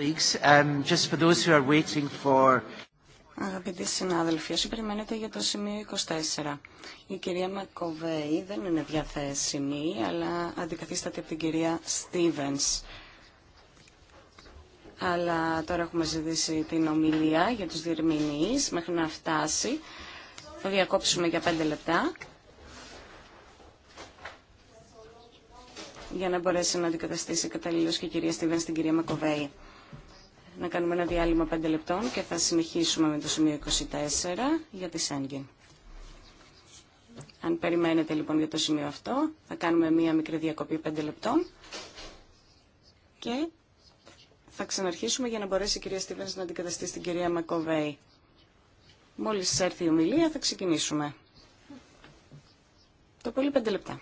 Um, Αγαπητοί συνάδελφοι, όσοι περιμένετε για το σημείο 24. Η κυρία Μακοβέη δεν είναι διαθέσιμη, αλλά αντικαθίσταται από την κυρία Στίβενς. Αλλά τώρα έχουμε ζητήσει την ομιλία για τους διερμηνείς μέχρι να φτάσει. Θα διακόψουμε για πέντε λεπτά. για να μπορέσει να αντικαταστήσει καταλληλώς και η κυρία Στίβεν στην κυρία Μακοβέη να κάνουμε ένα διάλειμμα 5 λεπτών και θα συνεχίσουμε με το σημείο 24 για τη Σέγγεν. Αν περιμένετε λοιπόν για το σημείο αυτό, θα κάνουμε μία μικρή διακοπή 5 λεπτών και θα ξαναρχίσουμε για να μπορέσει η κυρία Στίβενς να αντικαταστήσει την κυρία Μακοβέη. Μόλις έρθει η ομιλία θα ξεκινήσουμε. Το πολύ 5 λεπτά.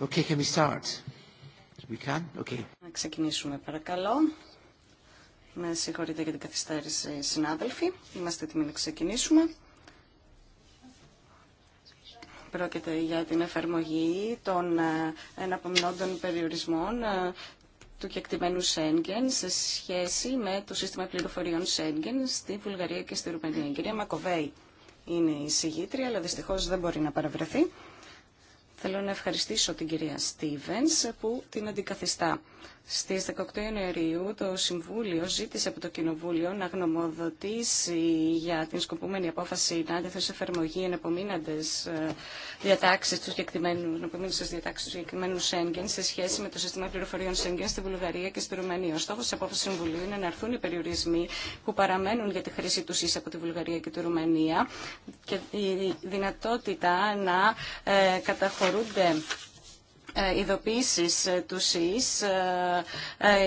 Να ξεκινήσουμε παρακαλώ. Με συγχωρείτε για την καθυστέρηση συνάδελφοι. Είμαστε έτοιμοι να ξεκινήσουμε. Πρόκειται για την εφαρμογή των ε, εναπομεινόντων περιορισμών ε, του κεκτημένου Σέγγεν σε σχέση με το σύστημα πληροφοριών Σέγγεν στη Βουλγαρία και στη Ρουμανία. Η κυρία Μακοβέη είναι η συγγήτρια, αλλά δυστυχώς δεν μπορεί να παραβρεθεί. Θέλω να ευχαριστήσω την κυρία Στίβενς που την αντικαθιστά. Στις 18 Ιανουαρίου το Συμβούλιο ζήτησε από το Κοινοβούλιο να γνωμοδοτήσει για την σκοπούμενη απόφαση να αντιθέσει εφαρμογή ενεπομείνοντες ε, διατάξεις του συγκεκριμένου Σέγγεν σε σχέση με το σύστημα πληροφοριών Σέγγεν στη Βουλγαρία και στη Ρουμανία. Ο στόχος της απόφασης του Συμβουλίου είναι να έρθουν οι περιορισμοί που παραμένουν για τη χρήση του ΣΥΣ από τη Βουλγαρία και τη Ρουμανία και η δυνατότητα να ε, καταχωρήσουν θεωρούνται ε, ειδοποίησης ε, του ΣΥΣ ε,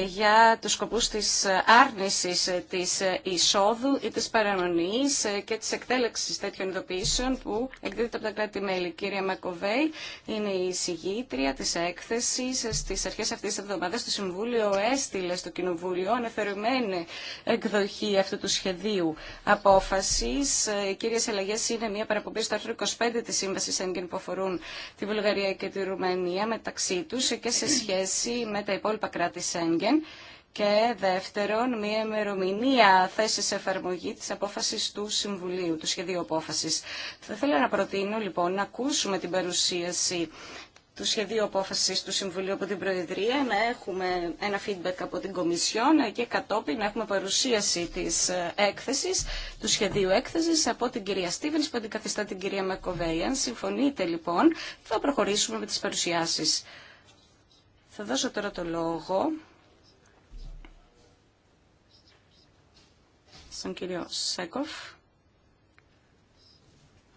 για τους σκοπούς της άρνησης της εισόδου ή της παραμονής και της εκτέλεξης τέτοιων ειδοποιήσεων που εκδίδεται από τα κράτη-μέλη. Κύριε Μακοβέη είναι η συγγήτρια της έκθεσης. Στις αρχές αυτής της εβδομάδας το Συμβούλιο έστειλε στο Κοινοβούλιο αναφερμένη εκδοχή αυτού του σχεδίου απόφασης. Οι κύριες αλλαγές είναι μια παραπομπή στο άρθρο 25 της Σύμβασης Έγκεν που αφορούν τη Βουλγαρία και τη Ρουμανία μεταξύ τους και σε σχέση με τα υπόλοιπα κράτη Σέγγεν και δεύτερον μια ημερομηνία θέση εφαρμογή της απόφασης του Συμβουλίου, του σχεδίου απόφασης. Θα ήθελα να προτείνω λοιπόν να ακούσουμε την παρουσίαση του σχεδίου απόφασης του Συμβουλίου από την Προεδρία, να έχουμε ένα feedback από την Κομισιόν και κατόπιν να έχουμε παρουσίαση της ε, έκθεσης, του σχεδίου έκθεσης από την κυρία Στίβενς που αντικαθιστά την κυρία Μακοβέη. συμφωνείτε λοιπόν, θα προχωρήσουμε με τις παρουσιάσεις. Θα δώσω τώρα το λόγο στον κύριο Σέκοφ,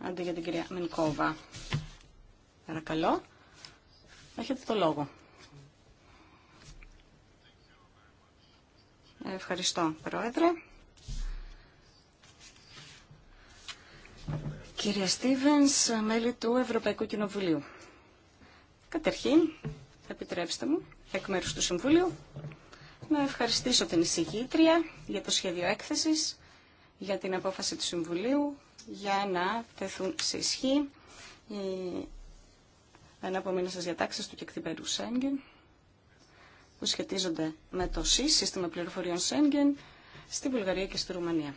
αντί για την κυρία Μενκόβα. Παρακαλώ. Έχετε το λόγο. Ευχαριστώ, Πρόεδρε. Κυρία Στίβενς, μέλη του Ευρωπαϊκού Κοινοβουλίου. Καταρχήν, επιτρέψτε μου, εκ μέρους του Συμβουλίου, να ευχαριστήσω την εισηγήτρια για το σχέδιο έκθεσης, για την απόφαση του Συμβουλίου, για να τεθούν σε ισχύ ένα από μήνες διατάξεις του κεκτημένου Σέγγεν που σχετίζονται με το ΣΥΣ, Σύστημα Πληροφοριών Σέγγεν, στη Βουλγαρία και στη Ρουμανία.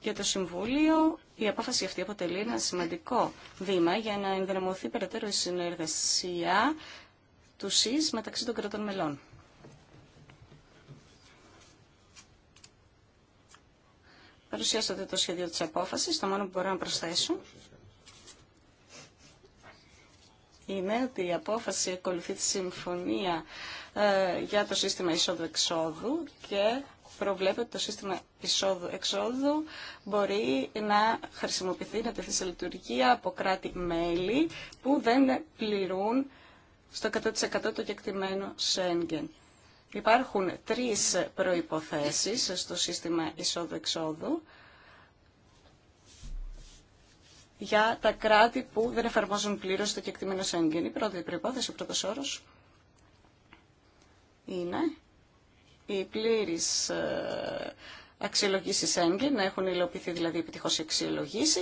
Για το Συμβούλιο, η απόφαση αυτή αποτελεί ένα σημαντικό βήμα για να ενδυναμωθεί περαιτέρω η συνεργασία του ΣΥΣ μεταξύ των κρατών μελών. Παρουσιάσατε το σχέδιο της απόφασης, το μόνο που μπορώ να προσθέσω είναι ότι η απόφαση ακολουθεί τη συμφωνία ε, για το σύστημα εισόδου-εξόδου και προβλέπει ότι το σύστημα εισόδου-εξόδου μπορεί να χρησιμοποιηθεί, να τεθεί σε λειτουργία από κράτη-μέλη που δεν πληρούν στο 100% το κεκτημένο Σέγγεν. Υπάρχουν τρεις προϋποθέσεις στο σύστημα εισόδου-εξόδου για τα κράτη που δεν εφαρμόζουν πλήρω το κεκτημένο Σέγγεν. Η πρώτη προπόθεση, ο πρώτο όρο είναι η πλήρη ε, αξιολογήσει Σέγγεν, να έχουν υλοποιηθεί δηλαδή επιτυχώ οι αξιολογήσει.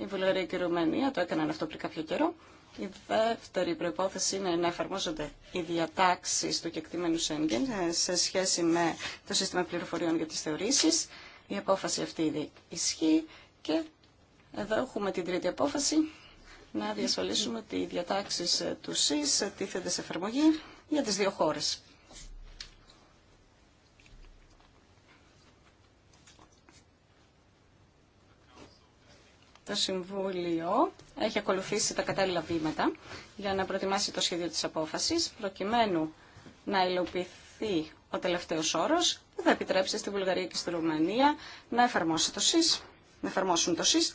Η Βουλγαρία και η Ρουμανία το έκαναν αυτό πριν κάποιο καιρό. Η δεύτερη προπόθεση είναι να εφαρμόζονται οι διατάξει του κεκτημένου Σέγγεν ε, σε σχέση με το σύστημα πληροφοριών για τι θεωρήσει. Η απόφαση αυτή ήδη ισχύει και εδώ έχουμε την τρίτη απόφαση να διασφαλίσουμε ότι οι διατάξεις του ΣΥΣ τίθενται σε εφαρμογή για τις δύο χώρες. Το Συμβούλιο έχει ακολουθήσει τα κατάλληλα βήματα για να προετοιμάσει το σχέδιο της απόφασης, προκειμένου να υλοποιηθεί ο τελευταίος όρος που θα επιτρέψει στη Βουλγαρία και στη Ρουμανία να εφαρμόσει το να εφαρμόσουν το ΣΥΣ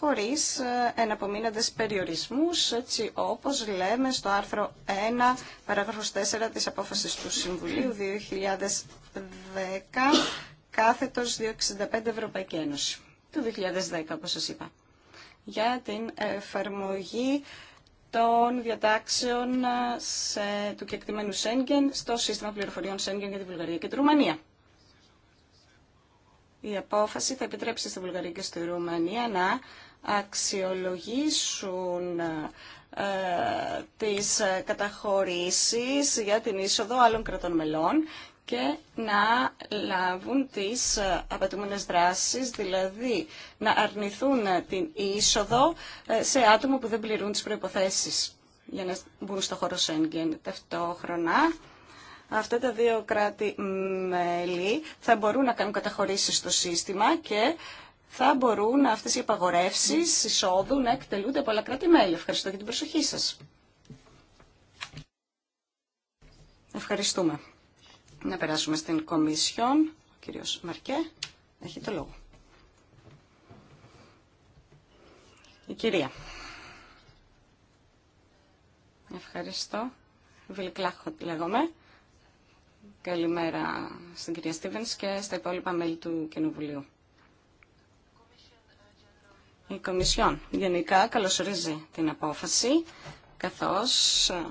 χωρίς ε, εναπομείνοντες περιορισμούς, έτσι όπως λέμε στο άρθρο 1, παράγραφος 4 της απόφασης του Συμβουλίου 2010, κάθετος 265 Ευρωπαϊκή Ένωση, του 2010 όπως σας είπα, για την εφαρμογή των διατάξεων ε, σε, του κεκτημένου Σέγγεν στο σύστημα πληροφοριών Σέγγεν για τη Βουλγαρία και τη Ρουμανία. Η απόφαση θα επιτρέψει στη Βουλγαρία και στη Ρουμανία να αξιολογήσουν ε, τις καταχωρήσεις για την είσοδο άλλων κρατών μελών και να λάβουν τις ε, απαιτούμενες δράσεις, δηλαδή να αρνηθούν την είσοδο ε, σε άτομα που δεν πληρούν τις προϋποθέσεις για να μπουν στο χώρο Σέγγεν. Ταυτόχρονα, αυτά τα δύο κράτη-μέλη θα μπορούν να κάνουν καταχωρήσεις στο σύστημα και θα μπορούν αυτές οι απαγορεύσεις εισόδου να εκτελούνται από άλλα κράτη-μέλη. Ευχαριστώ για την προσοχή σας. Ευχαριστούμε. Να περάσουμε στην Κομισιόν. Ο κύριος Μαρκέ έχει το λόγο. Η κυρία. Ευχαριστώ. Βιλκλάχο λέγομαι. Καλημέρα στην κυρία Στίβενς και στα υπόλοιπα μέλη του Κοινοβουλίου. Η Κομισιόν γενικά καλωσορίζει την απόφαση, καθώς ε,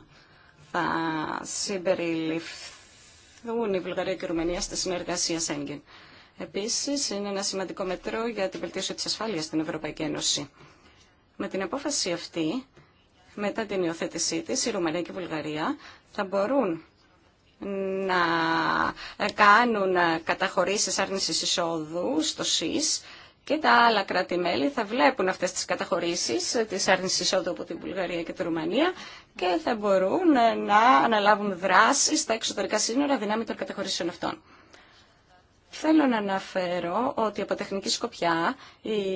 θα συμπεριληφθούν η Βουλγαρία και η Ρουμανία στη συνεργασία Σέγγεν. Επίσης, είναι ένα σημαντικό μέτρο για την βελτίωση της ασφάλειας στην Ευρωπαϊκή Ένωση. Με την απόφαση αυτή, μετά την υιοθέτησή της, η Ρουμανία και η Βουλγαρία θα μπορούν να ε, κάνουν ε, καταχωρήσεις άρνησης εισόδου στο ΣΥΣ και τα άλλα κράτη-μέλη θα βλέπουν αυτές τις καταχωρήσεις ε, της άρνησης εισόδου από την Βουλγαρία και τη Ρουμανία και θα μπορούν ε, να αναλάβουν δράσεις στα εξωτερικά σύνορα δυνάμει των καταχωρήσεων αυτών. Θέλω να αναφέρω ότι από τεχνική σκοπιά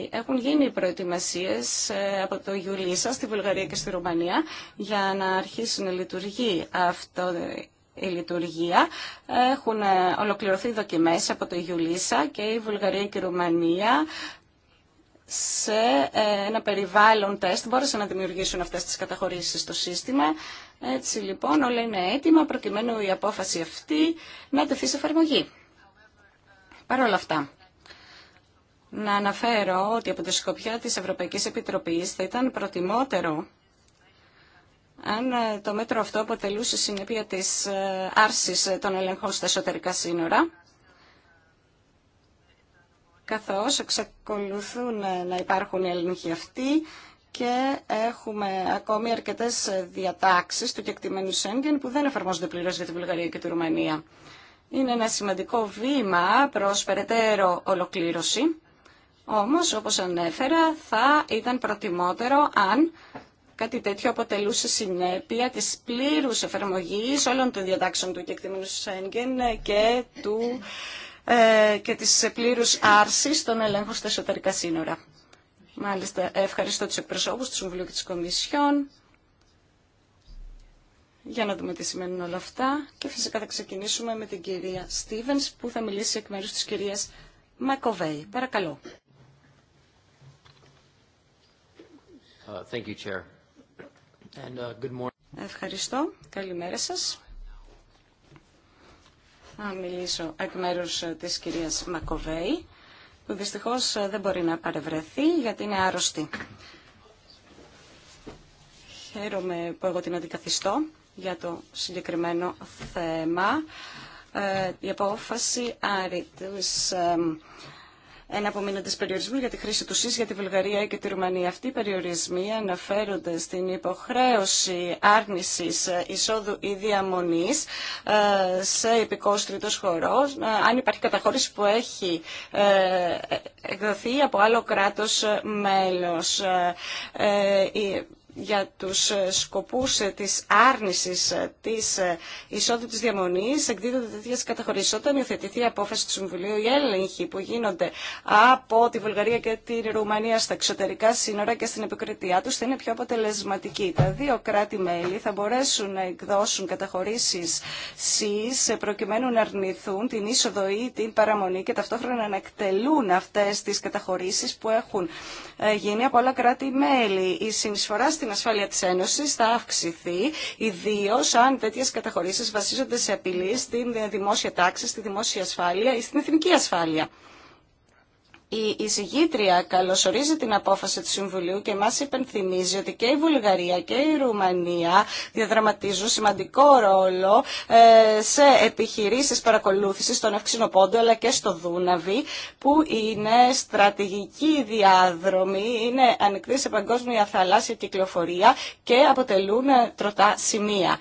έχουν γίνει προετοιμασίες ε, από το Ιουλίσα στη Βουλγαρία και στη Ρουμανία για να αρχίσει να λειτουργεί αυτό η λειτουργία. Έχουν ε, ολοκληρωθεί δοκιμές από το Ιουλίσα και η Βουλγαρία και η Ρουμανία σε ε, ένα περιβάλλον τεστ μπόρεσαν να δημιουργήσουν αυτές τις καταχωρήσεις στο σύστημα. Έτσι λοιπόν όλα είναι έτοιμα προκειμένου η απόφαση αυτή να τεθεί σε εφαρμογή. Παρ' όλα αυτά. Να αναφέρω ότι από τη σκοπιά της Ευρωπαϊκής Επιτροπής θα ήταν προτιμότερο αν ε, το μέτρο αυτό αποτελούσε συνέπεια της ε, άρσης ε, των ελεγχών στα εσωτερικά σύνορα, καθώς εξακολουθούν να υπάρχουν οι έλεγχοι αυτοί και έχουμε ακόμη αρκετές διατάξεις του κεκτημένου Σέγγεν που δεν εφαρμόζονται πλήρως για τη Βουλγαρία και τη Ρουμανία. Είναι ένα σημαντικό βήμα προς περαιτέρω ολοκλήρωση, όμως όπως ανέφερα θα ήταν προτιμότερο αν Κάτι τέτοιο αποτελούσε συνέπεια της πλήρους εφαρμογής όλων των διατάξεων του κεκτημένου Σέγγεν και, του, ε, και της πλήρους άρσης των ελέγχων στα εσωτερικά σύνορα. Μάλιστα, ευχαριστώ τους εκπροσώπους του Συμβουλίου και της Κομισιόν. Για να δούμε τι σημαίνουν όλα αυτά. Και φυσικά θα ξεκινήσουμε με την κυρία Στίβενς που θα μιλήσει εκ μέρους της κυρίας Μακοβέη. Παρακαλώ. Uh, thank you, Chair. Uh, Ευχαριστώ. Καλημέρα σας. Θα μιλήσω εκ μέρους ε, της κυρίας Μακοβέη, που δυστυχώς ε, δεν μπορεί να παρευρεθεί γιατί είναι άρρωστη. Χαίρομαι που εγώ την αντικαθιστώ για το συγκεκριμένο θέμα. Ε, η απόφαση άρρη απομείνοντες περιορισμού για τη χρήση του ΣΥΣ για τη Βουλγαρία και τη Ρουμανία. Αυτοί οι περιορισμοί αναφέρονται στην υποχρέωση άρνησης εισόδου ή διαμονής ε, σε υπηκός τρίτος χωρός, ε, αν υπάρχει καταχώρηση που έχει ε, εκδοθεί από άλλο κράτος μέλος για τους ε, σκοπούς ε, της άρνησης ε, της της διαμονής εκδίδονται τέτοιε καταχωρήσεις. Όταν υιοθετηθεί η απόφαση του Συμβουλίου, οι έλεγχοι που γίνονται από τη Βουλγαρία και τη Ρουμανία στα εξωτερικά σύνορα και στην επικρατεία τους θα είναι πιο αποτελεσματικοί. Τα δύο κράτη-μέλη θα μπορέσουν να εκδώσουν καταχωρήσεις ΣΥΣ προκειμένου να αρνηθούν την είσοδο ή την παραμονή και ταυτόχρονα να εκτελούν αυτές τις καταχωρήσεις που έχουν γίνει από όλα κράτη-μέλη. Η την παραμονη και ταυτοχρονα να εκτελουν αυτες τις καταχωρησεις που εχουν γινει απο άλλα κρατη μελη η συνεισφορα στην ασφάλεια της Ένωσης θα αυξηθεί, ιδίω αν τέτοιε καταχωρήσεις βασίζονται σε απειλή στην δημόσια τάξη, στη δημόσια ασφάλεια ή στην εθνική ασφάλεια. Η εισηγήτρια καλωσορίζει την απόφαση του Συμβουλίου και μας υπενθυμίζει ότι και η Βουλγαρία και η Ρουμανία διαδραματίζουν σημαντικό ρόλο ε, σε επιχειρήσεις παρακολούθησης στον Ευξηνοπόντων αλλά και στο Δούναβι που είναι στρατηγική διάδρομη, είναι ανοιχτή σε παγκόσμια θαλάσσια κυκλοφορία και αποτελούν ε, τροτά σημεία.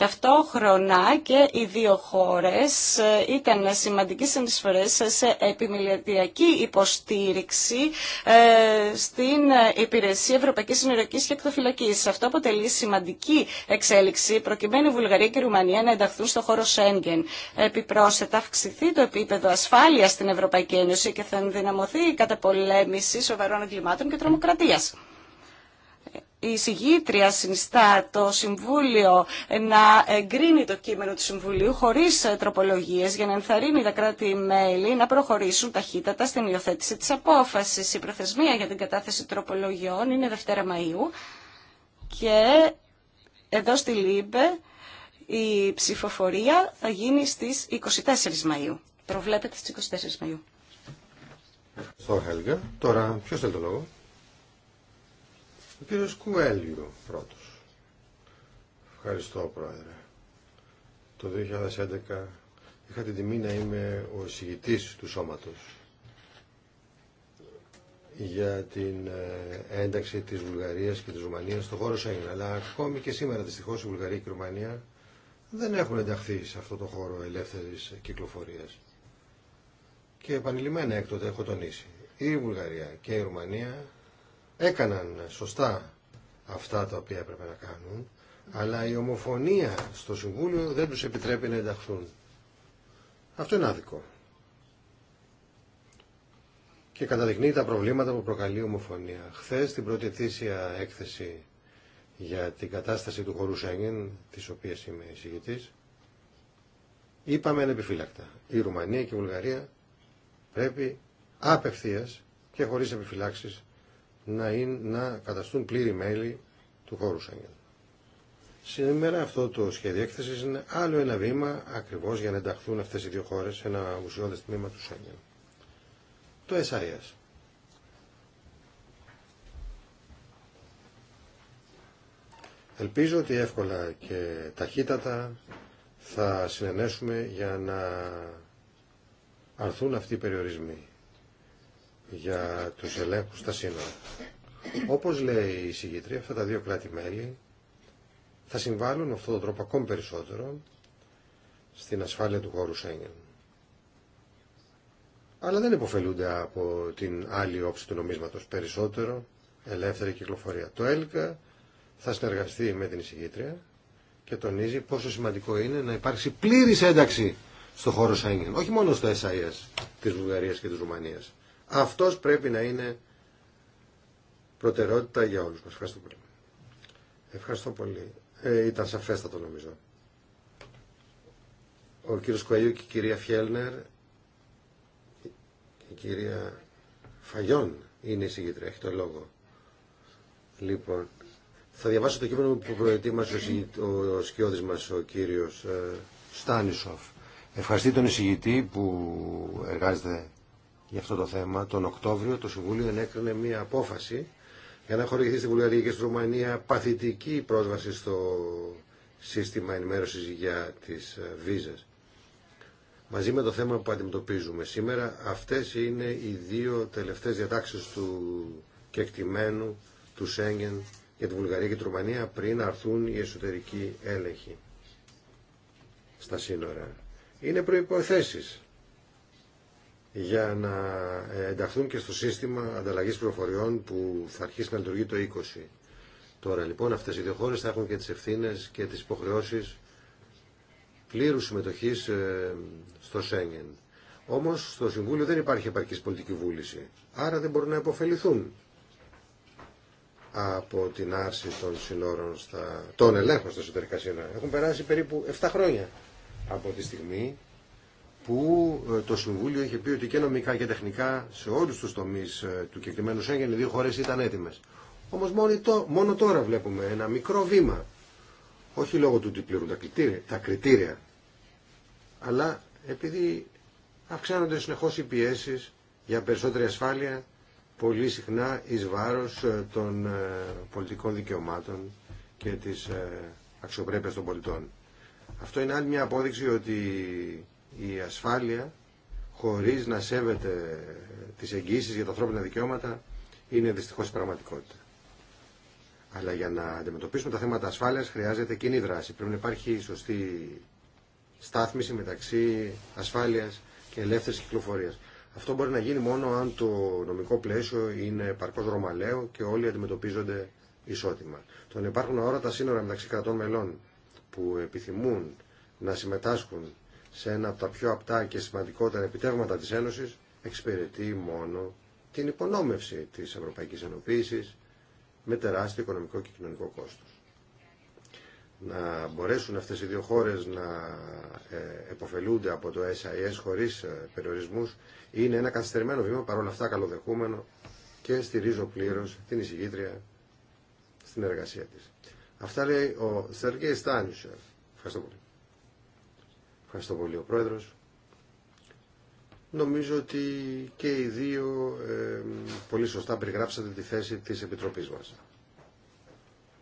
Ταυτόχρονα και οι δύο χώρες ε, ήταν σημαντικές συνεισφορέ σε επιμελητιακή υποστήριξη ε, στην Υπηρεσία Ευρωπαϊκής Συνοριακής και Εκτοφυλακής. Αυτό αποτελεί σημαντική εξέλιξη προκειμένου η Βουλγαρία και η Ρουμανία να ενταχθούν στο χώρο Σέγγεν. Επιπρόσθετα, αυξηθεί το επίπεδο ασφάλειας στην Ευρωπαϊκή Ένωση και θα ενδυναμωθεί η καταπολέμηση σοβαρών εγκλημάτων και τρομοκρατίας η συγγήτρια συνιστά το Συμβούλιο να εγκρίνει το κείμενο του Συμβουλίου χωρίς ε, τροπολογίες για να ενθαρρύνει τα κράτη-μέλη να προχωρήσουν ταχύτατα στην υιοθέτηση της απόφασης. Η προθεσμία για την κατάθεση τροπολογιών είναι Δευτέρα Μαΐου και εδώ στη ΛΥΜΠΕ η ψηφοφορία θα γίνει στις 24 Μαΐου. Προβλέπεται στις 24 Μαΐου. Ευχαριστώ, Χέλγα. Τώρα, ποιος θέλει το λόγο. Ο κύριος Κουέλιο πρώτος. Ευχαριστώ πρόεδρε. Το 2011 είχα την τιμή να είμαι ο εισηγητής του σώματος για την ε, ένταξη της Βουλγαρίας και της Ρουμανίας στον χώρο Σέγγεν. Αλλά ακόμη και σήμερα δυστυχώς η Βουλγαρία και η Ρουμανία δεν έχουν ενταχθεί σε αυτό το χώρο ελεύθερης κυκλοφορίας. Και επανειλημμένα έκτοτε έχω τονίσει. Η Βουλγαρία και η Ρουμανία έκαναν σωστά αυτά τα οποία έπρεπε να κάνουν, αλλά η ομοφωνία στο Συμβούλιο δεν τους επιτρέπει να ενταχθούν. Αυτό είναι άδικο. Και καταδεικνύει τα προβλήματα που προκαλεί η ομοφωνία. Χθες, την πρώτη ετήσια έκθεση για την κατάσταση του χωρού Σέγγεν, της οποίας είμαι εισηγητής, είπαμε ανεπιφύλακτα. Η Ρουμανία και η Βουλγαρία πρέπει απευθείας και χωρίς επιφυλάξεις να, είναι, να καταστούν πλήρη μέλη του χώρου Σέγγεν. Σήμερα αυτό το σχέδιο έκθεση είναι άλλο ένα βήμα ακριβώ για να ενταχθούν αυτέ οι δύο χώρε σε ένα ουσιώδε τμήμα του Σέγγεν. Το SIS. Ελπίζω ότι εύκολα και ταχύτατα θα συνενέσουμε για να αρθούν αυτοί οι περιορισμοί για τους ελέγχους στα σύνορα. Όπως λέει η συγκήτρια, αυτά τα δύο κράτη-μέλη θα συμβάλλουν με αυτόν τον τρόπο ακόμη περισσότερο στην ασφάλεια του χώρου Σέγγεν. Αλλά δεν υποφελούνται από την άλλη όψη του νομίσματος περισσότερο ελεύθερη κυκλοφορία. Το ΕΛΚΑ θα συνεργαστεί με την εισηγήτρια και τονίζει πόσο σημαντικό είναι να υπάρξει πλήρης ένταξη στο χώρο Σέγγεν, όχι μόνο στο SIS της Βουλγαρίας και της Ρουμανίας. Αυτός πρέπει να είναι προτεραιότητα για όλους μας. Ευχαριστώ πολύ. Ευχαριστώ πολύ. Ε, ήταν σαφέστατο νομίζω. Ο κύριος Κουαϊού και η κυρία Φιέλνερ η κυρία Φαγιόν είναι η συγγήτρια, έχει το λόγο. Λοιπόν, θα διαβάσω το κείμενο που προετοίμασε ο σκιώδης μας, ο κύριος ε, Στάνισοφ. Ευχαριστεί τον εισηγητή που εργάζεται για αυτό το θέμα. Τον Οκτώβριο το Συμβούλιο ενέκρινε μία απόφαση για να χορηγηθεί στη Βουλγαρία και στη Ρουμανία παθητική πρόσβαση στο σύστημα ενημέρωσης για τις ε, βίζες. Μαζί με το θέμα που αντιμετωπίζουμε σήμερα, αυτές είναι οι δύο τελευταίες διατάξεις του κεκτημένου του Σέγγεν για τη Βουλγαρία και τη Ρουμανία πριν αρθούν οι εσωτερικοί έλεγχοι στα σύνορα. Είναι προϋποθέσεις για να ε, ενταχθούν και στο σύστημα ανταλλαγής πληροφοριών που θα αρχίσει να λειτουργεί το 20. Τώρα λοιπόν αυτές οι δύο χώρες θα έχουν και τις ευθύνες και τις υποχρεώσεις πλήρους συμμετοχής ε, στο Σέγγεν. Όμως στο Συμβούλιο δεν υπάρχει επαρκής πολιτική βούληση, άρα δεν μπορούν να υποφεληθούν από την άρση των συνόρων στα... των ελέγχων στα εσωτερικά σύνορα. Έχουν περάσει περίπου 7 χρόνια από τη στιγμή που ε, το Συμβούλιο είχε πει ότι και νομικά και τεχνικά σε όλους τους τομείς ε, του κεκτημένου Σέγγεν οι δύο χώρες ήταν έτοιμες. Όμως μόνο τώρα βλέπουμε ένα μικρό βήμα, όχι λόγω του ότι πληρούν τα κριτήρια, τα κριτήρια αλλά επειδή αυξάνονται συνεχώς οι πιέσεις για περισσότερη ασφάλεια, πολύ συχνά εις βάρος ε, των πολιτικών δικαιωμάτων και της αξιοπρέπειας των πολιτών. Αυτό είναι άλλη μια απόδειξη ότι η ασφάλεια χωρίς να σέβεται τις εγγύσεις για τα ανθρώπινα δικαιώματα είναι δυστυχώς πραγματικότητα. Αλλά για να αντιμετωπίσουμε τα θέματα ασφάλειας χρειάζεται κοινή δράση. Πρέπει να υπάρχει σωστή στάθμιση μεταξύ ασφάλειας και ελεύθερης κυκλοφορίας. Αυτό μπορεί να γίνει μόνο αν το νομικό πλαίσιο είναι παρκώς ρωμαλαίο και όλοι αντιμετωπίζονται ισότιμα. Το να υπάρχουν αόρατα σύνορα μεταξύ κρατών μελών που επιθυμούν να συμμετάσχουν σε ένα από τα πιο απτά και σημαντικότερα επιτεύγματα της Ένωσης εξυπηρετεί μόνο την υπονόμευση της Ευρωπαϊκής Ενοποίησης με τεράστιο οικονομικό και κοινωνικό κόστος. Να μπορέσουν αυτές οι δύο χώρες να ε, εποφελούνται από το SIS χωρίς ε, περιορισμούς είναι ένα καθυστερημένο βήμα, παρόλα αυτά καλοδεχούμενο και στηρίζω πλήρως την εισηγήτρια στην εργασία της. Αυτά λέει ο Σεργέη Στάνιουσερ. Ευχαριστώ πολύ. Ευχαριστώ πολύ ο Πρόεδρος. Νομίζω ότι και οι δύο ε, πολύ σωστά περιγράψατε τη θέση της Επιτροπής μας.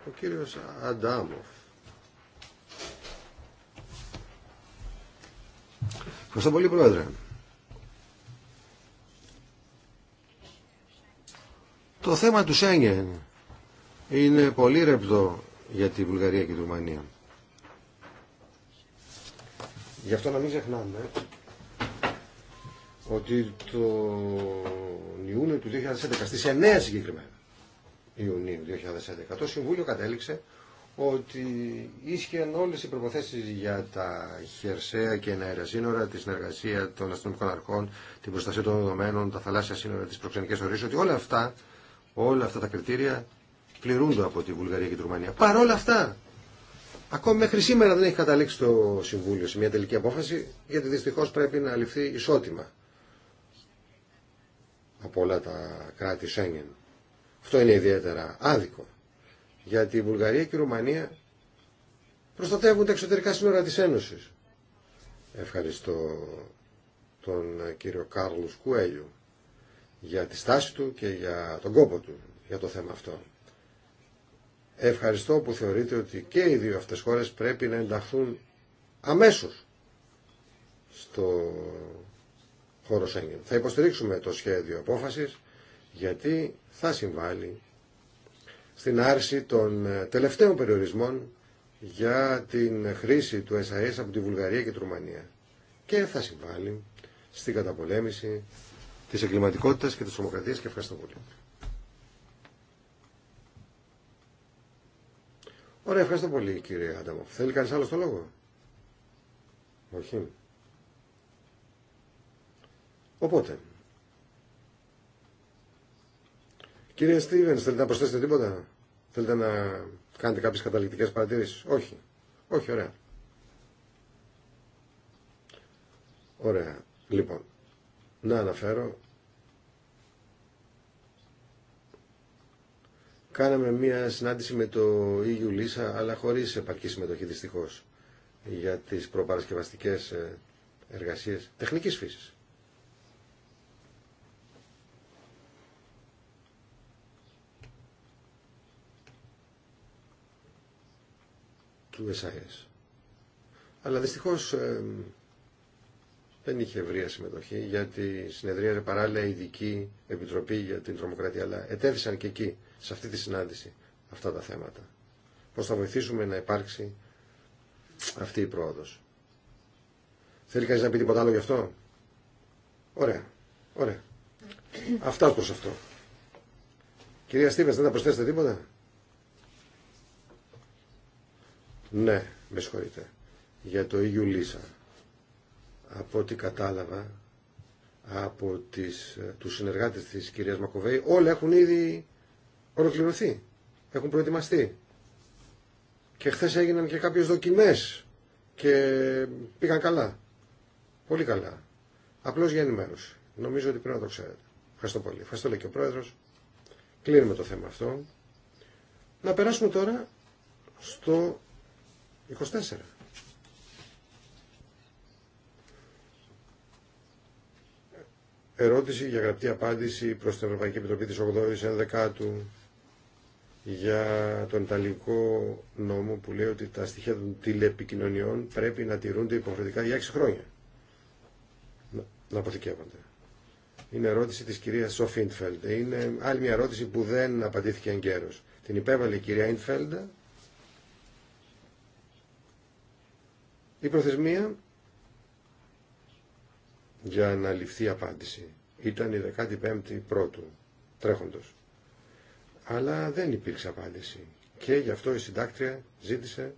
Ο κύριος Αντάμοφ. Ευχαριστώ πολύ Πρόεδρε. Το θέμα του Σέγγεν είναι πολύ ρεπτό για τη Βουλγαρία και τη Ρουμανία. Γι' αυτό να μην ξεχνάμε ότι τον Ιούνιο του 2011, στις 9 συγκεκριμένα Ιουνίου 2011, το Συμβούλιο κατέληξε ότι ίσχυαν όλες οι προποθέσεις για τα χερσαία και εναέρια σύνορα, τη συνεργασία των αστυνομικών αρχών, την προστασία των δεδομένων, τα θαλάσσια σύνορα, τις προξενικές ορίσεις, ότι όλα αυτά, όλα αυτά τα κριτήρια πληρούνται από τη Βουλγαρία και τη Ρουμανία. Παρ' όλα αυτά, Ακόμη μέχρι σήμερα δεν έχει καταλήξει το Συμβούλιο σε μια τελική απόφαση, γιατί δυστυχώς πρέπει να ληφθεί ισότιμα από όλα τα κράτη Σέγγεν. Αυτό είναι ιδιαίτερα άδικο. Γιατί η Βουλγαρία και η Ρουμανία προστατεύουν τα εξωτερικά σύνορα της Ένωσης. Ευχαριστώ τον κύριο Κάρλος Κουέλιου για τη στάση του και για τον κόπο του για το θέμα αυτό. Ευχαριστώ που θεωρείτε ότι και οι δύο αυτές χώρες πρέπει να ενταχθούν αμέσως στο χώρο Σέγγεν. Θα υποστηρίξουμε το σχέδιο απόφασης γιατί θα συμβάλλει στην άρση των ε, τελευταίων περιορισμών για την χρήση του SAS από τη Βουλγαρία και τη Ρουμανία και θα συμβάλλει στην καταπολέμηση της εγκληματικότητας και της ομοκρατίας και ευχαριστώ πολύ. Ωραία, ευχαριστώ πολύ κύριε Άνταμο. Θέλει κανείς άλλο το λόγο. Όχι. Οπότε. Κύριε Στίβενς, θέλετε να προσθέσετε τίποτα. Θέλετε να κάνετε κάποιες καταληκτικές παρατηρήσεις. Όχι. Όχι, ωραία. Ωραία. Λοιπόν, να αναφέρω Κάναμε μια συνάντηση με το ίδιο e Λίσα, αλλά χωρίς επαρκή συμμετοχή δυστυχώς για τις προπαρασκευαστικές ε, εργασίες τεχνικής φύσης. του ΕΣΑΕΣ. Αλλά δυστυχώς ε, δεν είχε ευρεία συμμετοχή γιατί συνεδρίαζε παράλληλα η ειδική επιτροπή για την τρομοκρατία αλλά ετέθησαν και εκεί σε αυτή τη συνάντηση αυτά τα θέματα. Πώς θα βοηθήσουμε να υπάρξει αυτή η πρόοδος. Θέλει κανείς να πει τίποτα άλλο γι' αυτό. Ωραία. Ωραία. Αυτά προς αυτό. Κυρία Στίβες, δεν θα προσθέσετε τίποτα. Ναι, με συγχωρείτε. Για το ίδιο e Λίσσα. Από ό,τι κατάλαβα από τις, ε, τους συνεργάτες της κυρίας Μακοβέη, όλοι έχουν ήδη ολοκληρωθεί, έχουν προετοιμαστεί. Και χθε έγιναν και κάποιε δοκιμές και πήγαν καλά. Πολύ καλά. Απλώς για ενημέρωση. Νομίζω ότι πρέπει να το ξέρετε. Ευχαριστώ πολύ. Ευχαριστώ λέει και ο Πρόεδρος. Κλείνουμε το θέμα αυτό. Να περάσουμε τώρα στο 24. Ερώτηση για γραπτή απάντηση προς την Ευρωπαϊκή Επιτροπή της 8ης 11 για τον Ιταλικό νόμο που λέει ότι τα στοιχεία των τηλεπικοινωνιών πρέπει να τηρούνται υποχρεωτικά για 6 χρόνια. Να, αποθηκεύονται. Είναι ερώτηση της κυρίας Σοφ Είναι άλλη μια ερώτηση που δεν απαντήθηκε εν Την υπέβαλε η κυρία Ιντφελντ. Η προθεσμία για να ληφθεί απάντηση ήταν η 15η πρώτου τρέχοντος αλλά δεν υπήρξε απάντηση. Και γι' αυτό η συντάκτρια ζήτησε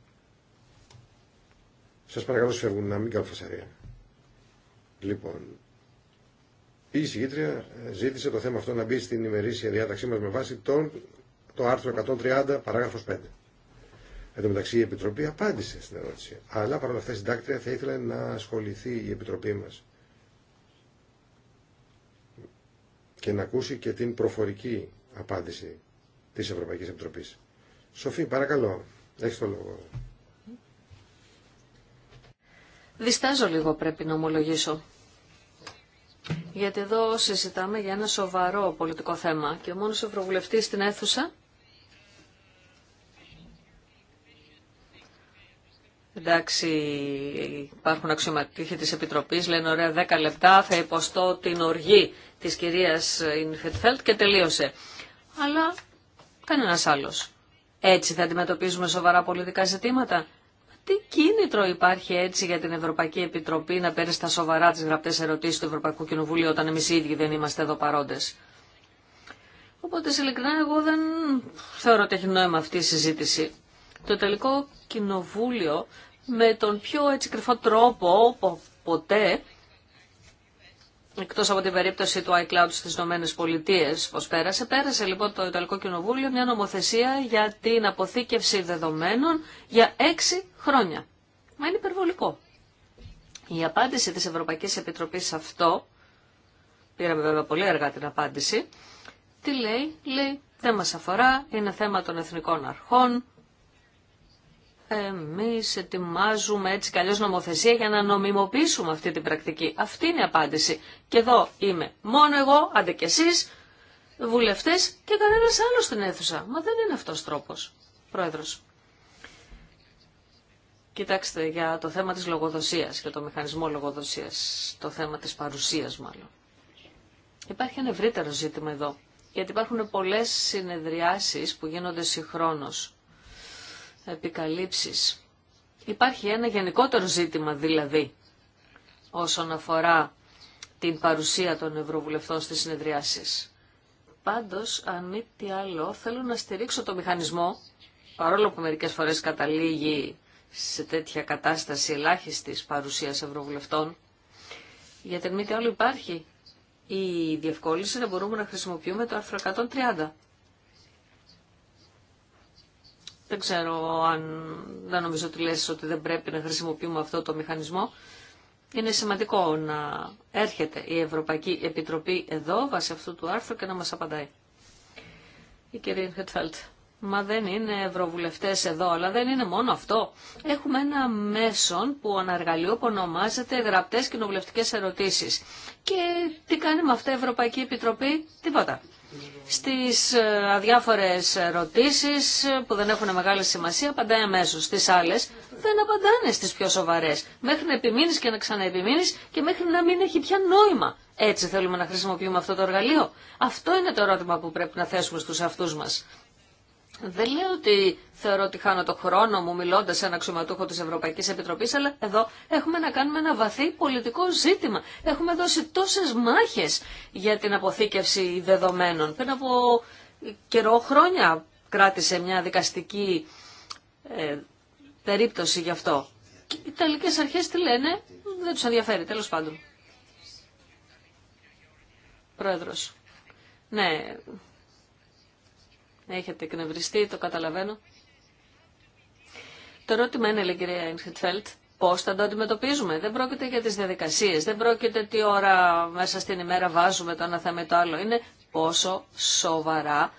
σας παρακαλώ φεύγουν να μην κάνουν φασαρία. Λοιπόν, η συγκήτρια ε, ζήτησε το θέμα αυτό να μπει στην ημερήσια διάταξή μα με βάση τον, το άρθρο 130 παράγραφος 5. Εν τω μεταξύ η Επιτροπή απάντησε στην ερώτηση. Αλλά παρόλα αυτά η συντάκτρια θα ήθελε να ασχοληθεί η Επιτροπή μα. και να ακούσει και την προφορική απάντηση της Ευρωπαϊκής Επιτροπής. Σοφή, παρακαλώ, έχεις το λόγο. Διστάζω λίγο πρέπει να ομολογήσω. Γιατί εδώ συζητάμε για ένα σοβαρό πολιτικό θέμα και ο μόνος ευρωβουλευτής στην αίθουσα Εντάξει, υπάρχουν αξιωματούχοι της Επιτροπής, λένε ωραία 10 λεπτά, θα υποστώ την οργή της κυρίας Ινφετφέλτ και τελείωσε. Αλλά κανένα άλλο. Έτσι θα αντιμετωπίζουμε σοβαρά πολιτικά ζητήματα. Τι κίνητρο υπάρχει έτσι για την Ευρωπαϊκή Επιτροπή να παίρνει στα σοβαρά τις γραπτές ερωτήσεις του Ευρωπαϊκού Κοινοβουλίου όταν εμεί οι ίδιοι δεν είμαστε εδώ παρόντε. Οπότε ειλικρινά εγώ δεν θεωρώ ότι έχει νόημα αυτή η συζήτηση. Το τελικό κοινοβούλιο με τον πιο έτσι κρυφό τρόπο ποτέ Εκτός από την περίπτωση του iCloud στις Ηνωμένες Πολιτείες, πώς πέρασε. Πέρασε λοιπόν το Ιταλικό Κοινοβούλιο μια νομοθεσία για την αποθήκευση δεδομένων για έξι χρόνια. Μα είναι υπερβολικό. Η απάντηση της Ευρωπαϊκής Επιτροπής σε αυτό, πήραμε βέβαια πολύ αργά την απάντηση, τι λέει, λέει, δεν μας αφορά, είναι θέμα των εθνικών αρχών, εμείς ετοιμάζουμε έτσι καλώς νομοθεσία για να νομιμοποιήσουμε αυτή την πρακτική. Αυτή είναι η απάντηση. Και εδώ είμαι μόνο εγώ, άντε και εσείς, βουλευτές και κανένας άλλος στην αίθουσα. Μα δεν είναι αυτός τρόπος, πρόεδρος. Κοιτάξτε για το θέμα της λογοδοσίας και το μηχανισμό λογοδοσίας, το θέμα της παρουσίας μάλλον. Υπάρχει ένα ευρύτερο ζήτημα εδώ, γιατί υπάρχουν πολλές συνεδριάσεις που γίνονται συγχρόνως επικαλύψεις. Υπάρχει ένα γενικότερο ζήτημα δηλαδή όσον αφορά την παρουσία των Ευρωβουλευτών στις συνεδριάσεις. Πάντως, αν μη τι άλλο, θέλω να στηρίξω το μηχανισμό, παρόλο που μερικές φορές καταλήγει σε τέτοια κατάσταση ελάχιστης παρουσίας Ευρωβουλευτών, γιατί μη τι άλλο υπάρχει η διευκόλυνση να μπορούμε να χρησιμοποιούμε το άρθρο 130 δεν ξέρω αν δεν νομίζω ότι λες ότι δεν πρέπει να χρησιμοποιούμε αυτό το μηχανισμό. Είναι σημαντικό να έρχεται η Ευρωπαϊκή Επιτροπή εδώ βάσει αυτού του άρθρου και να μας απαντάει. Η κυρία Χετφέλτ. Μα δεν είναι ευρωβουλευτές εδώ, αλλά δεν είναι μόνο αυτό. Έχουμε ένα μέσον που αναργαλείο που ονομάζεται γραπτές κοινοβουλευτικές ερωτήσεις. Και τι κάνει με αυτά η Ευρωπαϊκή Επιτροπή, τίποτα στις ε, αδιάφορες ερωτήσεις που δεν έχουν μεγάλη σημασία, απαντάει αμέσω. Στις άλλες δεν απαντάνε στις πιο σοβαρές. Μέχρι να επιμείνεις και να ξαναεπιμείνεις και μέχρι να μην έχει πια νόημα. Έτσι θέλουμε να χρησιμοποιούμε αυτό το εργαλείο. Αυτό είναι το ερώτημα που πρέπει να θέσουμε στους αυτούς μας. Δεν λέω ότι θεωρώ ότι χάνω το χρόνο μου μιλώντας σε ένα αξιωματούχο της Ευρωπαϊκής Επιτροπής, αλλά εδώ έχουμε να κάνουμε ένα βαθύ πολιτικό ζήτημα. Έχουμε δώσει τόσες μάχες για την αποθήκευση δεδομένων. Πριν από καιρό χρόνια κράτησε μια δικαστική ε, περίπτωση γι' αυτό. οι Ιταλικές αρχές τι λένε, δεν τους ενδιαφέρει, τέλος πάντων. Πρόεδρος. Ναι, Έχετε εκνευριστεί, το καταλαβαίνω. Το ερώτημα είναι, λέει κυρία Ινχιτφέλτ, πώ θα το αντιμετωπίζουμε. Δεν πρόκειται για τι διαδικασίε, δεν πρόκειται τι ώρα μέσα στην ημέρα βάζουμε το ένα θέμα ή το άλλο. Είναι πόσο σοβαρά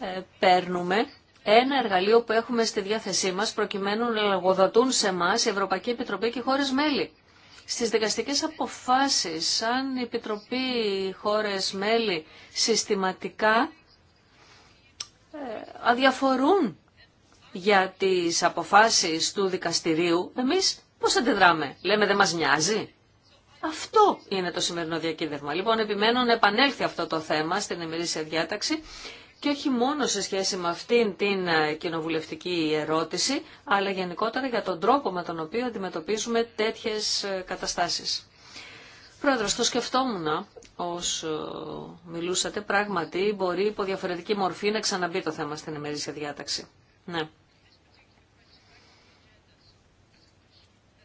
ε, παίρνουμε ένα εργαλείο που έχουμε στη διάθεσή μας προκειμένου να λογοδοτούν σε εμά η το αλλο ειναι ποσο σοβαρα παιρνουμε ενα εργαλειο που εχουμε στη διαθεση μα προκειμενου να λογοδοτουν σε εμα η ευρωπαικη επιτροπη και οι χώρε μέλη. Στις δικαστικές αποφάσεις, αν η Επιτροπή οι χώρες μέλη συστηματικά ε, αδιαφορούν για τις αποφάσεις του δικαστηρίου, εμείς πώς αντιδράμε. Λέμε δεν μας νοιάζει. Αυτό είναι το σημερινό διακύβευμα. Λοιπόν, επιμένω να επανέλθει αυτό το θέμα στην ημερήσια διάταξη και όχι μόνο σε σχέση με αυτήν την ε, κοινοβουλευτική ερώτηση, αλλά γενικότερα για τον τρόπο με τον οποίο αντιμετωπίζουμε τέτοιες ε, καταστάσεις. Πρόεδρος, το σκεφτόμουν όσο μιλούσατε, πράγματι μπορεί υπό διαφορετική μορφή να ξαναμπεί το θέμα στην ημερήσια διάταξη. Ναι.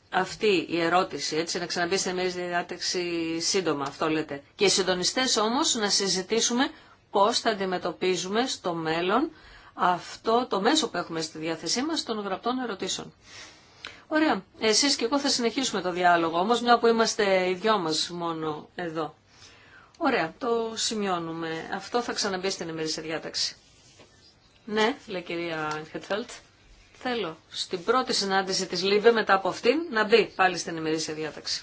Αυτή η ερώτηση, έτσι, να ξαναμπεί στην ημερήσια διάταξη σύντομα, αυτό λέτε. Και οι συντονιστές όμως να συζητήσουμε πώς θα αντιμετωπίζουμε στο μέλλον αυτό το μέσο που έχουμε στη διάθεσή μας των γραπτών ερωτήσεων. Ωραία. Εσείς και εγώ θα συνεχίσουμε το διάλογο, όμως μια που είμαστε οι δυο μας μόνο εδώ. Ωραία, το σημειώνουμε. Αυτό θα ξαναμπεί στην ημερήσια διάταξη. Ναι, λέει η κυρία Χετφέλτ. Θέλω στην πρώτη συνάντηση της Λίβε μετά από αυτήν να μπει πάλι στην ημερήσια διάταξη.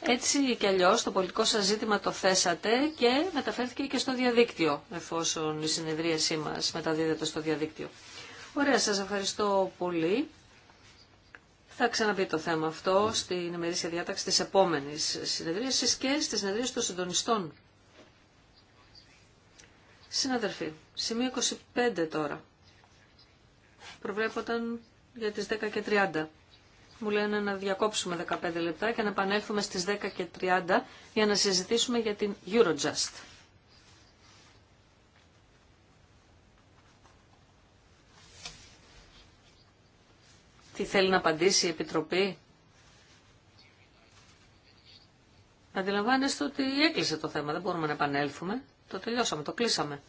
Έτσι κι αλλιώ το πολιτικό σα ζήτημα το θέσατε και μεταφέρθηκε και στο διαδίκτυο, εφόσον η συνεδρίασή μα μεταδίδεται στο διαδίκτυο. Ωραία, σα ευχαριστώ πολύ. Θα ξαναμπεί το θέμα αυτό στην ημερήσια διάταξη της επόμενης συνεδρίασης και στι συνεδρίες των συντονιστών. Συναδελφοί, σημείο 25 τώρα. Προβλέπονταν για τις 10 και 30. Μου λένε να διακόψουμε 15 λεπτά και να επανέλθουμε στις 10 και 30 για να συζητήσουμε για την Eurojust. Τι θέλει να απαντήσει η Επιτροπή. Αντιλαμβάνεστε ότι έκλεισε το θέμα, δεν μπορούμε να επανέλθουμε. Το τελειώσαμε, το κλείσαμε.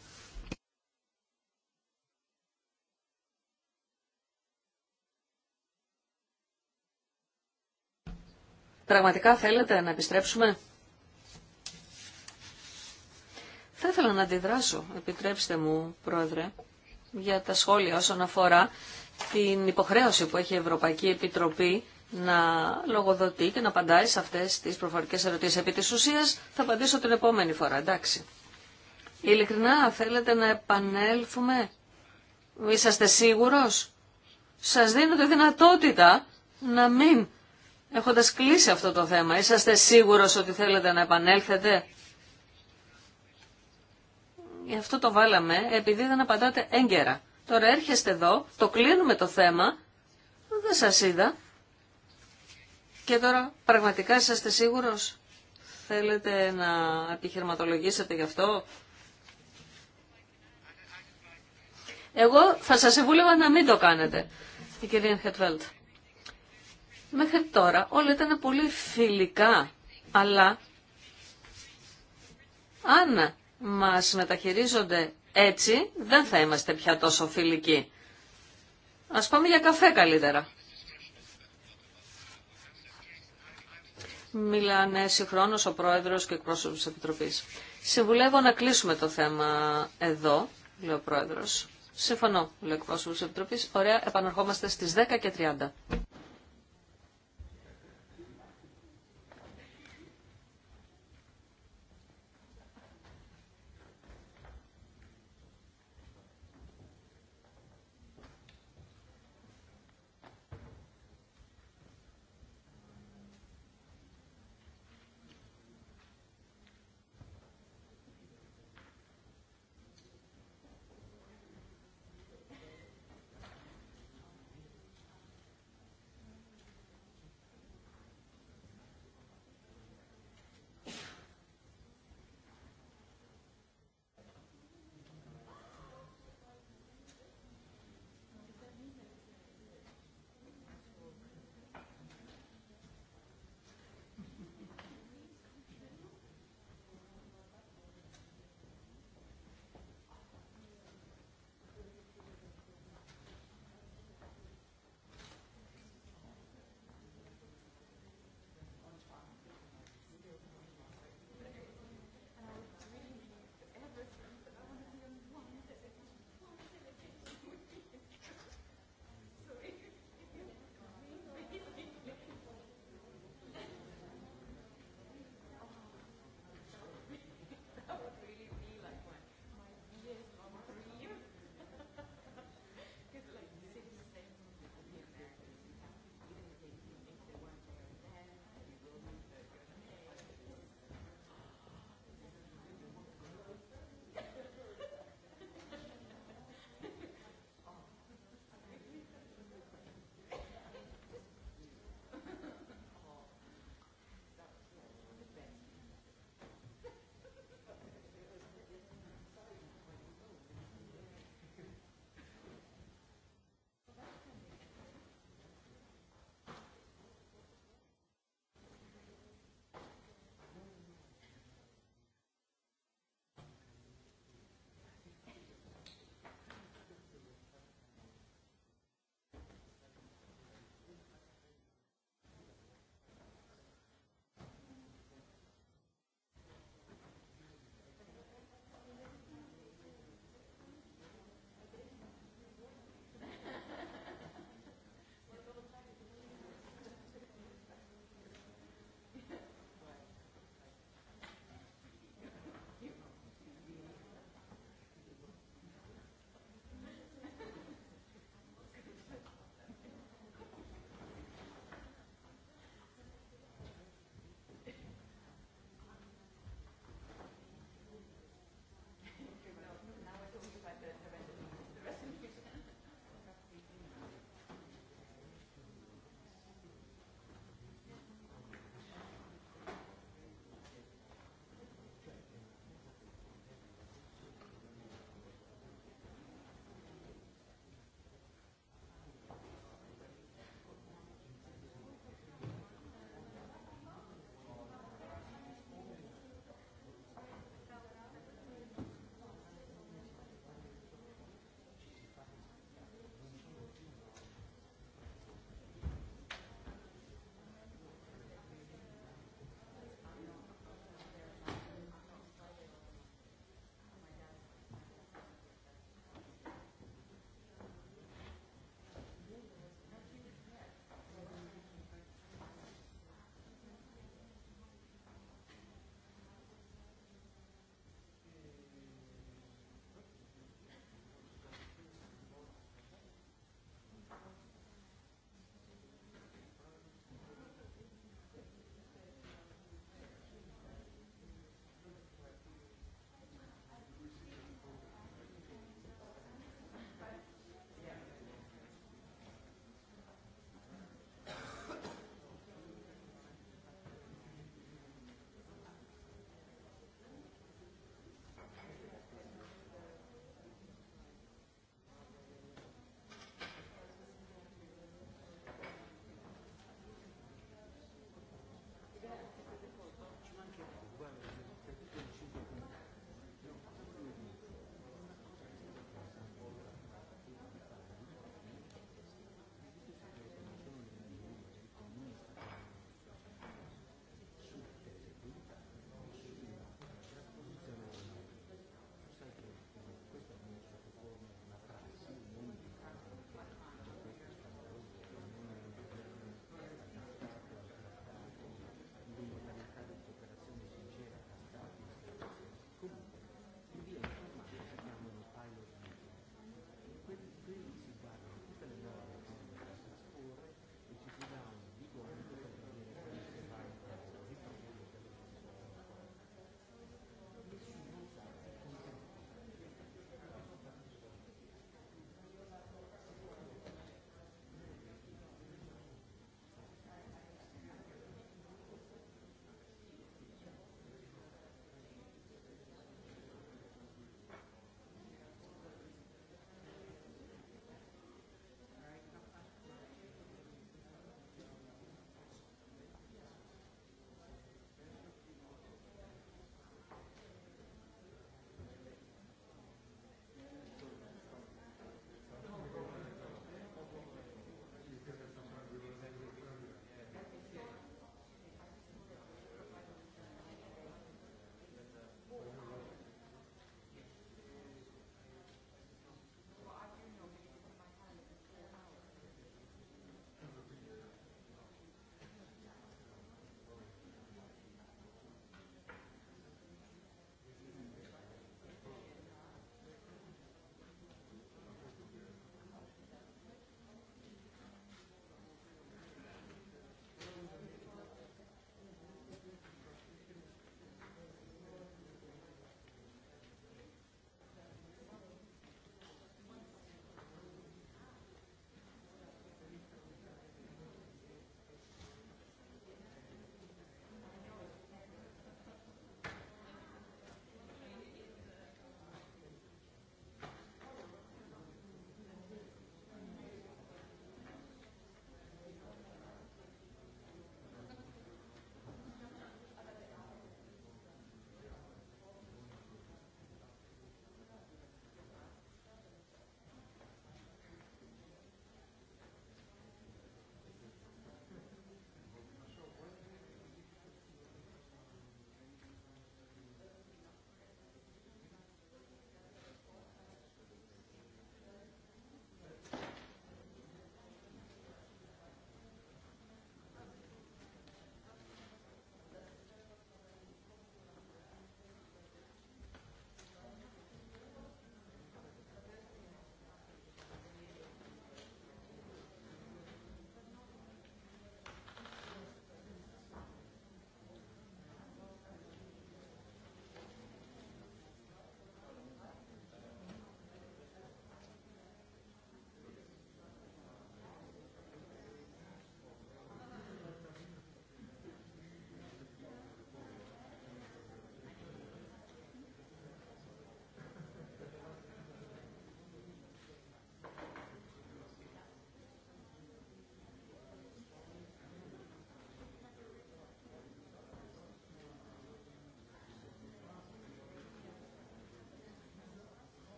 Πραγματικά θέλετε να επιστρέψουμε. Θα ήθελα να αντιδράσω, επιτρέψτε μου, Πρόεδρε, για τα σχόλια όσον αφορά την υποχρέωση που έχει η Ευρωπαϊκή Επιτροπή να λογοδοτεί και να απαντάει σε αυτές τις προφορικές ερωτήσεις. Επί της ουσίας θα απαντήσω την επόμενη φορά, εντάξει. Ειλικρινά θέλετε να επανέλθουμε. Είσαστε σίγουρος. Σας δίνω τη δυνατότητα να μην έχοντας κλείσει αυτό το θέμα. Είσαστε σίγουρος ότι θέλετε να επανέλθετε. Γι' αυτό το βάλαμε επειδή δεν απαντάτε έγκαιρα. Τώρα έρχεστε εδώ, το κλείνουμε το θέμα, δεν σας είδα. Και τώρα πραγματικά είσαστε σίγουρος, θέλετε να επιχειρηματολογήσετε γι' αυτό. Εγώ θα σας συμβούλευα να μην το κάνετε, η κυρία Χετβέλτ. Μέχρι τώρα όλα ήταν πολύ φιλικά, αλλά αν μας μεταχειρίζονται έτσι δεν θα είμαστε πια τόσο φιλικοί. Ας πάμε για καφέ καλύτερα. Μιλάνε συγχρόνως ο Πρόεδρος και εκπρόσωπος της Επιτροπής. Συμβουλεύω να κλείσουμε το θέμα εδώ, λέει ο Πρόεδρος. Συμφωνώ, λέει ο εκπρόσωπος της Επιτροπής. Ωραία, επαναρχόμαστε στις 10.30. και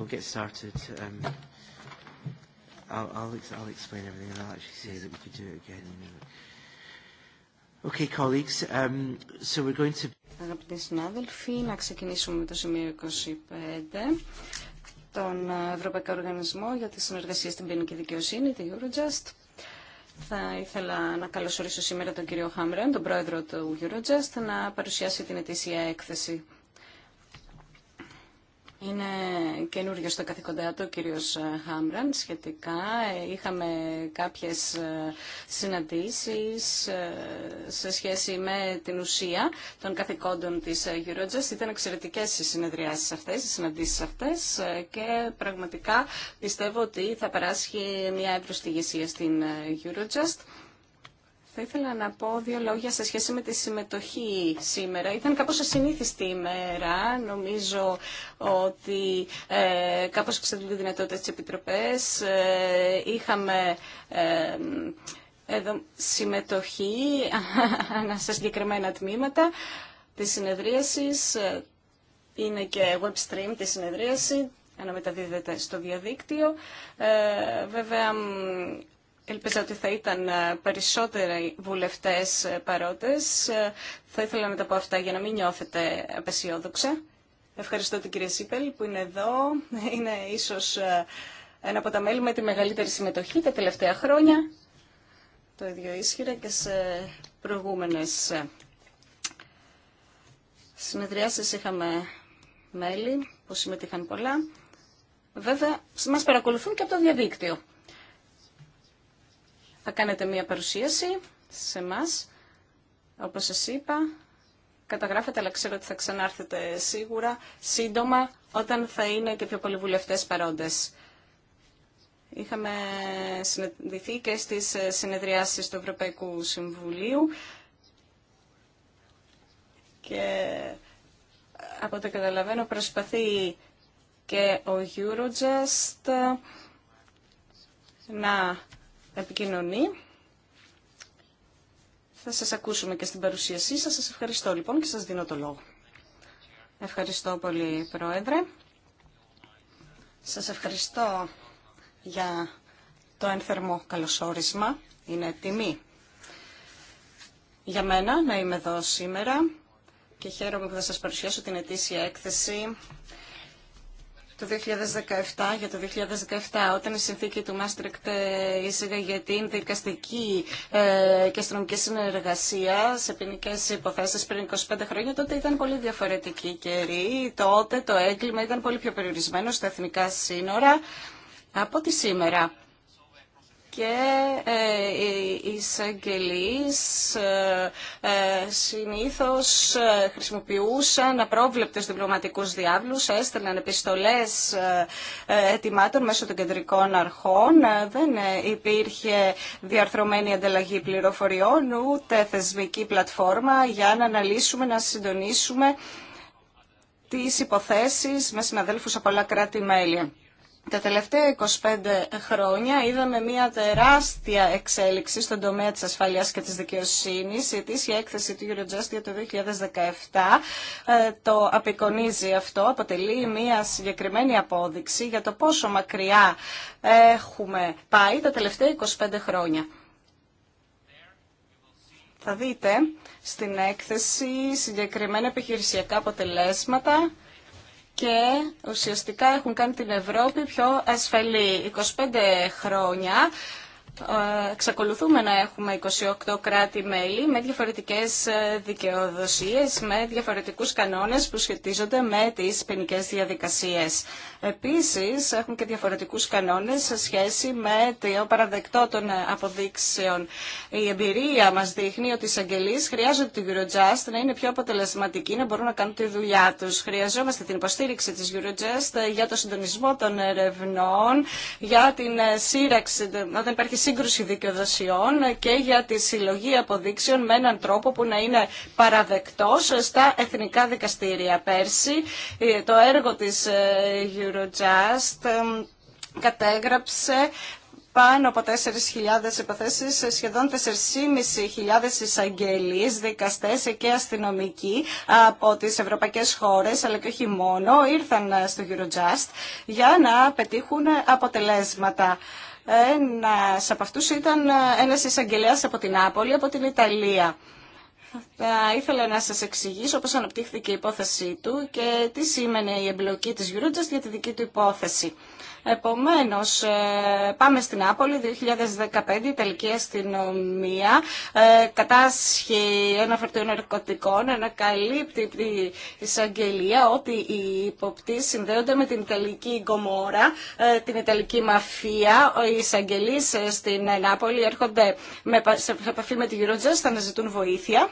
we'll get started. Um, I'll, I'll, I'll explain everything and I'll actually say that we could do it again. Okay, colleagues, um, so we're going to... Αγαπητοί συνάδελφοι, να ξεκινήσουμε με το σημείο 25, τον ε, Ευρωπαϊκό Οργανισμό για τη Συνεργασία στην Ποινική Δικαιοσύνη, τη Eurojust. Θα ήθελα να καλωσορίσω σήμερα τον κύριο Χάμρεν, τον πρόεδρο του Eurojust, να παρουσιάσει την ετήσια έκθεση. Είναι καινούριο στο καθηκοντά ο κύριος ε, Χάμραν σχετικά. Ε, είχαμε κάποιες ε, συναντήσεις σε σχέση με την ουσία των καθηκόντων της Eurojust. Ήταν εξαιρετικές οι συνεδριάσεις αυτές, οι συναντήσεις αυτές και πραγματικά πιστεύω ότι θα παράσχει μια ευρωστηγησία στην Eurojust. Θα ήθελα να πω δύο λόγια σε σχέση με τη συμμετοχή σήμερα. Ήταν κάπως ασυνήθιστη ημέρα. Νομίζω ότι ε, κάπως εξαντλούνται δυνατότητα στις επιτροπές. Ε, είχαμε ε, εδώ συμμετοχή σε συγκεκριμένα τμήματα της συνεδρίασης. Είναι και web stream τη συνεδρίαση αναμεταδίδεται στο διαδίκτυο. Ε, βέβαια, Ελπίζω ότι θα ήταν ε, περισσότεροι βουλευτές ε, παρόντες. Ε, θα ήθελα να τα πω αυτά για να μην νιώθετε απεσιόδοξα. Ευχαριστώ την κυρία Σίπελ που είναι εδώ. Είναι ίσως ένα από τα μέλη με τη μεγαλύτερη συμμετοχή τα τελευταία χρόνια. Το ίδιο ίσχυρα και σε προηγούμενες συνεδριάσεις είχαμε μέλη που συμμετείχαν πολλά. Βέβαια, μας παρακολουθούν και από το διαδίκτυο θα κάνετε μία παρουσίαση σε εμά, όπως σας είπα. Καταγράφετε, αλλά ξέρω ότι θα ξανάρθετε σίγουρα, σύντομα, όταν θα είναι και πιο πολλοί βουλευτές παρόντες. Είχαμε συνεδριθεί και στις συνεδριάσεις του Ευρωπαϊκού Συμβουλίου και από ό,τι καταλαβαίνω προσπαθεί και ο Eurojust να επικοινωνεί. Θα σας ακούσουμε και στην παρουσίασή σας. Σας ευχαριστώ λοιπόν και σας δίνω το λόγο. Ευχαριστώ πολύ Πρόεδρε. Σας ευχαριστώ για το ένθερμο καλωσόρισμα. Είναι τιμή για μένα να είμαι εδώ σήμερα και χαίρομαι που θα σας παρουσιάσω την ετήσια έκθεση το 2017, για το 2017, όταν η συνθήκη του Μάστρεκτ ε, εισήγα για την δικαστική ε, και αστυνομική συνεργασία σε ποινικέ υποθέσει πριν 25 χρόνια, τότε ήταν πολύ διαφορετική η καιρή. Τότε το έγκλημα ήταν πολύ πιο περιορισμένο στα εθνικά σύνορα από τη σήμερα και οι ε, εισαγγελείς ε, ε, συνήθως χρησιμοποιούσαν απρόβλεπτες διπλωματικούς διάβλους, έστελναν επιστολές ετοιμάτων μέσω των κεντρικών αρχών. Δεν υπήρχε διαρθρωμένη ανταλλαγή πληροφοριών, ούτε θεσμική πλατφόρμα για να αναλύσουμε, να συντονίσουμε τις υποθέσεις με συναδέλφους από όλα κράτη-μέλη. Τα τελευταία 25 χρόνια είδαμε μια τεράστια εξέλιξη στον τομέα της ασφαλείας και της δικαιοσύνης. Η ετήσια έκθεση του Eurojust για το 2017 ε, το απεικονίζει αυτό. Αποτελεί μια συγκεκριμένη απόδειξη για το πόσο μακριά έχουμε πάει τα τελευταία 25 χρόνια. Θα δείτε στην έκθεση συγκεκριμένα επιχειρησιακά αποτελέσματα και ουσιαστικά έχουν κάνει την Ευρώπη πιο ασφαλή. 25 χρόνια εξακολουθούμε να έχουμε 28 κράτη-μέλη με διαφορετικές ε, δικαιοδοσίες, με διαφορετικούς κανόνες που σχετίζονται με τις ποινικέ διαδικασίες. Επίσης, έχουν και διαφορετικούς κανόνες σε σχέση με το παραδεκτό των ε, αποδείξεων. Η εμπειρία μας δείχνει ότι οι εισαγγελείς χρειάζονται την Eurojust να είναι πιο αποτελεσματικοί, να μπορούν να κάνουν τη δουλειά τους. Χρειαζόμαστε την υποστήριξη της Eurojust για το συντονισμό των ερευνών, για την ε, σύραξη, όταν υπάρχει σύγκρουση δικαιοδοσιών και για τη συλλογή αποδείξεων με έναν τρόπο που να είναι παραδεκτός στα εθνικά δικαστήρια. Πέρσι ε, το έργο της ε, Eurojust ε, κατέγραψε πάνω από 4.000 υποθέσεις, σχεδόν 4.500 εισαγγελείς, δικαστές και αστυνομικοί από τις ευρωπαϊκές χώρες, αλλά και όχι μόνο, ήρθαν στο Eurojust για να πετύχουν αποτελέσματα. Ένας από αυτούς ήταν ένας εισαγγελέας από την Άπολη, από την Ιταλία. Θα ε, ήθελα να σας εξηγήσω πώς αναπτύχθηκε η υπόθεσή του και τι σήμαινε η εμπλοκή της Γιούρουτζας για τη δική του υπόθεση. Επομένως, ε, πάμε στην Άπολη, 2015, η Ιταλική Αστυνομία ε, κατάσχει ένα φορτίο ναρκωτικών, ανακαλύπτει την εισαγγελία ότι οι υποπτήσεις συνδέονται με την Ιταλική Γκομόρα, την Ιταλική Μαφία. Οι εισαγγελείς στην Νάπολη έρχονται σε επαφή με τη Γιούρουτζας, θα αναζητούν βοήθεια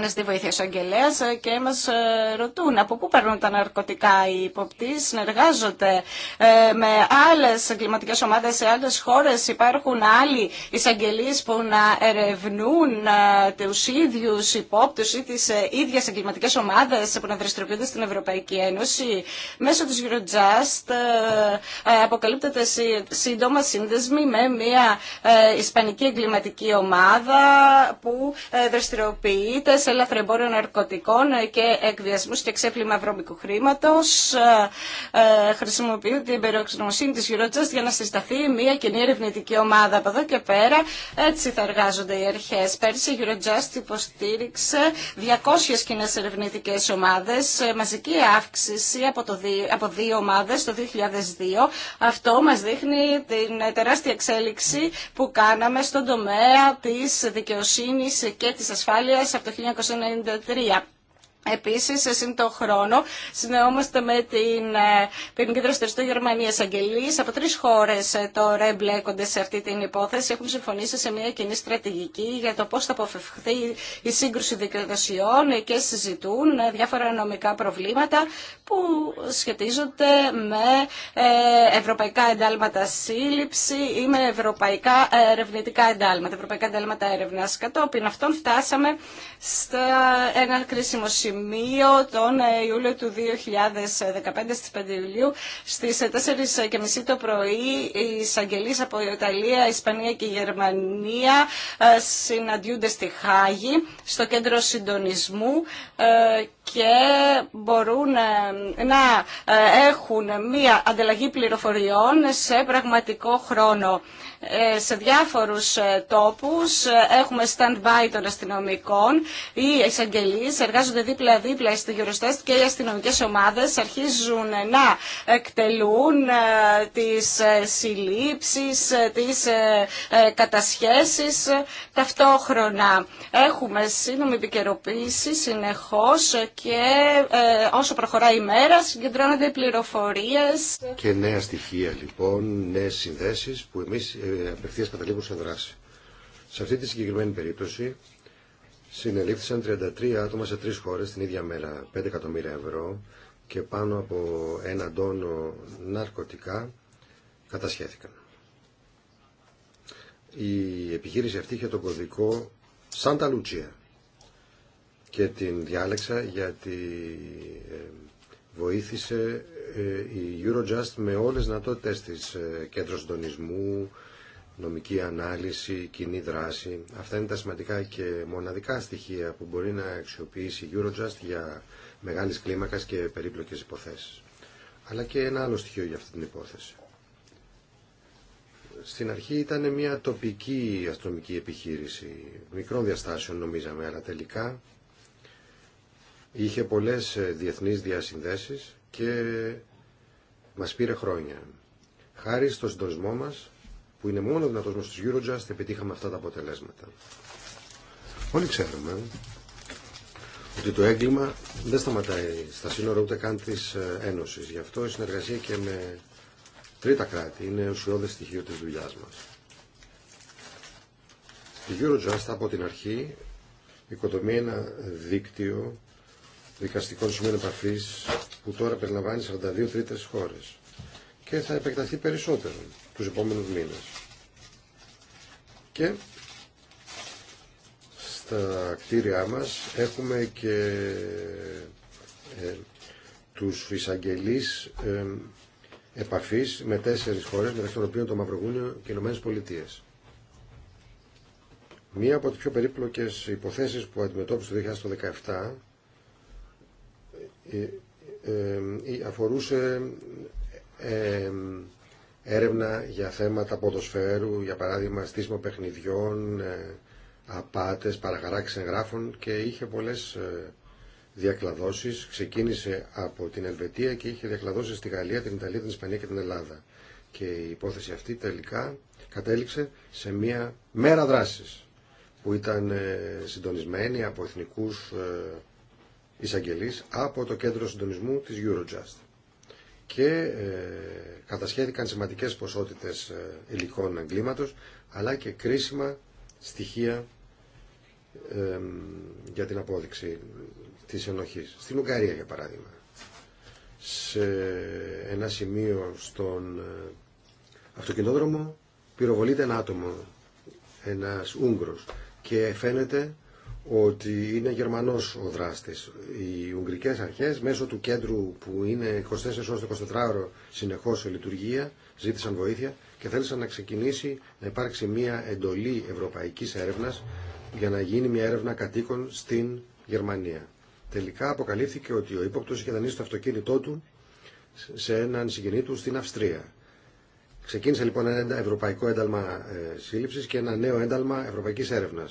να στη βοήθεια ο αγγελέα ε, και μα ε, ρωτούν από πού παίρνουν τα ναρκωτικά οι υποπτοί, συνεργάζονται ε, με άλλε εγκληματικέ ομάδε σε άλλε χώρε, υπάρχουν άλλοι εισαγγελεί που να ερευνούν του ίδιου υπόπτου ή τι ίδιε εγκληματικέ ομάδε που να δραστηριοποιούνται στην Ευρωπαϊκή Ένωση. Μέσω τη Eurojust αποκαλύπτεται σύντομα σύνδεσμοι με μια ισπανική εγκληματική ομάδα που δραστηριοποιείται σε ελαφρεμπόριο ναρκωτικών και εκβιασμού και ξέπλυμα βρώμικου χρήματο. Ε, ε, χρησιμοποιούν την περιοξενοσύνη τη Eurojust για να συσταθεί μια κοινή ερευνητική ομάδα από εδώ και πέρα. Έτσι θα εργάζονται οι αρχέ Πέρσι η Eurojust υποστήριξε 200 κοινέ ερευνητικέ ομάδε. Ε, μαζική αύξηση από, το από δύο ομάδε το 2002. Αυτό μα δείχνει την τεράστια εξέλιξη που κάναμε στον τομέα τη δικαιοσύνη και τη ασφάλεια. από το 1993. Επίση, σε σύντο χρόνο, συνεόμαστε με την ποινική ε, δραστηριστή Γερμανία Αγγελής. Από τρει χώρε ε, τώρα εμπλέκονται σε αυτή την υπόθεση. Έχουν συμφωνήσει σε μια κοινή στρατηγική για το πώ θα αποφευχθεί η σύγκρουση δικαιοδοσιών και συζητούν ε, διάφορα νομικά προβλήματα που σχετίζονται με ευρωπαϊκά εντάλματα σύλληψη ή με ευρωπαϊκά ερευνητικά εντάλματα, ευρωπαϊκά εντάλματα έρευνας. Κατόπιν αυτών φτάσαμε σε ένα κρίσιμο σημείο σημείο τον ε, Ιούλιο του 2015 στις 5 Ιουλίου στις 4.30 ε, το πρωί οι εισαγγελείς από Ιταλία, Ισπανία και Γερμανία ε, συναντιούνται στη Χάγη στο κέντρο συντονισμού και μπορούν να έχουν μία ανταλλαγή πληροφοριών σε πραγματικό χρόνο. Ε, σε διάφορους ε, τόπους. Ε, έχουμε stand-by των αστυνομικών ή εισαγγελείς, εργάζονται δίπλα-δίπλα οι γυροστές και οι αστυνομικές ομάδες αρχίζουν να εκτελούν τις συλλήψεις, τις κατασχέσεις. Ταυτόχρονα έχουμε σύνομη επικαιροποίηση συνεχώς και όσο προχωράει η μέρα συγκεντρώνονται οι πληροφορίες. Και νέα στοιχεία λοιπόν, νέες συνδέσεις που εμείς απευθείας καταλήγουν σε δράση. Σε αυτή τη συγκεκριμένη περίπτωση συνελήφθησαν 33 άτομα σε τρεις χώρες την ίδια μέρα, 5 εκατομμύρια ευρώ και πάνω από ένα τόνο ναρκωτικά κατασχέθηκαν. Η επιχείρηση αυτή είχε τον κωδικό Σάντα Λουτσία και την διάλεξα γιατί ε, βοήθησε ε, η Eurojust με όλες τις δυνατότητες της ε, κέντρο συντονισμού, νομική ανάλυση, κοινή δράση. Αυτά είναι τα σημαντικά και μοναδικά στοιχεία που μπορεί να αξιοποιήσει η Eurojust για μεγάλης κλίμακας και περίπλοκες υποθέσεις. Αλλά και ένα άλλο στοιχείο για αυτή την υπόθεση. Στην αρχή ήταν μια τοπική αστυνομική επιχείρηση, μικρών διαστάσεων νομίζαμε, αλλά τελικά είχε πολλές ε, διεθνείς διασυνδέσεις και μας πήρε χρόνια. Χάρη στο συντονισμό μας που είναι μόνο δυνατό μας στους Eurojust, επιτύχαμε αυτά τα αποτελέσματα. Όλοι ξέρουμε ότι το έγκλημα δεν σταματάει στα σύνορα ούτε καν τη ε, Ένωση. Γι' αυτό η συνεργασία και με τρίτα κράτη είναι ουσιώδε στοιχείο τη δουλειά μα. Η Eurojust από την αρχή οικοδομεί ένα δίκτυο δικαστικών σημείων επαφή που τώρα περιλαμβάνει 42 τρίτε χώρε και θα επεκταθεί περισσότερο τους επόμενους μήνες. Και στα κτίρια μας έχουμε και ε, τους εισαγγελείς ε, επαφής με τέσσερις χώρες, μεταξύ των οποίων το Μαυρογούνιο και οι Ηνωμένες Μία από τις πιο περίπλοκες υποθέσεις που αντιμετώπισε το 2017 ε, ε, ε, ε, αφορούσε έρευνα για θέματα ποδοσφαίρου, για παράδειγμα στήσιμο παιχνιδιών, ε, απάτες, παραγαράξεις εγγράφων και είχε πολλές ε, διακλαδώσεις. Ξεκίνησε από την Ελβετία και είχε διακλαδώσεις στη Γαλλία, την Ιταλία, την Ισπανία και την Ελλάδα. Και η υπόθεση αυτή τελικά κατέληξε σε μια μέρα δράσης που ήταν ε, συντονισμένη από εθνικούς εισαγγελείς από το κέντρο συντονισμού της Eurojust και ε, κατασχέθηκαν σημαντικές ποσότητες ε, υλικών εγκλήματος αλλά και κρίσιμα στοιχεία για την απόδειξη της ενοχής. Στην Ουγγαρία για παράδειγμα. Σε ένα σημείο στον ε, αυτοκινόδρομο πυροβολείται ένα άτομο, ένας Ούγγρος και φαίνεται ότι είναι Γερμανός ο δράστης. Οι Ουγγρικές αρχές μέσω του κέντρου που είναι 24 ώρες 24 ώρο συνεχώς σε λειτουργία ζήτησαν βοήθεια και θέλησαν να ξεκινήσει να υπάρξει μια εντολή ευρωπαϊκής έρευνας για να γίνει μια έρευνα κατοίκων στην Γερμανία. Τελικά αποκαλύφθηκε ότι ο ύποπτο είχε δανείσει το αυτοκίνητό του σε έναν συγγενή του στην Αυστρία. Ξεκίνησε λοιπόν ένα ευρωπαϊκό ένταλμα ε, σύλληψη και ένα νέο ένταλμα ευρωπαϊκής Έρευνα.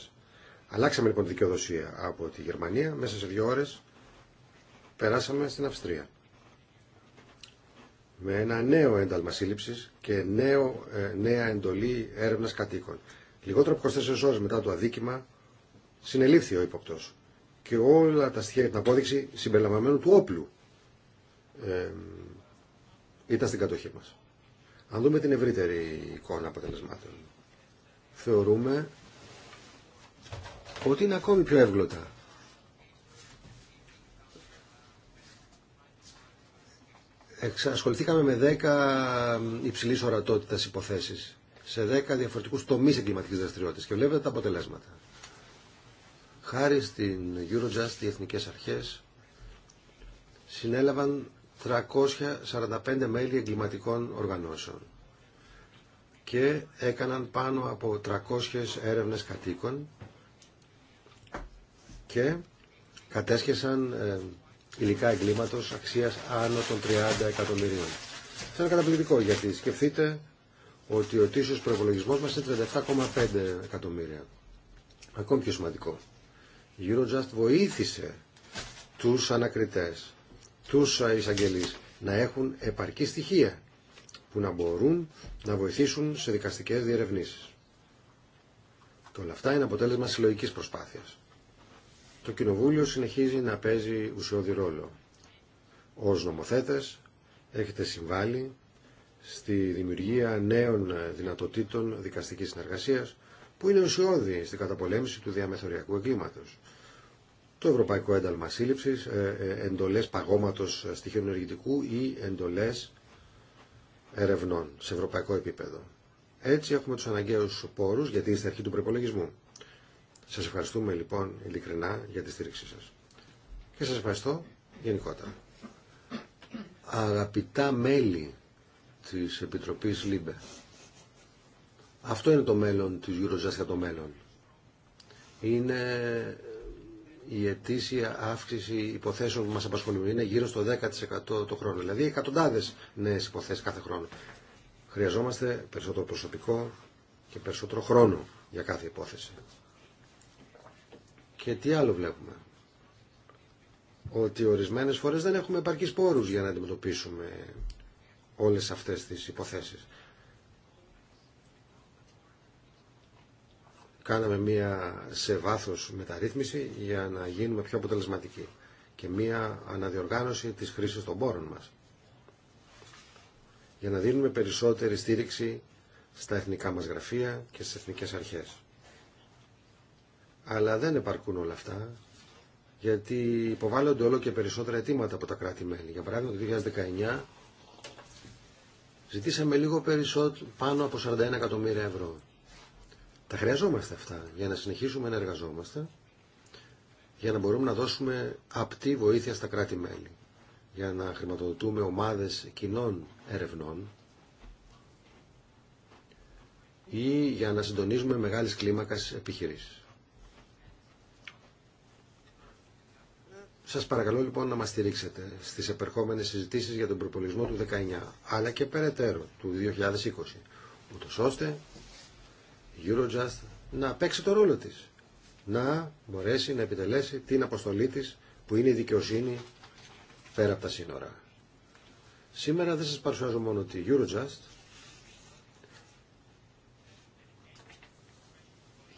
Αλλάξαμε λοιπόν τη δικαιοδοσία από τη Γερμανία. Μέσα σε δύο ώρες περάσαμε στην Αυστρία. Με ένα νέο ένταλμα σύλληψη και νέο, ε, νέα εντολή έρευνας κατοίκων. Λιγότερο από 24 ώρε μετά το αδίκημα συνελήφθη ο υποπτό. και όλα τα στοιχεία για την απόδειξη συμπεριλαμβανομένου του όπλου ήταν στην κατοχή μα. Αν δούμε την ευρύτερη εικόνα αποτελεσμάτων, θεωρούμε ότι είναι ακόμη πιο εύγλωτα. Ασχοληθήκαμε με 10 υψηλή ορατότητα υποθέσει σε 10 διαφορετικού τομεί εγκληματική δραστηριότητα και βλέπετε τα αποτελέσματα. Χάρη στην Eurojust, οι εθνικέ αρχέ συνέλαβαν 345 μέλη εγκληματικών οργανώσεων και έκαναν πάνω από 300 έρευνες κατοίκων και κατέσχεσαν ε, υλικά εγκλήματος αξίας άνω των 30 εκατομμυρίων. Αυτό είναι καταπληκτικό γιατί σκεφτείτε ότι ο τίσος προπολογισμό μας είναι 37,5 εκατομμύρια. Ακόμη πιο σημαντικό. Η Eurojust βοήθησε τους ανακριτές, τους εισαγγελείς να έχουν επαρκή στοιχεία που να μπορούν να βοηθήσουν σε δικαστικές διερευνήσεις. Το όλα αυτά είναι αποτέλεσμα συλλογικής προσπάθειας το Κοινοβούλιο συνεχίζει να παίζει ουσιώδη ρόλο. Ως νομοθέτες έχετε συμβάλει στη δημιουργία νέων δυνατοτήτων δικαστικής συνεργασίας που είναι ουσιώδη στην καταπολέμηση του διαμεθοριακού εγκλήματος. Το Ευρωπαϊκό Ένταλμα Σύλληψης, ε, ε, εντολές παγώματος στοιχείων ενεργητικού ή εντολές ερευνών σε ευρωπαϊκό επίπεδο. Έτσι έχουμε τους αναγκαίους πόρους για την αρχή του προπολογισμού. Σας ευχαριστούμε λοιπόν ειλικρινά για τη στήριξή σας. Και σας ευχαριστώ γενικότερα. Αγαπητά μέλη της Επιτροπής ΛΥΜΠΕ. Αυτό είναι το μέλλον της Eurojust για το μέλλον. Είναι η ετήσια αύξηση υποθέσεων που μας απασχολούν. Είναι γύρω στο 10% το χρόνο. Δηλαδή εκατοντάδες νέες υποθέσεις κάθε χρόνο. Χρειαζόμαστε περισσότερο προσωπικό και περισσότερο χρόνο για κάθε υπόθεση. Και τι άλλο βλέπουμε. Ότι ορισμένες φορές δεν έχουμε επαρκείς πόρους για να αντιμετωπίσουμε όλες αυτές τις υποθέσεις. Κάναμε μία σε βάθος μεταρρύθμιση για να γίνουμε πιο αποτελεσματικοί και μία αναδιοργάνωση της χρήσης των πόρων μας για να δίνουμε περισσότερη στήριξη στα εθνικά μας γραφεία και στις εθνικές αρχές. Αλλά δεν επαρκούν όλα αυτά, γιατί υποβάλλονται όλο και περισσότερα αιτήματα από τα κράτη-μέλη. Για παράδειγμα, το 2019 ζητήσαμε λίγο περισσότερο, πάνω από 41 εκατομμύρια ευρώ. Τα χρειαζόμαστε αυτά για να συνεχίσουμε να εργαζόμαστε, για να μπορούμε να δώσουμε απτή βοήθεια στα κράτη-μέλη, για να χρηματοδοτούμε ομάδες κοινών ερευνών ή για να συντονίζουμε μεγάλες κλίμακας επιχειρήσεις. Σας παρακαλώ λοιπόν να μα στηρίξετε στις επερχόμενες συζητήσει για τον προπολισμό του 19 αλλά και περαιτέρω του 2020 ούτω ώστε η Eurojust να παίξει το ρόλο της να μπορέσει να επιτελέσει την αποστολή τη που είναι η δικαιοσύνη πέρα από τα σύνορα. Σήμερα δεν σας παρουσιάζω μόνο τη Eurojust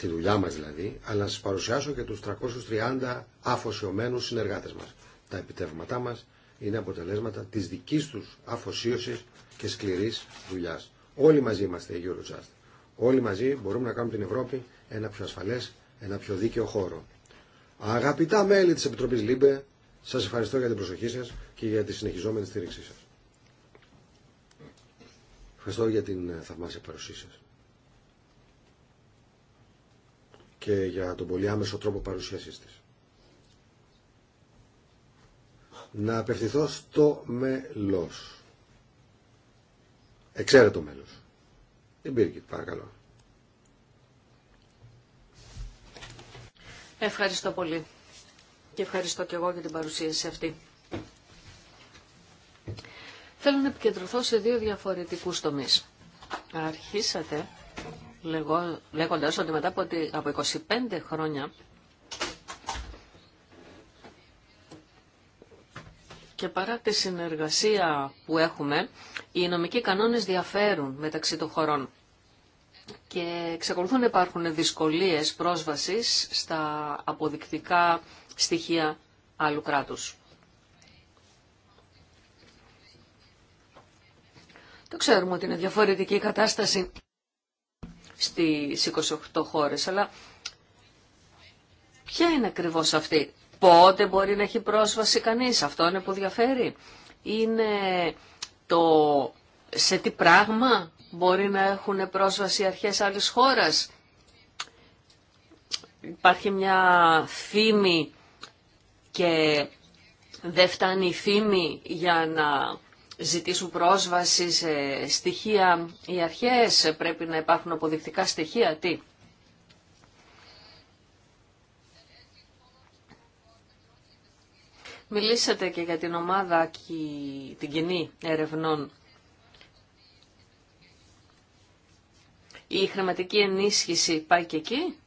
τη δουλειά μας δηλαδή, αλλά να σας παρουσιάσω και τους 330 αφοσιωμένους συνεργάτες μας. Τα επιτεύγματά μας είναι αποτελέσματα της δικής τους αφοσίωσης και σκληρής δουλειάς. Όλοι μαζί είμαστε η Eurojust. Όλοι μαζί μπορούμε να κάνουμε την Ευρώπη ένα πιο ασφαλές, ένα πιο δίκαιο χώρο. Αγαπητά μέλη της Επιτροπής Λίμπε, σας ευχαριστώ για την προσοχή σας και για τη συνεχιζόμενη στήριξή σας. Ευχαριστώ για την θαυμάσια παρουσία σας. και για τον πολύ άμεσο τρόπο παρουσίασής της. Να απευθυνθώ στο μέλος. Εξαίρετο μέλος. Την Birgit, παρακαλώ. Ευχαριστώ πολύ. Και ευχαριστώ και εγώ για την παρουσίαση αυτή. Θέλω να επικεντρωθώ σε δύο διαφορετικούς τομείς. Αρχίσατε λέγοντας ότι μετά από, από 25 χρόνια και παρά τη συνεργασία που έχουμε, οι νομικοί κανόνες διαφέρουν μεταξύ των χωρών και εξακολουθούν να υπάρχουν δυσκολίες πρόσβασης στα αποδεικτικά στοιχεία άλλου κράτους. Το ξέρουμε ότι είναι διαφορετική κατάσταση Στι 28 χώρες. Αλλά ποια είναι ακριβώς αυτή. Πότε μπορεί να έχει πρόσβαση κανείς. Αυτό είναι που διαφέρει. Είναι το σε τι πράγμα μπορεί να έχουν πρόσβαση αρχές άλλης χώρας. Υπάρχει μια φήμη και δεν φτάνει η φήμη για να ζητήσουν πρόσβαση σε στοιχεία οι αρχές, πρέπει να υπάρχουν αποδεικτικά στοιχεία, τι. Μιλήσατε και για την ομάδα και την κοινή ερευνών. Η χρηματική ενίσχυση πάει και εκεί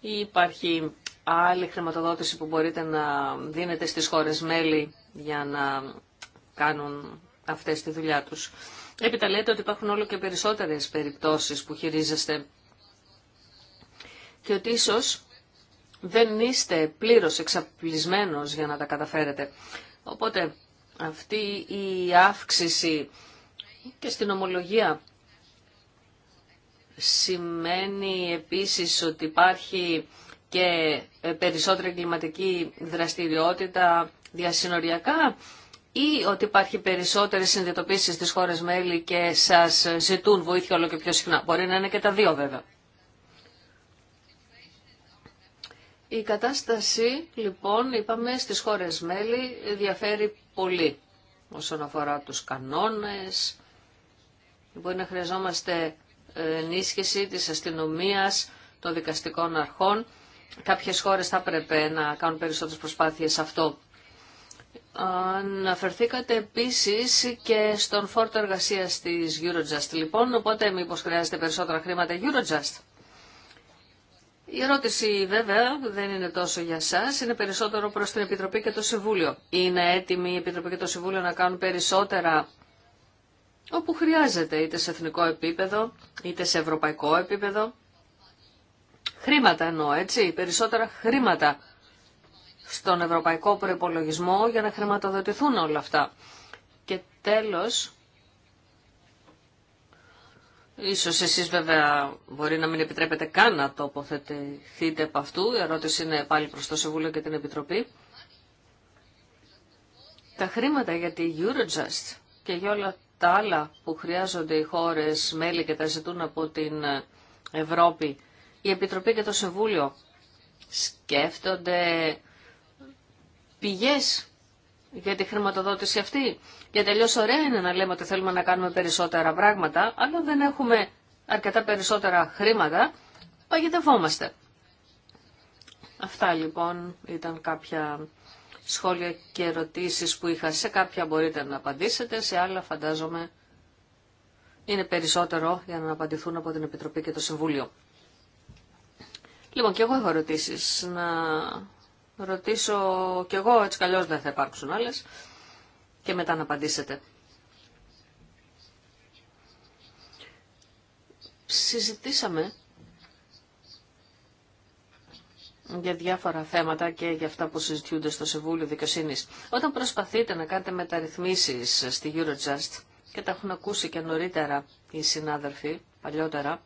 ή υπάρχει άλλη χρηματοδότηση που μπορείτε να δίνετε στις χώρες μέλη για να κάνουν αυτέ τη δουλειά του. Έπειτα λέτε ότι υπάρχουν όλο και περισσότερες περιπτώσεις που χειρίζεστε και ότι ίσω δεν είστε πλήρως εξαπλισμένος για να τα καταφέρετε. Οπότε αυτή η αύξηση και στην ομολογία σημαίνει επίσης ότι υπάρχει και περισσότερη εγκληματική δραστηριότητα διασυνοριακά ή ότι υπάρχει περισσότερη συνειδητοποίηση στις χώρες μέλη και σας ζητούν βοήθεια όλο και πιο συχνά. Μπορεί να είναι και τα δύο βέβαια. Η κατάσταση λοιπόν είπαμε στις χώρες μέλη διαφέρει πολύ όσον αφορά τους κανόνες. Μπορεί να χρειαζόμαστε ενίσχυση της αστυνομίας, των δικαστικών αρχών. Κάποιες χώρες θα έπρεπε να κάνουν περισσότερες προσπάθειες αυτό. Αναφερθήκατε επίσης και στον φόρτο εργασίας της Eurojust. Λοιπόν, οπότε μήπως χρειάζεται περισσότερα χρήματα Eurojust. Η ερώτηση βέβαια δεν είναι τόσο για σας, είναι περισσότερο προς την Επιτροπή και το Συμβούλιο. Είναι έτοιμη η Επιτροπή και το Συμβούλιο να κάνουν περισσότερα όπου χρειάζεται, είτε σε εθνικό επίπεδο, είτε σε ευρωπαϊκό επίπεδο. Χρήματα εννοώ, έτσι, περισσότερα χρήματα στον ευρωπαϊκό Προϋπολογισμό για να χρηματοδοτηθούν όλα αυτά. Και τέλος, ίσως εσείς βέβαια μπορεί να μην επιτρέπετε καν να τοποθετηθείτε από αυτού, η ερώτηση είναι πάλι προς το Συμβούλιο και την Επιτροπή. Τα χρήματα για τη Eurojust και για όλα τα άλλα που χρειάζονται οι χώρες μέλη και τα ζητούν από την Ευρώπη, η Επιτροπή και το Συμβούλιο σκέφτονται πηγές για τη χρηματοδότηση αυτή. Για τελείως ωραία είναι να λέμε ότι θέλουμε να κάνουμε περισσότερα πράγματα, αλλά δεν έχουμε αρκετά περισσότερα χρήματα, παγιδευόμαστε. Αυτά λοιπόν ήταν κάποια σχόλια και ερωτήσεις που είχα. Σε κάποια μπορείτε να απαντήσετε, σε άλλα φαντάζομαι είναι περισσότερο για να απαντηθούν από την Επιτροπή και το Συμβούλιο. Λοιπόν, και εγώ έχω ερωτήσεις. Να ρωτήσω κι εγώ, έτσι καλώς δεν θα υπάρξουν άλλες και μετά να απαντήσετε. Συζητήσαμε για διάφορα θέματα και για αυτά που συζητιούνται στο Συμβούλιο Δικαιοσύνη. Όταν προσπαθείτε να κάνετε μεταρρυθμίσεις στη Eurojust, και τα έχουν ακούσει και νωρίτερα οι συνάδελφοι, παλιότερα,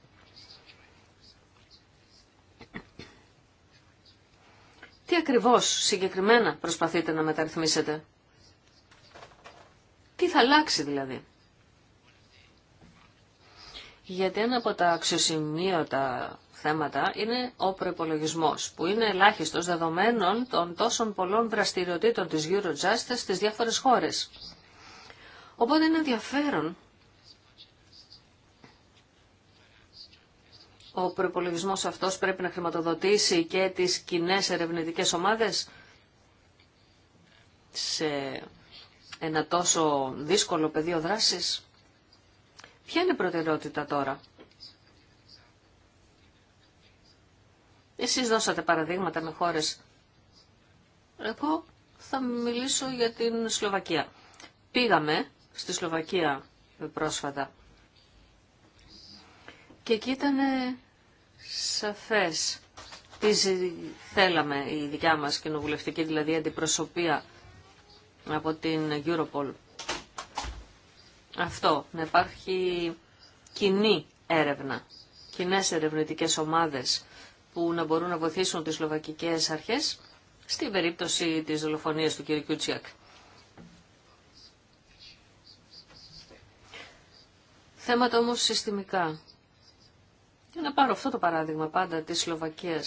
Τι ακριβώς συγκεκριμένα προσπαθείτε να μεταρρυθμίσετε. Τι θα αλλάξει δηλαδή. Γιατί ένα από τα αξιοσημείωτα θέματα είναι ο προπολογισμό, που είναι ελάχιστος δεδομένων των τόσων πολλών δραστηριοτήτων της Eurojust στις διάφορες χώρες. Οπότε είναι ενδιαφέρον Ο προπολογισμό αυτός πρέπει να χρηματοδοτήσει και τις κοινέ ερευνητικές ομάδες σε ένα τόσο δύσκολο πεδίο δράσης. Ποια είναι η προτεραιότητα τώρα. Εσείς δώσατε παραδείγματα με χώρες. Εγώ θα μιλήσω για την Σλοβακία. Πήγαμε στη Σλοβακία πρόσφατα και εκεί ήταν σαφές τι θέλαμε η δικιά μας κοινοβουλευτική, δηλαδή αντιπροσωπεία από την Europol. Αυτό, να υπάρχει κοινή έρευνα, κοινέ ερευνητικές ομάδες που να μπορούν να βοηθήσουν τις σλοβακικές αρχές στην περίπτωση της δολοφονίας του κ. Κιούτσιακ. Θέματα όμως συστημικά για να πάρω αυτό το παράδειγμα πάντα τη Σλοβακία,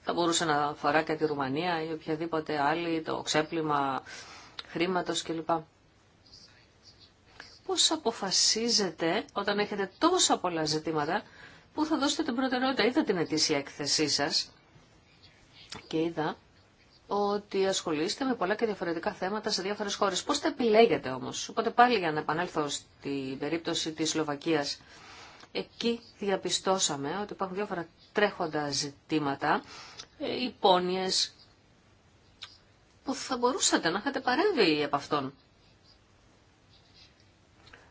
Θα μπορούσε να αφορά και τη Ρουμανία ή οποιαδήποτε άλλη, το ξέπλυμα χρήματο κλπ. Πώ αποφασίζετε όταν έχετε τόσα πολλά ζητήματα που θα δώσετε την προτεραιότητα. Είδα την ετήσια έκθεσή σας και είδα ότι ασχολείστε με πολλά και διαφορετικά θέματα σε διάφορε χώρε. Πώ τα επιλέγετε όμω, Οπότε πάλι για να επανέλθω στην περίπτωση τη Σλοβακία. Εκεί διαπιστώσαμε ότι υπάρχουν διάφορα τρέχοντα ζητήματα, ε, υπόνοιες που θα μπορούσατε να είχατε παρέμβει από αυτόν.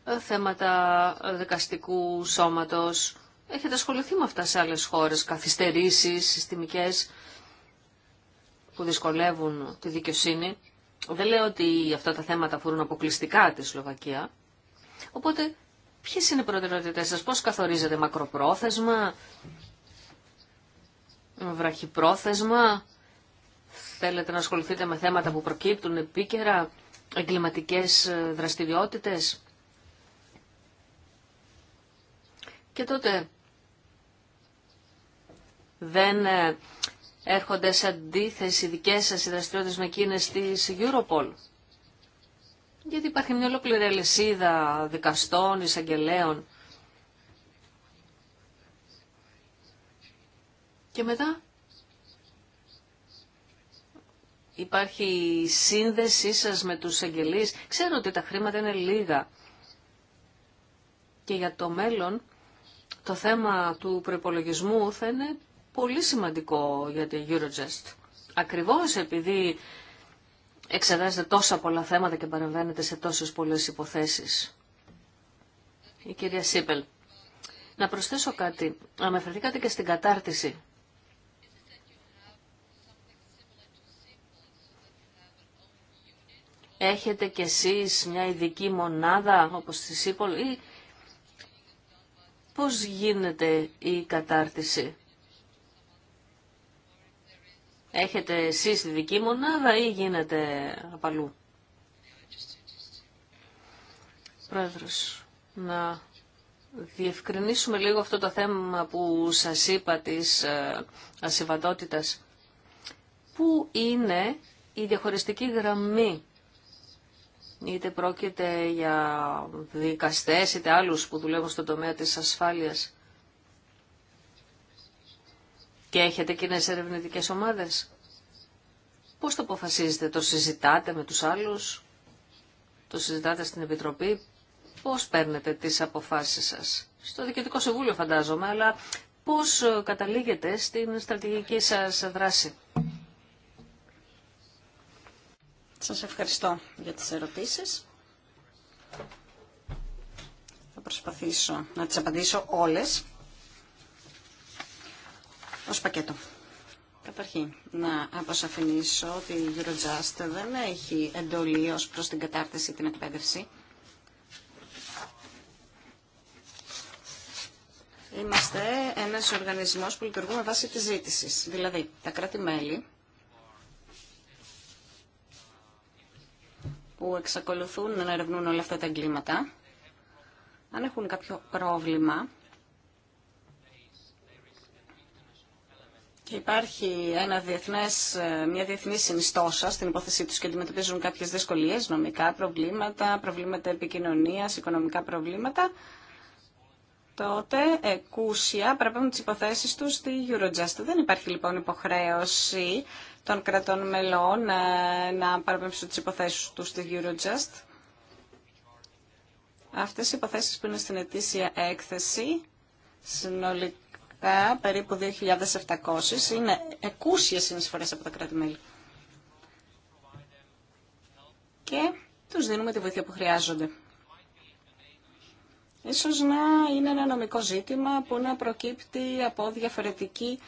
Ε, θέματα δικαστικού σώματος. Έχετε ασχοληθεί με αυτά σε άλλες χώρες, καθυστερήσεις συστημικές που δυσκολεύουν τη δικαιοσύνη. Δεν λέω ότι αυτά τα θέματα αφορούν αποκλειστικά τη Σλοβακία. Οπότε Ποιε είναι οι προτεραιότητες σας, πώς καθορίζετε μακροπρόθεσμα, βραχυπρόθεσμα, θέλετε να ασχοληθείτε με θέματα που προκύπτουν επίκαιρα, εγκληματικές ε, δραστηριότητες. Και τότε δεν ε, έρχονται σε αντίθεση δικές σας οι δραστηριότητες με εκείνες τη Europol γιατί υπάρχει μια ολόκληρη αλυσίδα δικαστών, εισαγγελέων. Και μετά υπάρχει η σύνδεσή σας με τους εισαγγελείς. Ξέρω ότι τα χρήματα είναι λίγα. Και για το μέλλον το θέμα του προϋπολογισμού θα είναι πολύ σημαντικό για την Eurojust. Ακριβώς επειδή εξετάζετε τόσα πολλά θέματα και παρεμβαίνετε σε τόσες πολλές υποθέσεις. Η κυρία Σίπελ. Να προσθέσω κάτι. Αναφερθήκατε και στην κατάρτιση. Έχετε κι εσείς μια ειδική μονάδα όπως στη Σίπολ ή πώς γίνεται η κατάρτιση έχετε εσεί τη δική μονάδα ή γίνεται απαλού. Πρόεδρος, να διευκρινίσουμε λίγο αυτό το θέμα που σας είπα της ε, ασυμβατότητας. Πού είναι η διαχωριστική γραμμή, είτε πρόκειται για δικαστές είτε άλλους που δουλεύουν στον τομέα της ασφάλειας και έχετε κοινέ ερευνητικέ ομάδες. Πώς το αποφασίζετε, το συζητάτε με τους άλλους, το συζητάτε στην Επιτροπή, πώς παίρνετε τις αποφάσεις σας. Στο Διοικητικό Συμβούλιο φαντάζομαι, αλλά πώς ε, καταλήγετε στην στρατηγική σας δράση. Σας ευχαριστώ για τις ερωτήσεις. Θα προσπαθήσω να τις απαντήσω όλες ως πακέτο. Καταρχήν, να αποσαφηνίσω ότι η Eurojust δεν έχει εντολή ως προς την κατάρτιση την εκπαίδευση. Είμαστε ένας οργανισμός που λειτουργούμε βάσει της ζήτησης. Δηλαδή, τα κράτη-μέλη που εξακολουθούν να ερευνούν όλα αυτά τα εγκλήματα, αν έχουν κάποιο πρόβλημα, Και υπάρχει ένα διεθνές, ε, μια διεθνή συνιστόσα στην υπόθεσή τους και αντιμετωπίζουν κάποιες δυσκολίες, νομικά προβλήματα, προβλήματα επικοινωνίας, οικονομικά προβλήματα. Τότε εκούσια παραπέμπουν τις υποθέσεις τους στη Eurojust. Δεν υπάρχει λοιπόν υποχρέωση των κρατών μελών ε, να παραπέμψουν τις υποθέσεις τους στη Eurojust. Αυτές οι υποθέσεις που είναι στην ετήσια έκθεση συνολικά περίπου 2.700 είναι εκούσιες συνεισφορές από τα κράτη-μέλη. Και τους δίνουμε τη βοήθεια που χρειάζονται. Ίσως να είναι ένα νομικό ζήτημα που να προκύπτει από διαφορετική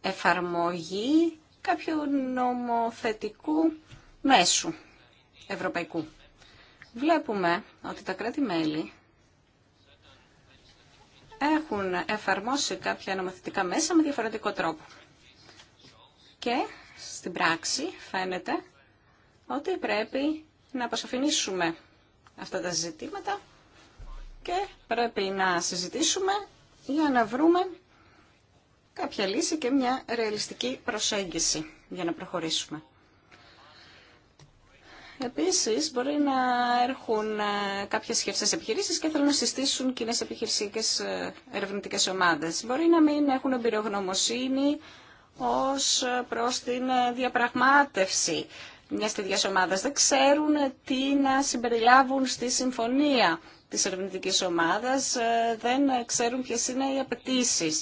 εφαρμογή κάποιου νομοθετικού μέσου ευρωπαϊκού. Βλέπουμε ότι τα κράτη-μέλη έχουν εφαρμόσει κάποια νομοθετικά μέσα με διαφορετικό τρόπο. Και στην πράξη φαίνεται ότι πρέπει να αποσαφηνίσουμε αυτά τα ζητήματα και πρέπει να συζητήσουμε για να βρούμε κάποια λύση και μια ρεαλιστική προσέγγιση για να προχωρήσουμε. Επίσης, μπορεί να έρχουν ε, κάποιες χερσές επιχειρήσεις και θέλουν να συστήσουν κοινέ επιχειρησικέ ε, ερευνητικές ομάδες. Μπορεί να μην έχουν εμπειρογνωμοσύνη ως ε, προς την διαπραγμάτευση μιας τέτοιας ομάδας. Δεν ξέρουν τι να συμπεριλάβουν στη συμφωνία της ερευνητικής ομάδας, δεν ξέρουν ποιε είναι οι απαιτήσει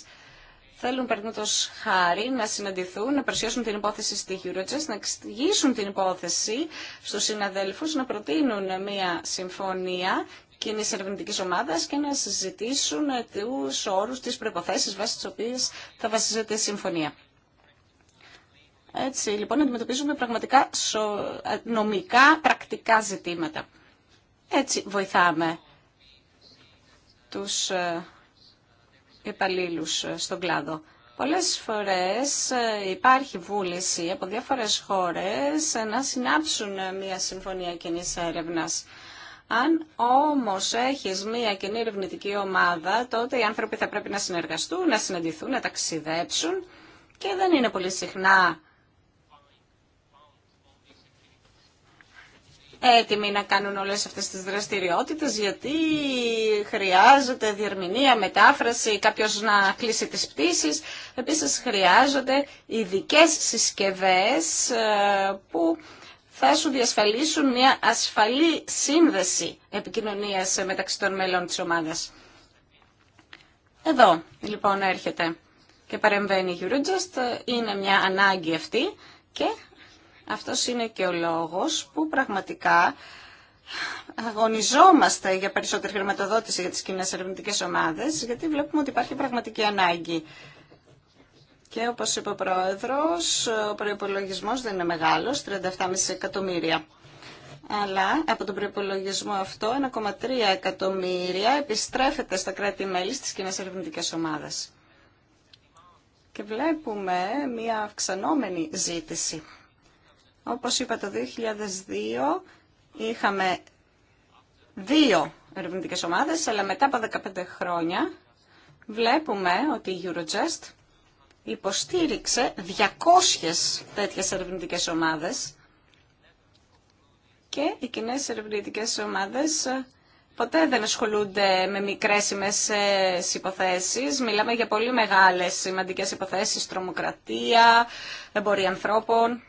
θέλουν παραδείγματο χάρη να συναντηθούν, να παρουσιάσουν την υπόθεση στη Eurojust, να εξηγήσουν την υπόθεση στους συναδέλφους, να προτείνουν μια συμφωνία κοινή ερευνητική ομάδα και να συζητήσουν του όρου, τι προποθέσει βάσει τι οποίε θα βασίζεται η συμφωνία. Έτσι, λοιπόν, αντιμετωπίζουμε πραγματικά νομικά, πρακτικά ζητήματα. Έτσι βοηθάμε τους ε, υπαλλήλου ε, στον κλάδο. Πολλές φορές ε, υπάρχει βούληση από διάφορες χώρες ε, να συνάψουν μια συμφωνία κοινή έρευνα. Αν όμως έχεις μια κοινή ερευνητική ομάδα, τότε οι άνθρωποι θα πρέπει να συνεργαστούν, να συναντηθούν, να ταξιδέψουν και δεν είναι πολύ συχνά έτοιμοι να κάνουν όλες αυτές τις δραστηριότητες γιατί χρειάζεται διερμηνία, μετάφραση, κάποιος να κλείσει τις πτήσεις. Επίσης χρειάζονται ειδικέ συσκευές ε, που θα σου διασφαλίσουν μια ασφαλή σύνδεση επικοινωνίας μεταξύ των μέλων της ομάδας. Εδώ λοιπόν έρχεται και παρεμβαίνει η Eurojust, είναι μια ανάγκη αυτή και αυτός είναι και ο λόγος που πραγματικά αγωνιζόμαστε για περισσότερη χρηματοδότηση για τις κοινέ ερευνητικέ ομάδες, γιατί βλέπουμε ότι υπάρχει πραγματική ανάγκη. Και όπως είπε ο Πρόεδρος, ο προϋπολογισμός δεν είναι μεγάλος, 37,5 εκατομμύρια. Αλλά από τον προϋπολογισμό αυτό, 1,3 εκατομμύρια επιστρέφεται στα κράτη-μέλη στις κοινέ ερευνητικέ ομάδες. Και βλέπουμε μια αυξανόμενη ζήτηση όπως είπα το 2002 είχαμε δύο ερευνητικές ομάδες, αλλά μετά από 15 χρόνια βλέπουμε ότι η Eurojust υποστήριξε 200 τέτοιες ερευνητικές ομάδες και οι κοινέ ερευνητικές ομάδες ποτέ δεν ασχολούνται με μικρές ή μεσές υποθέσεις. Μιλάμε για πολύ μεγάλες σημαντικές υποθέσεις, τρομοκρατία, εμπορία ανθρώπων.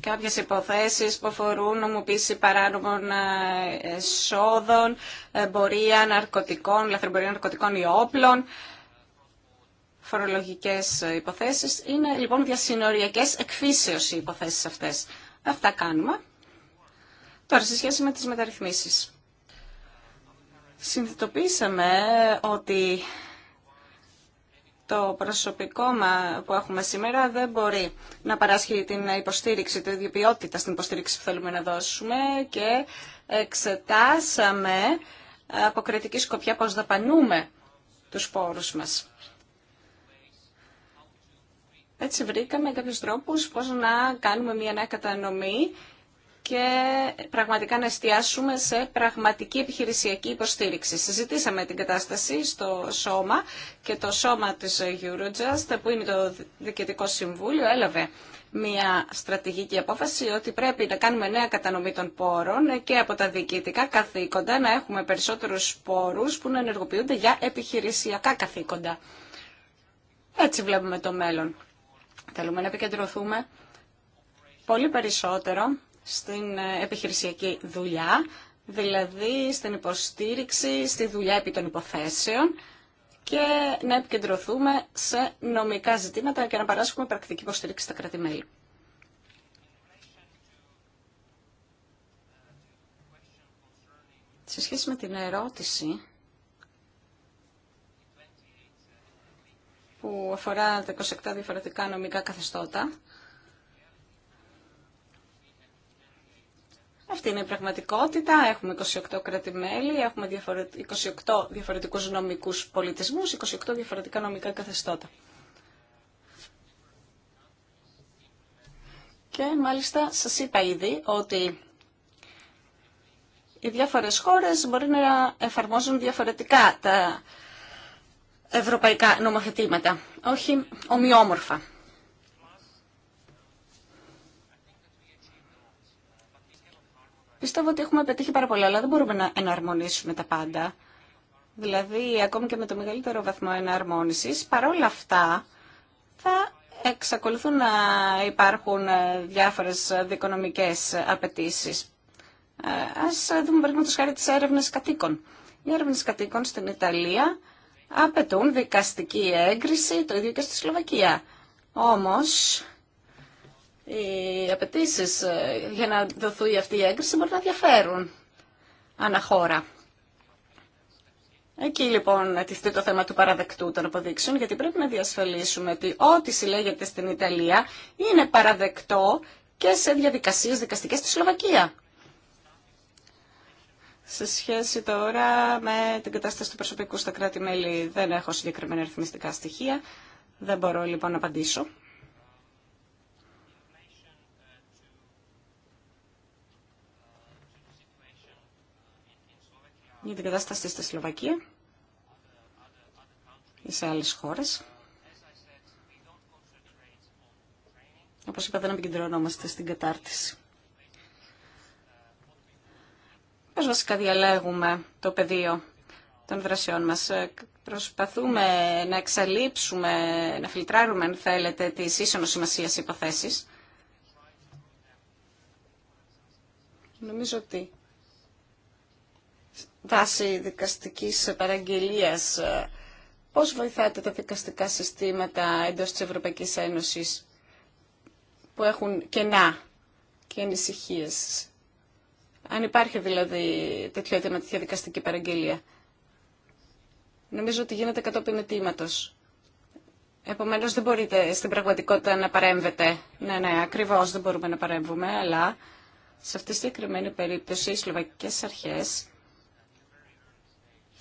κάποιες υποθέσεις που αφορούν νομοποίηση παράνομων ε, εσόδων, εμπορία ναρκωτικών, λαθρεμπορία ναρκωτικών ή όπλων, φορολογικές υποθέσεις. Είναι λοιπόν διασυνοριακές εκφύσεως οι υποθέσεις αυτές. Αυτά κάνουμε. Τώρα, σε σχέση με τις μεταρρυθμίσεις. Συνειδητοποίησαμε ότι το προσωπικό μα που έχουμε σήμερα δεν μπορεί να παράσχει την υποστήριξη, την ιδιοποιότητα στην υποστήριξη που θέλουμε να δώσουμε και εξετάσαμε από κριτική σκοπιά πώς δαπανούμε τους πόρους μας. Έτσι βρήκαμε κάποιους τρόπους πώς να κάνουμε μια νέα κατανομή και πραγματικά να εστιάσουμε σε πραγματική επιχειρησιακή υποστήριξη. Συζητήσαμε την κατάσταση στο σώμα και το σώμα της Eurojust που είναι το Διοικητικό Συμβούλιο έλαβε μια στρατηγική απόφαση ότι πρέπει να κάνουμε νέα κατανομή των πόρων και από τα διοικητικά καθήκοντα να έχουμε περισσότερους πόρους που να ενεργοποιούνται για επιχειρησιακά καθήκοντα. Έτσι βλέπουμε το μέλλον. Θέλουμε να επικεντρωθούμε πολύ περισσότερο στην ε, επιχειρησιακή δουλειά, δηλαδή στην υποστήριξη, στη δουλειά επί των υποθέσεων και να επικεντρωθούμε σε νομικά ζητήματα και να παράσχουμε πρακτική υποστήριξη στα κράτη-μέλη. Σε σχέση με την ερώτηση που αφορά τα 27 διαφορετικά νομικά καθεστώτα, Αυτή είναι η πραγματικότητα. Έχουμε 28 κράτη-μέλη, έχουμε 28 διαφορετικούς νομικούς πολιτισμούς, 28 διαφορετικά νομικά καθεστώτα. Και μάλιστα σας είπα ήδη ότι οι διάφορε χώρες μπορεί να εφαρμόζουν διαφορετικά τα ευρωπαϊκά νομοθετήματα, όχι ομοιόμορφα. Πιστεύω ότι έχουμε πετύχει πάρα πολλά, αλλά δεν μπορούμε να εναρμονίσουμε τα πάντα. Δηλαδή, ακόμη και με το μεγαλύτερο βαθμό εναρμόνισης, παρόλα αυτά θα εξακολουθούν να υπάρχουν ε, διάφορες δικονομικές απαιτήσεις. Ε, ας δούμε, τους χάρη, τις έρευνες κατοίκων. Οι έρευνες κατοίκων στην Ιταλία απαιτούν δικαστική έγκριση, το ίδιο και στη Σλοβακία. Όμως, οι απαιτήσει ε, για να δοθεί αυτή η έγκριση μπορεί να διαφέρουν αναχώρα. Εκεί λοιπόν τίθεται το θέμα του παραδεκτού των αποδείξεων, γιατί πρέπει να διασφαλίσουμε ότι ό,τι συλλέγεται στην Ιταλία είναι παραδεκτό και σε διαδικασίες δικαστικές στη Σλοβακία. Σε σχέση τώρα με την κατάσταση του προσωπικού στα κράτη-μέλη δεν έχω συγκεκριμένα αριθμιστικά στοιχεία, δεν μπορώ λοιπόν να απαντήσω. για την κατάσταση στη Σλοβακία και σε άλλες χώρες. Όπως είπα, δεν επικεντρωνόμαστε στην κατάρτιση. Πώς βασικά διαλέγουμε το πεδίο των δρασιών μας. Προσπαθούμε να εξαλείψουμε, να φιλτράρουμε, αν θέλετε, τις ίσονος σημασίας υποθέσεις. Νομίζω ότι βάση δικαστικής παραγγελίας. Πώς βοηθάτε τα δικαστικά συστήματα εντός της Ευρωπαϊκής Ένωσης που έχουν κενά και ανησυχίε. Αν υπάρχει δηλαδή τέτοιο αίτημα, τέτοια δικαστική παραγγελία. Νομίζω ότι γίνεται κατόπιν αιτήματος. Επομένως δεν μπορείτε στην πραγματικότητα να παρέμβετε. Ναι, ναι, ακριβώς δεν μπορούμε να παρέμβουμε, αλλά σε αυτή τη συγκεκριμένη περίπτωση οι Σλοβακικές αρχέ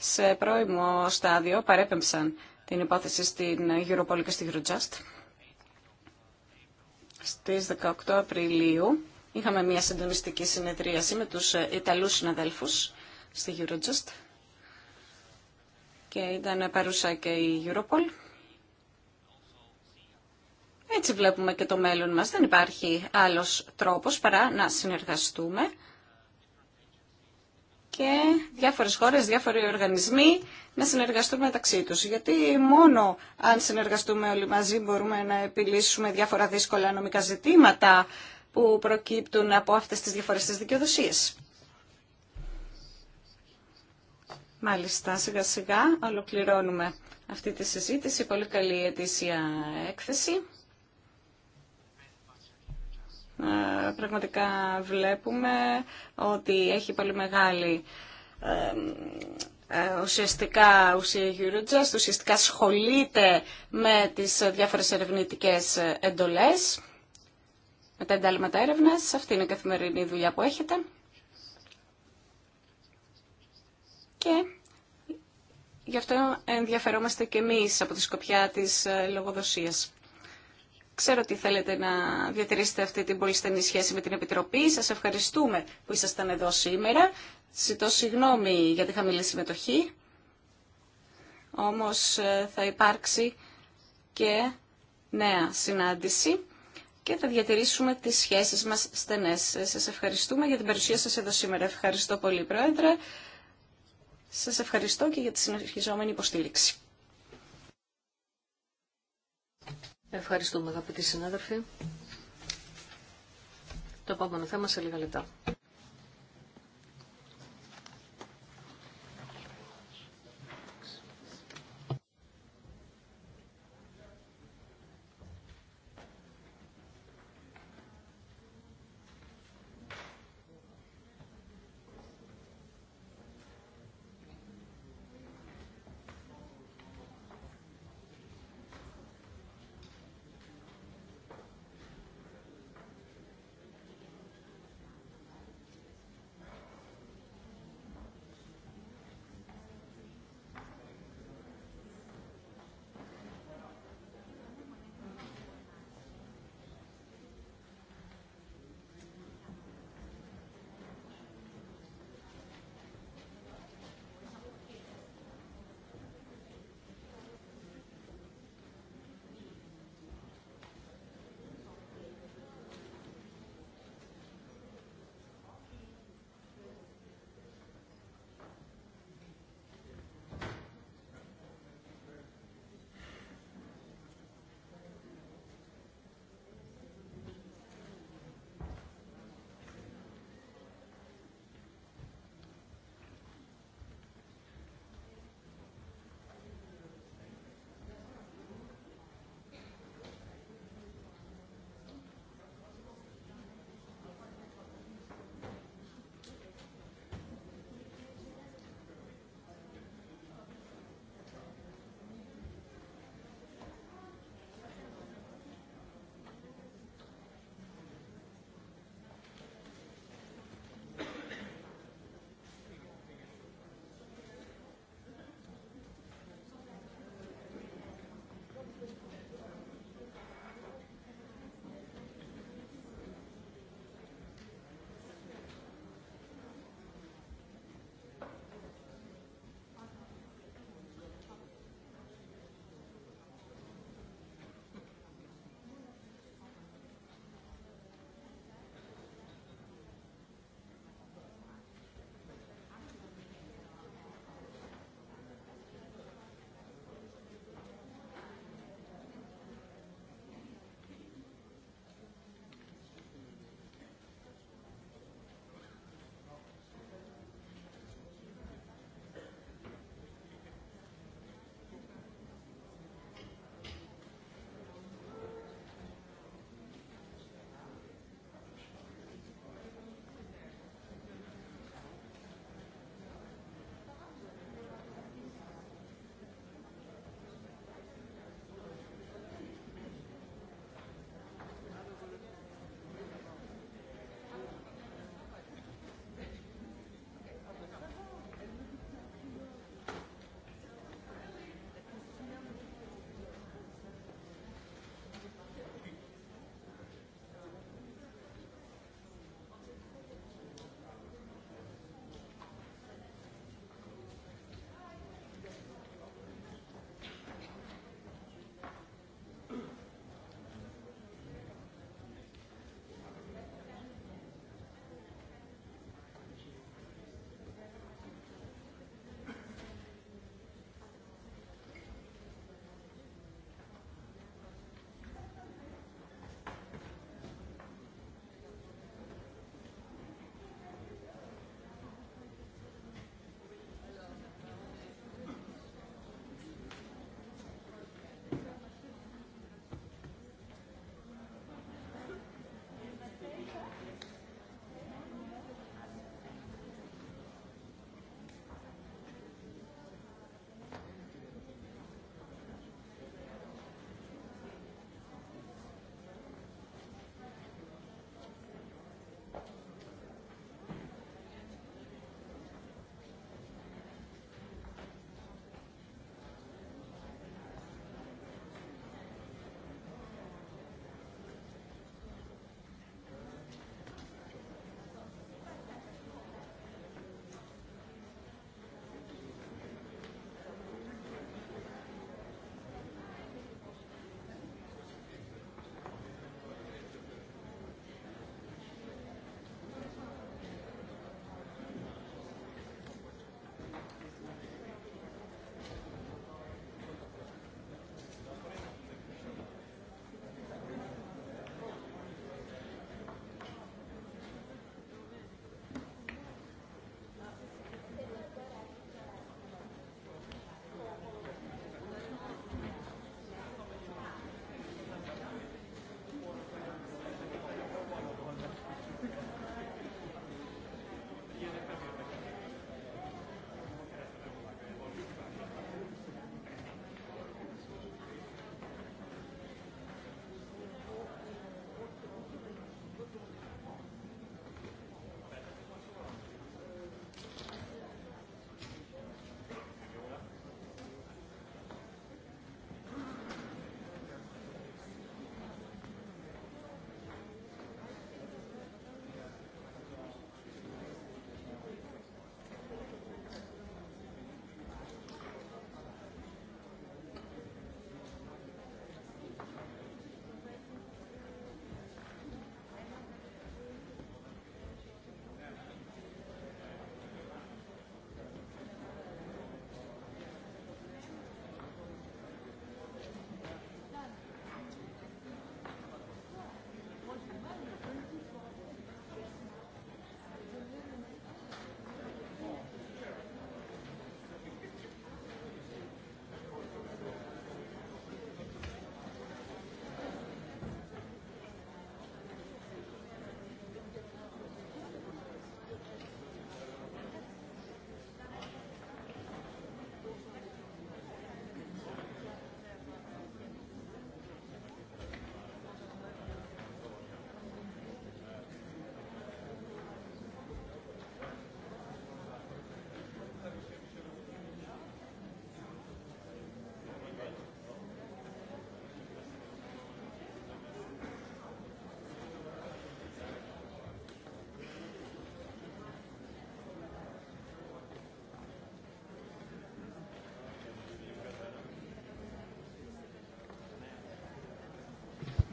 σε πρώιμο στάδιο παρέπεμψαν την υπόθεση στην Europol και στη Eurojust. Στις 18 Απριλίου είχαμε μια συντονιστική συνεδρίαση με τους Ιταλούς συναδέλφους στη Eurojust και ήταν παρούσα και η Europol. Έτσι βλέπουμε και το μέλλον μας. Δεν υπάρχει άλλος τρόπος παρά να συνεργαστούμε και διάφορες χώρες, διάφοροι οργανισμοί να συνεργαστούν μεταξύ τους. Γιατί μόνο αν συνεργαστούμε όλοι μαζί μπορούμε να επιλύσουμε διάφορα δύσκολα νομικά ζητήματα που προκύπτουν από αυτές τις διαφορετικές δικαιοδοσίες. Μάλιστα, σιγά σιγά ολοκληρώνουμε αυτή τη συζήτηση, πολύ καλή ετήσια έκθεση. Ε, πραγματικά βλέπουμε ότι έχει πολύ μεγάλη ε, ε, ουσιαστικά ουσία Eurojust, ουσιαστικά ασχολείται με τις διάφορες ερευνητικές εντολές, με τα εντάλματα έρευνας. Αυτή είναι η καθημερινή δουλειά που έχετε. Και γι' αυτό ενδιαφερόμαστε και εμείς από τη σκοπιά της λογοδοσίας. Ξέρω ότι θέλετε να διατηρήσετε αυτή την πολύ στενή σχέση με την Επιτροπή. Σας ευχαριστούμε που ήσασταν εδώ σήμερα. Ζητώ συγγνώμη για τη χαμηλή συμμετοχή. Όμως ε, θα υπάρξει και νέα συνάντηση και θα διατηρήσουμε τις σχέσεις μας στενές. Ε, σας ευχαριστούμε για την παρουσία σας εδώ σήμερα. Ευχαριστώ πολύ, Πρόεδρε. Σας ευχαριστώ και για τη συνεχιζόμενη υποστήριξη. Ευχαριστούμε αγαπητοί συνάδελφοι. Το επόμενο θέμα σε λίγα λεπτά.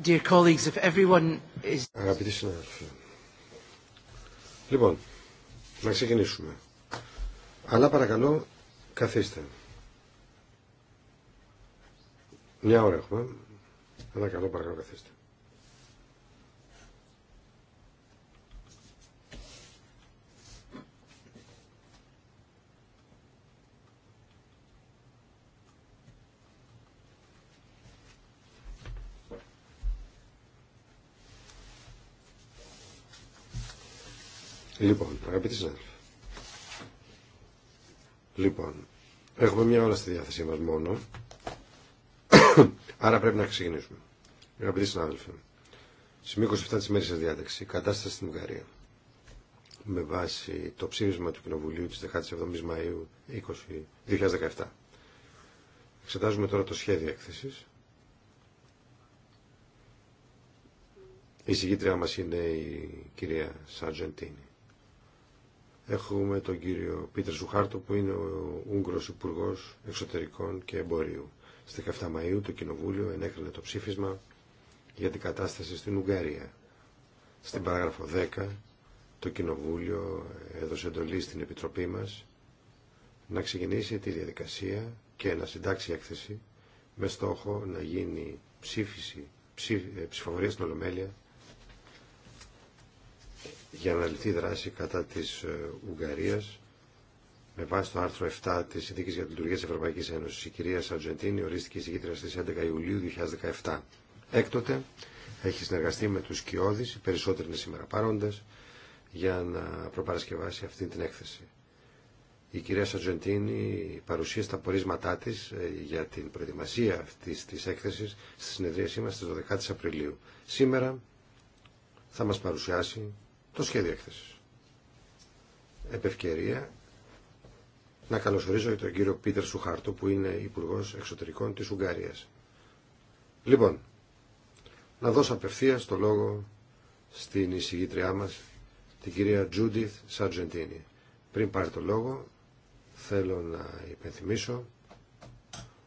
Dear colleagues, if everyone is... Αγαπητοί συνάδελφοι. Λοιπόν, να ξεκινήσουμε. Αλλά παρακαλώ, καθίστε. Μια ώρα έχουμε. Αλλά καλό παρακαλώ καθίστε. αγαπητοί συνάδελφοι. Λοιπόν, έχουμε μια ώρα στη διάθεσή μα μόνο, άρα πρέπει να ξεκινήσουμε. Αγαπητοί συνάδελφοι, σημείο 27 τη μέρης της διάταξη, κατάσταση στην Ουγγαρία. Με βάση το ψήφισμα του Κοινοβουλίου της 17 η Μαΐου 2017. Εξετάζουμε τώρα το σχέδιο έκθεσης. Η συγκίτρια μας είναι η κυρία Σαρτζεντίνη. Έχουμε τον κύριο Πίτερ Ζουχάρτο που είναι ο Ούγγρος Υπουργό Εξωτερικών και Εμπορίου. Στις 17 Μαΐου το Κοινοβούλιο ενέκρινε το ψήφισμα για την κατάσταση στην Ουγγαρία. Στην παράγραφο 10 το Κοινοβούλιο έδωσε εντολή στην Επιτροπή μας να ξεκινήσει τη διαδικασία και να συντάξει έκθεση με στόχο να γίνει ψήφιση, ε, ψηφοφορία στην Ολομέλεια για να λυθεί δράση κατά της ε, Ουγγαρία με βάση το άρθρο 7 της συνθήκη για τη Λειτουργία της Ευρωπαϊκής Ένωσης. Η κυρία Σαρτζεντίνη ορίστηκε εισηγήτρια στι 11 Ιουλίου 2017. Έκτοτε έχει συνεργαστεί με τους Κιώδης, οι περισσότεροι είναι σήμερα παρόντες, για να προπαρασκευάσει αυτή την έκθεση. Η κυρία Σαρτζεντίνη παρουσίασε τα πορίσματά της ε, για την προετοιμασία αυτής της έκθεσης στη συνεδρίασή μας στις 12 Απριλίου. Σήμερα θα μας παρουσιάσει το σχέδιο έκθεση. να καλωσορίσω και τον κύριο Πίτερ Σουχάρτο που είναι Υπουργό Εξωτερικών της Ουγγαρίας. Λοιπόν, να δώσω απευθεία το λόγο στην εισηγήτριά μας, την κυρία Τζούντιθ Σαρτζεντίνη. Πριν πάρει το λόγο, θέλω να υπενθυμίσω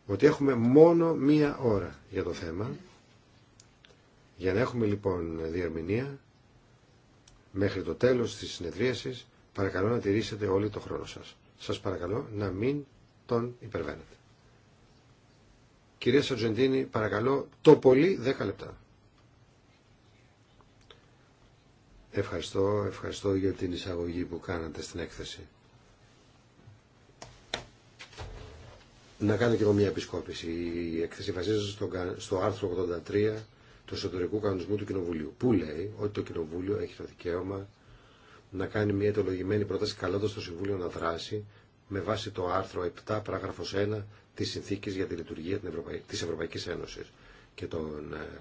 ότι έχουμε μόνο μία ώρα για το θέμα. Για να έχουμε λοιπόν διερμηνία μέχρι το τέλος της συνεδρίασης παρακαλώ να τηρήσετε όλο το χρόνο σας. Σας παρακαλώ να μην τον υπερβαίνετε. Κυρία Σαρτζεντίνη, παρακαλώ το πολύ 10 λεπτά. Ευχαριστώ, ευχαριστώ για την εισαγωγή που κάνατε στην έκθεση. Να κάνω και εγώ μια επισκόπηση. Η έκθεση βασίζεται στο άρθρο 83 του εσωτερικού κανονισμού του Κοινοβουλίου, που λέει ότι το Κοινοβούλιο έχει το δικαίωμα να κάνει μια ετολογημένη πρόταση καλώντα το Συμβούλιο να δράσει με βάση το άρθρο 7, παράγραφο 1 τη συνθήκη για τη λειτουργία τη Ευρωπαϊκή Ένωση. Και τον ε,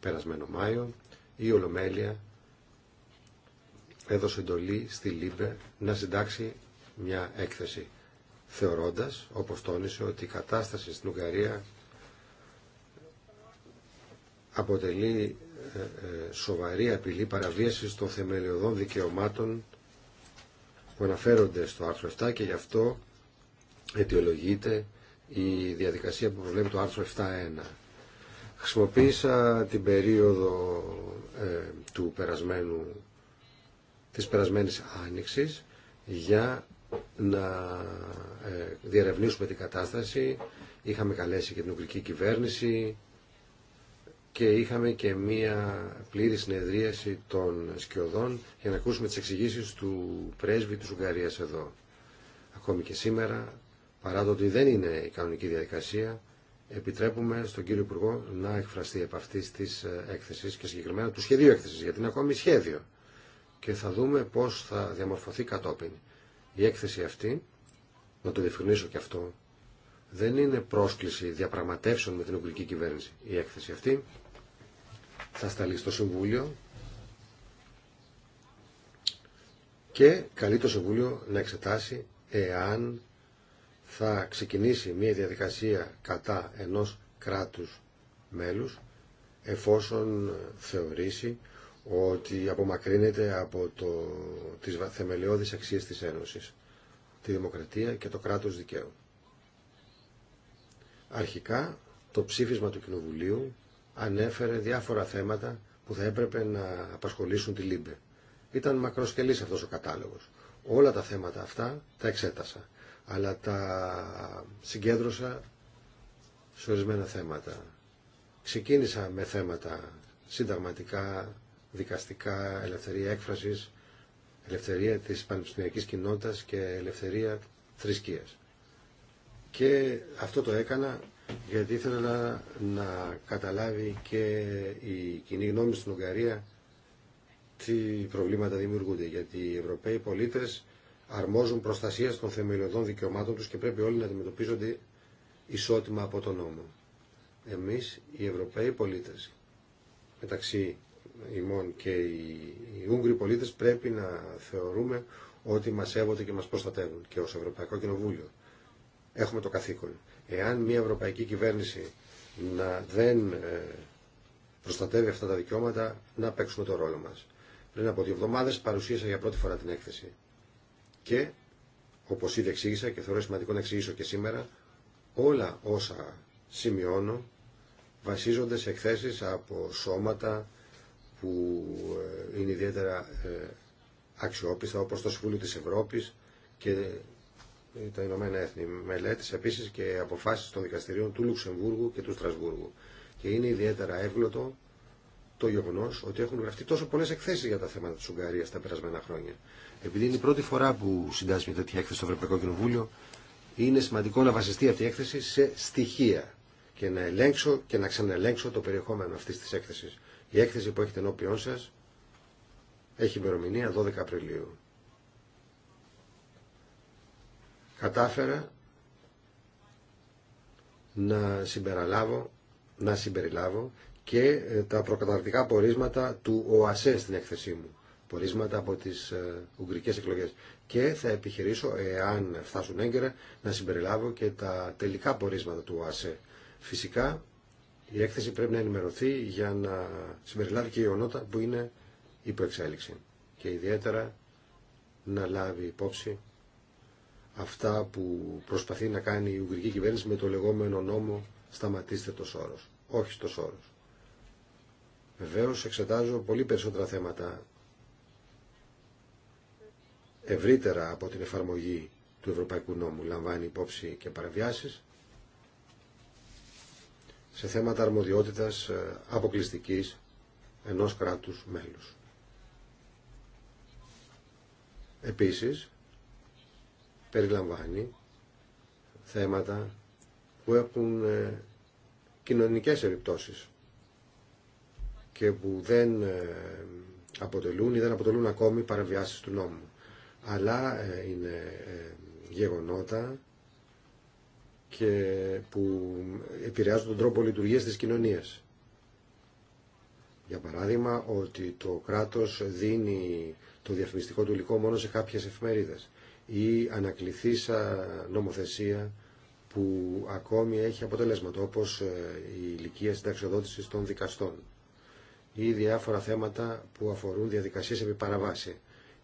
περασμένο Μάιο η Ολομέλεια έδωσε εντολή στη ΛΥΜΠΕ να συντάξει μια έκθεση θεωρώντας, όπως τόνισε, ότι η κατάσταση στην Ουγγαρία αποτελεί ε, ε, σοβαρή απειλή παραβίασης των θεμελιωδών δικαιωμάτων που αναφέρονται στο άρθρο 7 και γι' αυτό αιτιολογείται η διαδικασία που προβλέπει το άρθρο 7.1. Χρησιμοποίησα την περίοδο ε, του περασμένου, της περασμένης άνοιξης για να ε, διερευνήσουμε την κατάσταση. Είχαμε καλέσει και την Ουγγρική κυβέρνηση, και είχαμε και μία πλήρη συνεδρίαση των σκιωδών για να ακούσουμε τις εξηγήσει του πρέσβη της Ουγγαρίας εδώ. Ακόμη και σήμερα, παρά το ότι δεν είναι η κανονική διαδικασία, επιτρέπουμε στον κύριο Υπουργό να εκφραστεί επ' αυτή τη ε, έκθεση και συγκεκριμένα του σχεδίου έκθεση γιατί είναι ακόμη σχέδιο. Και θα δούμε πώ θα διαμορφωθεί κατόπιν. Η έκθεση αυτή, να το διευκρινίσω και αυτό, δεν είναι πρόσκληση διαπραγματεύσεων με την Ουγγρική κυβέρνηση. Η έκθεση αυτή θα σταλεί στο Συμβούλιο και καλεί το Συμβούλιο να εξετάσει εάν θα ξεκινήσει μια διαδικασία κατά ενός κράτους μέλους εφόσον θεωρήσει ότι απομακρύνεται από το, τις θεμελιώδεις αξίες της Ένωσης, τη δημοκρατία και το κράτος δικαίου. Αρχικά, το ψήφισμα του Κοινοβουλίου ανέφερε διάφορα θέματα που θα έπρεπε να απασχολήσουν τη ΛΥΜΠΕ. Ήταν μακροσκελής αυτός ο κατάλογος. Όλα τα θέματα αυτά τα εξέτασα, αλλά τα συγκέντρωσα σε ορισμένα θέματα. Ξεκίνησα με θέματα συνταγματικά, δικαστικά, ελευθερία έκφρασης, ελευθερία της πανεπιστημιακής κοινότητας και ελευθερία θρησκείας. Και αυτό το έκανα γιατί ήθελα να καταλάβει και η κοινή γνώμη στην Ουγγαρία τι προβλήματα δημιουργούνται. Γιατί οι Ευρωπαίοι πολίτες αρμόζουν προστασία των θεμελιωδών δικαιωμάτων τους και πρέπει όλοι να αντιμετωπίζονται ισότιμα από τον νόμο. Εμείς οι Ευρωπαίοι πολίτες μεταξύ ημών και οι, οι Ούγγροι πολίτες πρέπει να θεωρούμε ότι μα σέβονται και μα προστατεύουν και ω Ευρωπαϊκό Κοινοβούλιο. Έχουμε το καθήκον. Εάν μια ευρωπαϊκή κυβέρνηση να δεν ε, προστατεύει αυτά τα δικαιώματα, να παίξουμε το ρόλο μας. Πριν από δύο εβδομάδες παρουσίασα για πρώτη φορά την έκθεση. Και, όπως ήδη εξήγησα και θεωρώ σημαντικό να εξηγήσω και σήμερα, όλα όσα σημειώνω βασίζονται σε εκθέσεις από σώματα που ε, είναι ιδιαίτερα ε, αξιόπιστα, όπως το Συμβούλιο της Ευρώπης και τα Ηνωμένα Έθνη. μελέτη επίση και αποφάσει των δικαστηρίων του Λουξεμβούργου και του Στρασβούργου. Και είναι ιδιαίτερα εύγλωτο το γεγονό ότι έχουν γραφτεί τόσο πολλέ εκθέσει για τα θέματα τη Ουγγαρία τα περασμένα χρόνια. Επειδή είναι η πρώτη φορά που μια τέτοια έκθεση στο Ευρωπαϊκό Κοινοβούλιο, είναι σημαντικό να βασιστεί αυτή η έκθεση σε στοιχεία και να ελέγξω και να ξαναελέγξω το περιεχόμενο αυτή τη έκθεση. Η έκθεση που έχετε ενώπιον σα έχει ημερομηνία 12 Απριλίου. κατάφερα να συμπεραλάβω, να συμπεριλάβω και ε, τα προκαταρκτικά πορίσματα του ΟΑΣΕ στην έκθεσή μου. Πορίσματα από τις ε, Ουγγρικές εκλογές. Και θα επιχειρήσω, εάν φτάσουν έγκαιρα, να συμπεριλάβω και τα τελικά πορίσματα του ΟΑΣΕ. Φυσικά, η έκθεση πρέπει να ενημερωθεί για να συμπεριλάβει και ονότα που είναι εξέλιξη. Και ιδιαίτερα να λάβει υπόψη αυτά που προσπαθεί να κάνει η Ουγγρική κυβέρνηση με το λεγόμενο νόμο «Σταματήστε το Σόρος». Όχι στο Σόρος. Βεβαίω εξετάζω πολύ περισσότερα θέματα ευρύτερα από την εφαρμογή του Ευρωπαϊκού Νόμου. Λαμβάνει υπόψη και παραβιάσεις σε θέματα αρμοδιότητας ε, αποκλειστικής ενός κράτους μέλους. Επίσης, περιλαμβάνει θέματα που έχουν ε, κοινωνικές επιπτώσεις και που δεν ε, αποτελούν ή δεν αποτελούν ακόμη παραβιάσεις του νόμου. Αλλά ε, είναι γεγονότα και που επηρεάζουν τον τρόπο λειτουργίας της κοινωνίας. Για παράδειγμα, ότι το κράτος δίνει το διαφημιστικό του υλικό μόνο σε κάποιες εφημερίδες ή ανακληθήσα νομοθεσία που ακόμη έχει αποτελέσματα, όπως ε, η ηλικία συνταξιοδότησης των δικαστών ή διάφορα θέματα που αφορούν διαδικασίες επί παραβάση,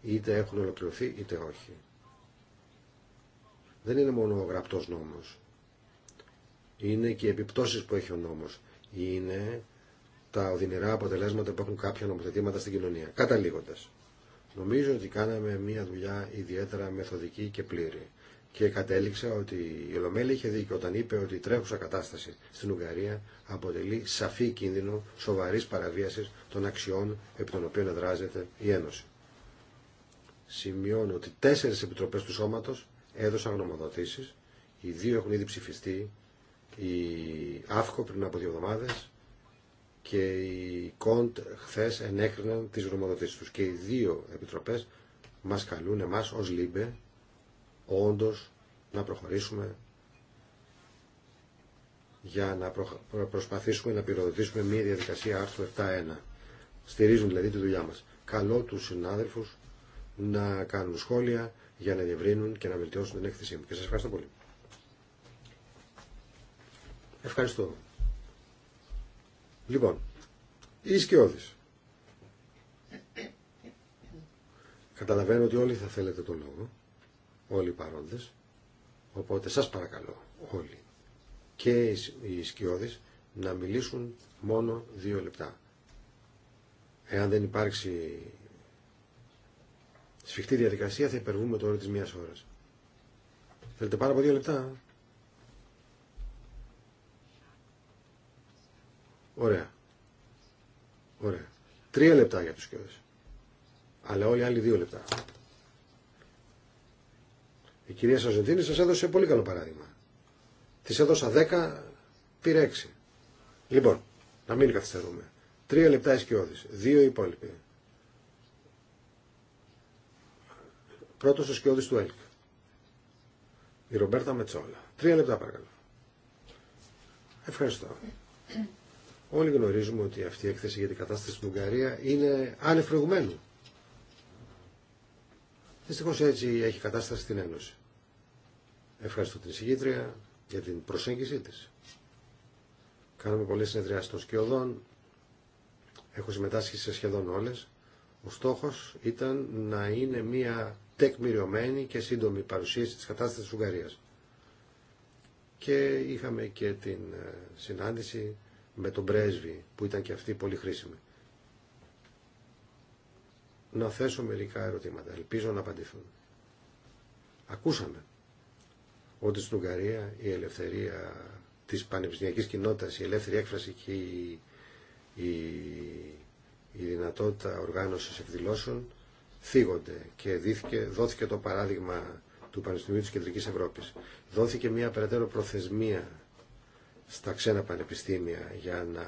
είτε έχουν ολοκληρωθεί είτε όχι. Δεν είναι μόνο ο γραπτός νόμος. Είναι και οι επιπτώσεις που έχει ο νόμος. Είναι τα οδυνηρά αποτελέσματα που έχουν κάποια νομοθετήματα στην κοινωνία. Καταλήγοντας. Νομίζω ότι κάναμε μια δουλειά ιδιαίτερα μεθοδική και πλήρη. Και κατέληξα ότι η Ολομέλη είχε δίκιο όταν είπε ότι η τρέχουσα κατάσταση στην Ουγγαρία αποτελεί σαφή κίνδυνο σοβαρή παραβίαση των αξιών επί των οποίων εδράζεται η Ένωση. Σημειώνω ότι τέσσερι επιτροπέ του σώματο έδωσαν γνωμοδοτήσει, οι δύο έχουν ήδη ψηφιστεί, η ΑΦΚΟ πριν από δύο εβδομάδε και η ΚΟΝΤ χθε ενέκριναν τις γνωμοδοτήσει του και οι δύο επιτροπές μας καλούν εμά ως ΛΥΜΠΕ όντω να προχωρήσουμε για να προσπαθήσουμε να πυροδοτήσουμε μια διαδικασία άρθρου 7.1. Στηρίζουν δηλαδή τη δουλειά μας. Καλό τους συνάδελφους να κάνουν σχόλια για να διευρύνουν και να βελτιώσουν την έκθεσή μου. Και σας ευχαριστώ πολύ. Ευχαριστώ. Λοιπόν, οι σκιώδεις. Καταλαβαίνω ότι όλοι θα θέλετε το λόγο, όλοι οι παρόντες, οπότε σας παρακαλώ όλοι και οι σκιώδεις να μιλήσουν μόνο δύο λεπτά. Εάν δεν υπάρξει σφιχτή διαδικασία θα υπερβούμε το όριο της μίας ώρας. Θέλετε πάρα από δύο λεπτά. Ωραία. Ωραία. Τρία λεπτά για τους σκιώδες. Αλλά όλοι οι άλλοι δύο λεπτά. Η κυρία Σαζοντίνη σας έδωσε πολύ καλό παράδειγμα. Της έδωσα δέκα, πήρε έξι. Λοιπόν, να μην καθυστερούμε. Τρία λεπτά οι σκιώδες. δύο υπόλοιποι. Πρώτος ο σκιώδης του ΕΛΚ. Η Ρομπέρτα Μετσόλα. Τρία λεπτά παρακαλώ. Ευχαριστώ. Όλοι γνωρίζουμε ότι αυτή η έκθεση για την κατάσταση στην Ουγγαρία είναι άνευ προηγουμένου. Δυστυχώ έτσι έχει κατάσταση στην Ένωση. Ευχαριστώ την συγκίτρια για την προσέγγιση τη. Κάναμε πολλέ συνεδριάσει των σκιωδών. Έχω συμμετάσχει σε σχεδόν όλε. Ο στόχο ήταν να είναι μια τεκμηριωμένη και σύντομη παρουσίαση τη κατάσταση τη Ουγγαρία. Και είχαμε και την ε, συνάντηση με τον πρέσβη που ήταν και αυτή πολύ χρήσιμη. Να θέσω μερικά ερωτήματα. Ελπίζω να απαντηθούν. Ακούσαμε ότι στην Ουγγαρία η ελευθερία της πανεπιστημιακής κοινότητας, η ελεύθερη έκφραση και η, η, η δυνατότητα οργάνωσης εκδηλώσεων θίγονται και δίθηκε, δόθηκε το παράδειγμα του Πανεπιστημίου της Κεντρικής Ευρώπης. Δόθηκε μια περαιτέρω προθεσμία στα ξένα πανεπιστήμια για να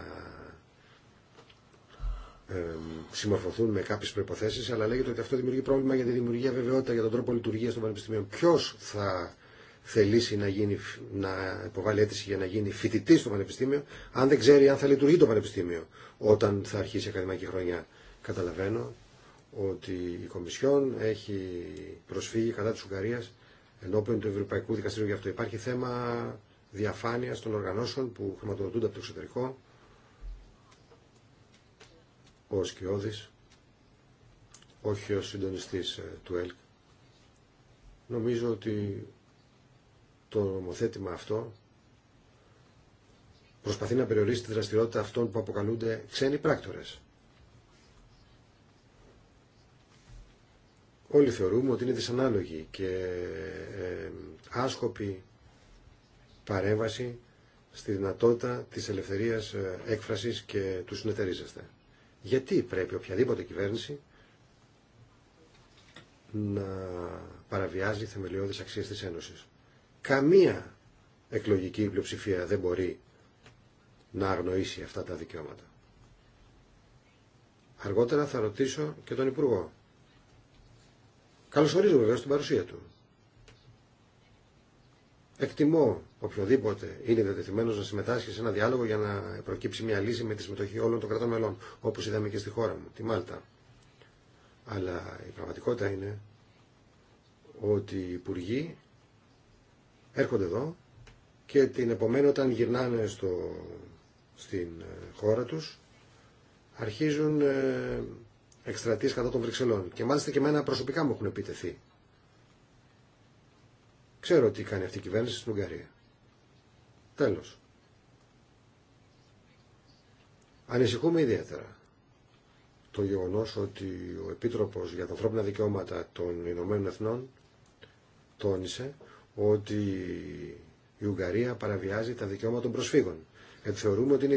ε, συμμορφωθούν με κάποιε προποθέσει, αλλά λέγεται ότι αυτό δημιουργεί πρόβλημα για τη δημιουργία βεβαιότητα για τον τρόπο λειτουργία των πανεπιστημίων. Ποιο θα θελήσει να, γίνει, να υποβάλει αίτηση για να γίνει φοιτητή στο πανεπιστήμιο, αν δεν ξέρει αν θα λειτουργεί το πανεπιστήμιο όταν θα αρχίσει η ακαδημαϊκή χρονιά. Καταλαβαίνω ότι η Κομισιόν έχει προσφύγει κατά τη Ουγγαρία ενώπιον του Ευρωπαϊκού Δικαστηρίου για αυτό. Υπάρχει θέμα διαφάνεια των οργανώσεων που χρηματοδοτούνται από το εξωτερικό. Ο Σκιώδης, όχι ο συντονιστής ε, του ΕΛΚ. Νομίζω ότι το νομοθέτημα αυτό προσπαθεί να περιορίσει τη δραστηριότητα αυτών που αποκαλούνται ξένοι πράκτορες. Όλοι θεωρούμε ότι είναι δυσανάλογοι και ε, ε, άσκοποι παρέμβαση στη δυνατότητα της ελευθερίας ε, έκφρασης και του συνεταιρίζεστε. Γιατί πρέπει οποιαδήποτε κυβέρνηση να παραβιάζει θεμελιώδεις αξίες της Ένωσης. Καμία εκλογική πλειοψηφία δεν μπορεί να αγνοήσει αυτά τα δικαιώματα. Αργότερα θα ρωτήσω και τον Υπουργό. Καλωσορίζω βεβαίως την παρουσία του. Εκτιμώ οποιοδήποτε είναι διατεθειμένο να συμμετάσχει σε ένα διάλογο για να προκύψει μια λύση με τη συμμετοχή όλων των κρατών μελών, όπω είδαμε και στη χώρα μου, τη Μάλτα. Αλλά η πραγματικότητα είναι ότι οι υπουργοί έρχονται εδώ και την επομένη όταν γυρνάνε στο, στην ε, χώρα τους αρχίζουν ε, εκστρατείες κατά των Βρυξελών και μάλιστα και εμένα προσωπικά μου έχουν επιτεθεί. Ξέρω τι κάνει αυτή η κυβέρνηση στην Ουγγαρία. Τέλος. Ανησυχούμε ιδιαίτερα το γεγονός ότι ο Επίτροπος για τα ανθρώπινα δικαιώματα των Ηνωμένων Εθνών τόνισε ότι η Ουγγαρία παραβιάζει τα δικαιώματα των προσφύγων. Γιατί ε, θεωρούμε ότι είναι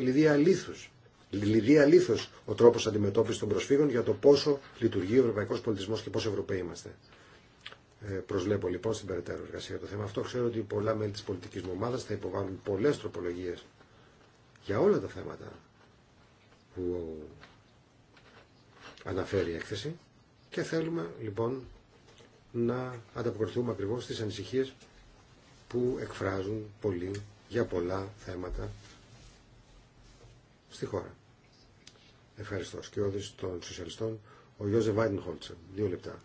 λυδία λήθους. ο τρόπος αντιμετώπισης των προσφύγων για το πόσο λειτουργεί ο ευρωπαϊκός πολιτισμός και πόσο ευρωπαίοι είμαστε. Ε, προσλέπω λοιπόν στην περαιτέρω εργασία το θέμα αυτό. Ξέρω ότι πολλά μέλη της πολιτικής μου ομάδας θα υποβάλουν πολλές τροπολογίες για όλα τα θέματα που αναφέρει η έκθεση και θέλουμε λοιπόν να ανταποκριθούμε ακριβώς στις ανησυχίες που εκφράζουν πολλοί για πολλά θέματα στη χώρα. Ευχαριστώ. Σκιώδης των Σοσιαλιστών, ο Ιώζε Δύο λεπτά.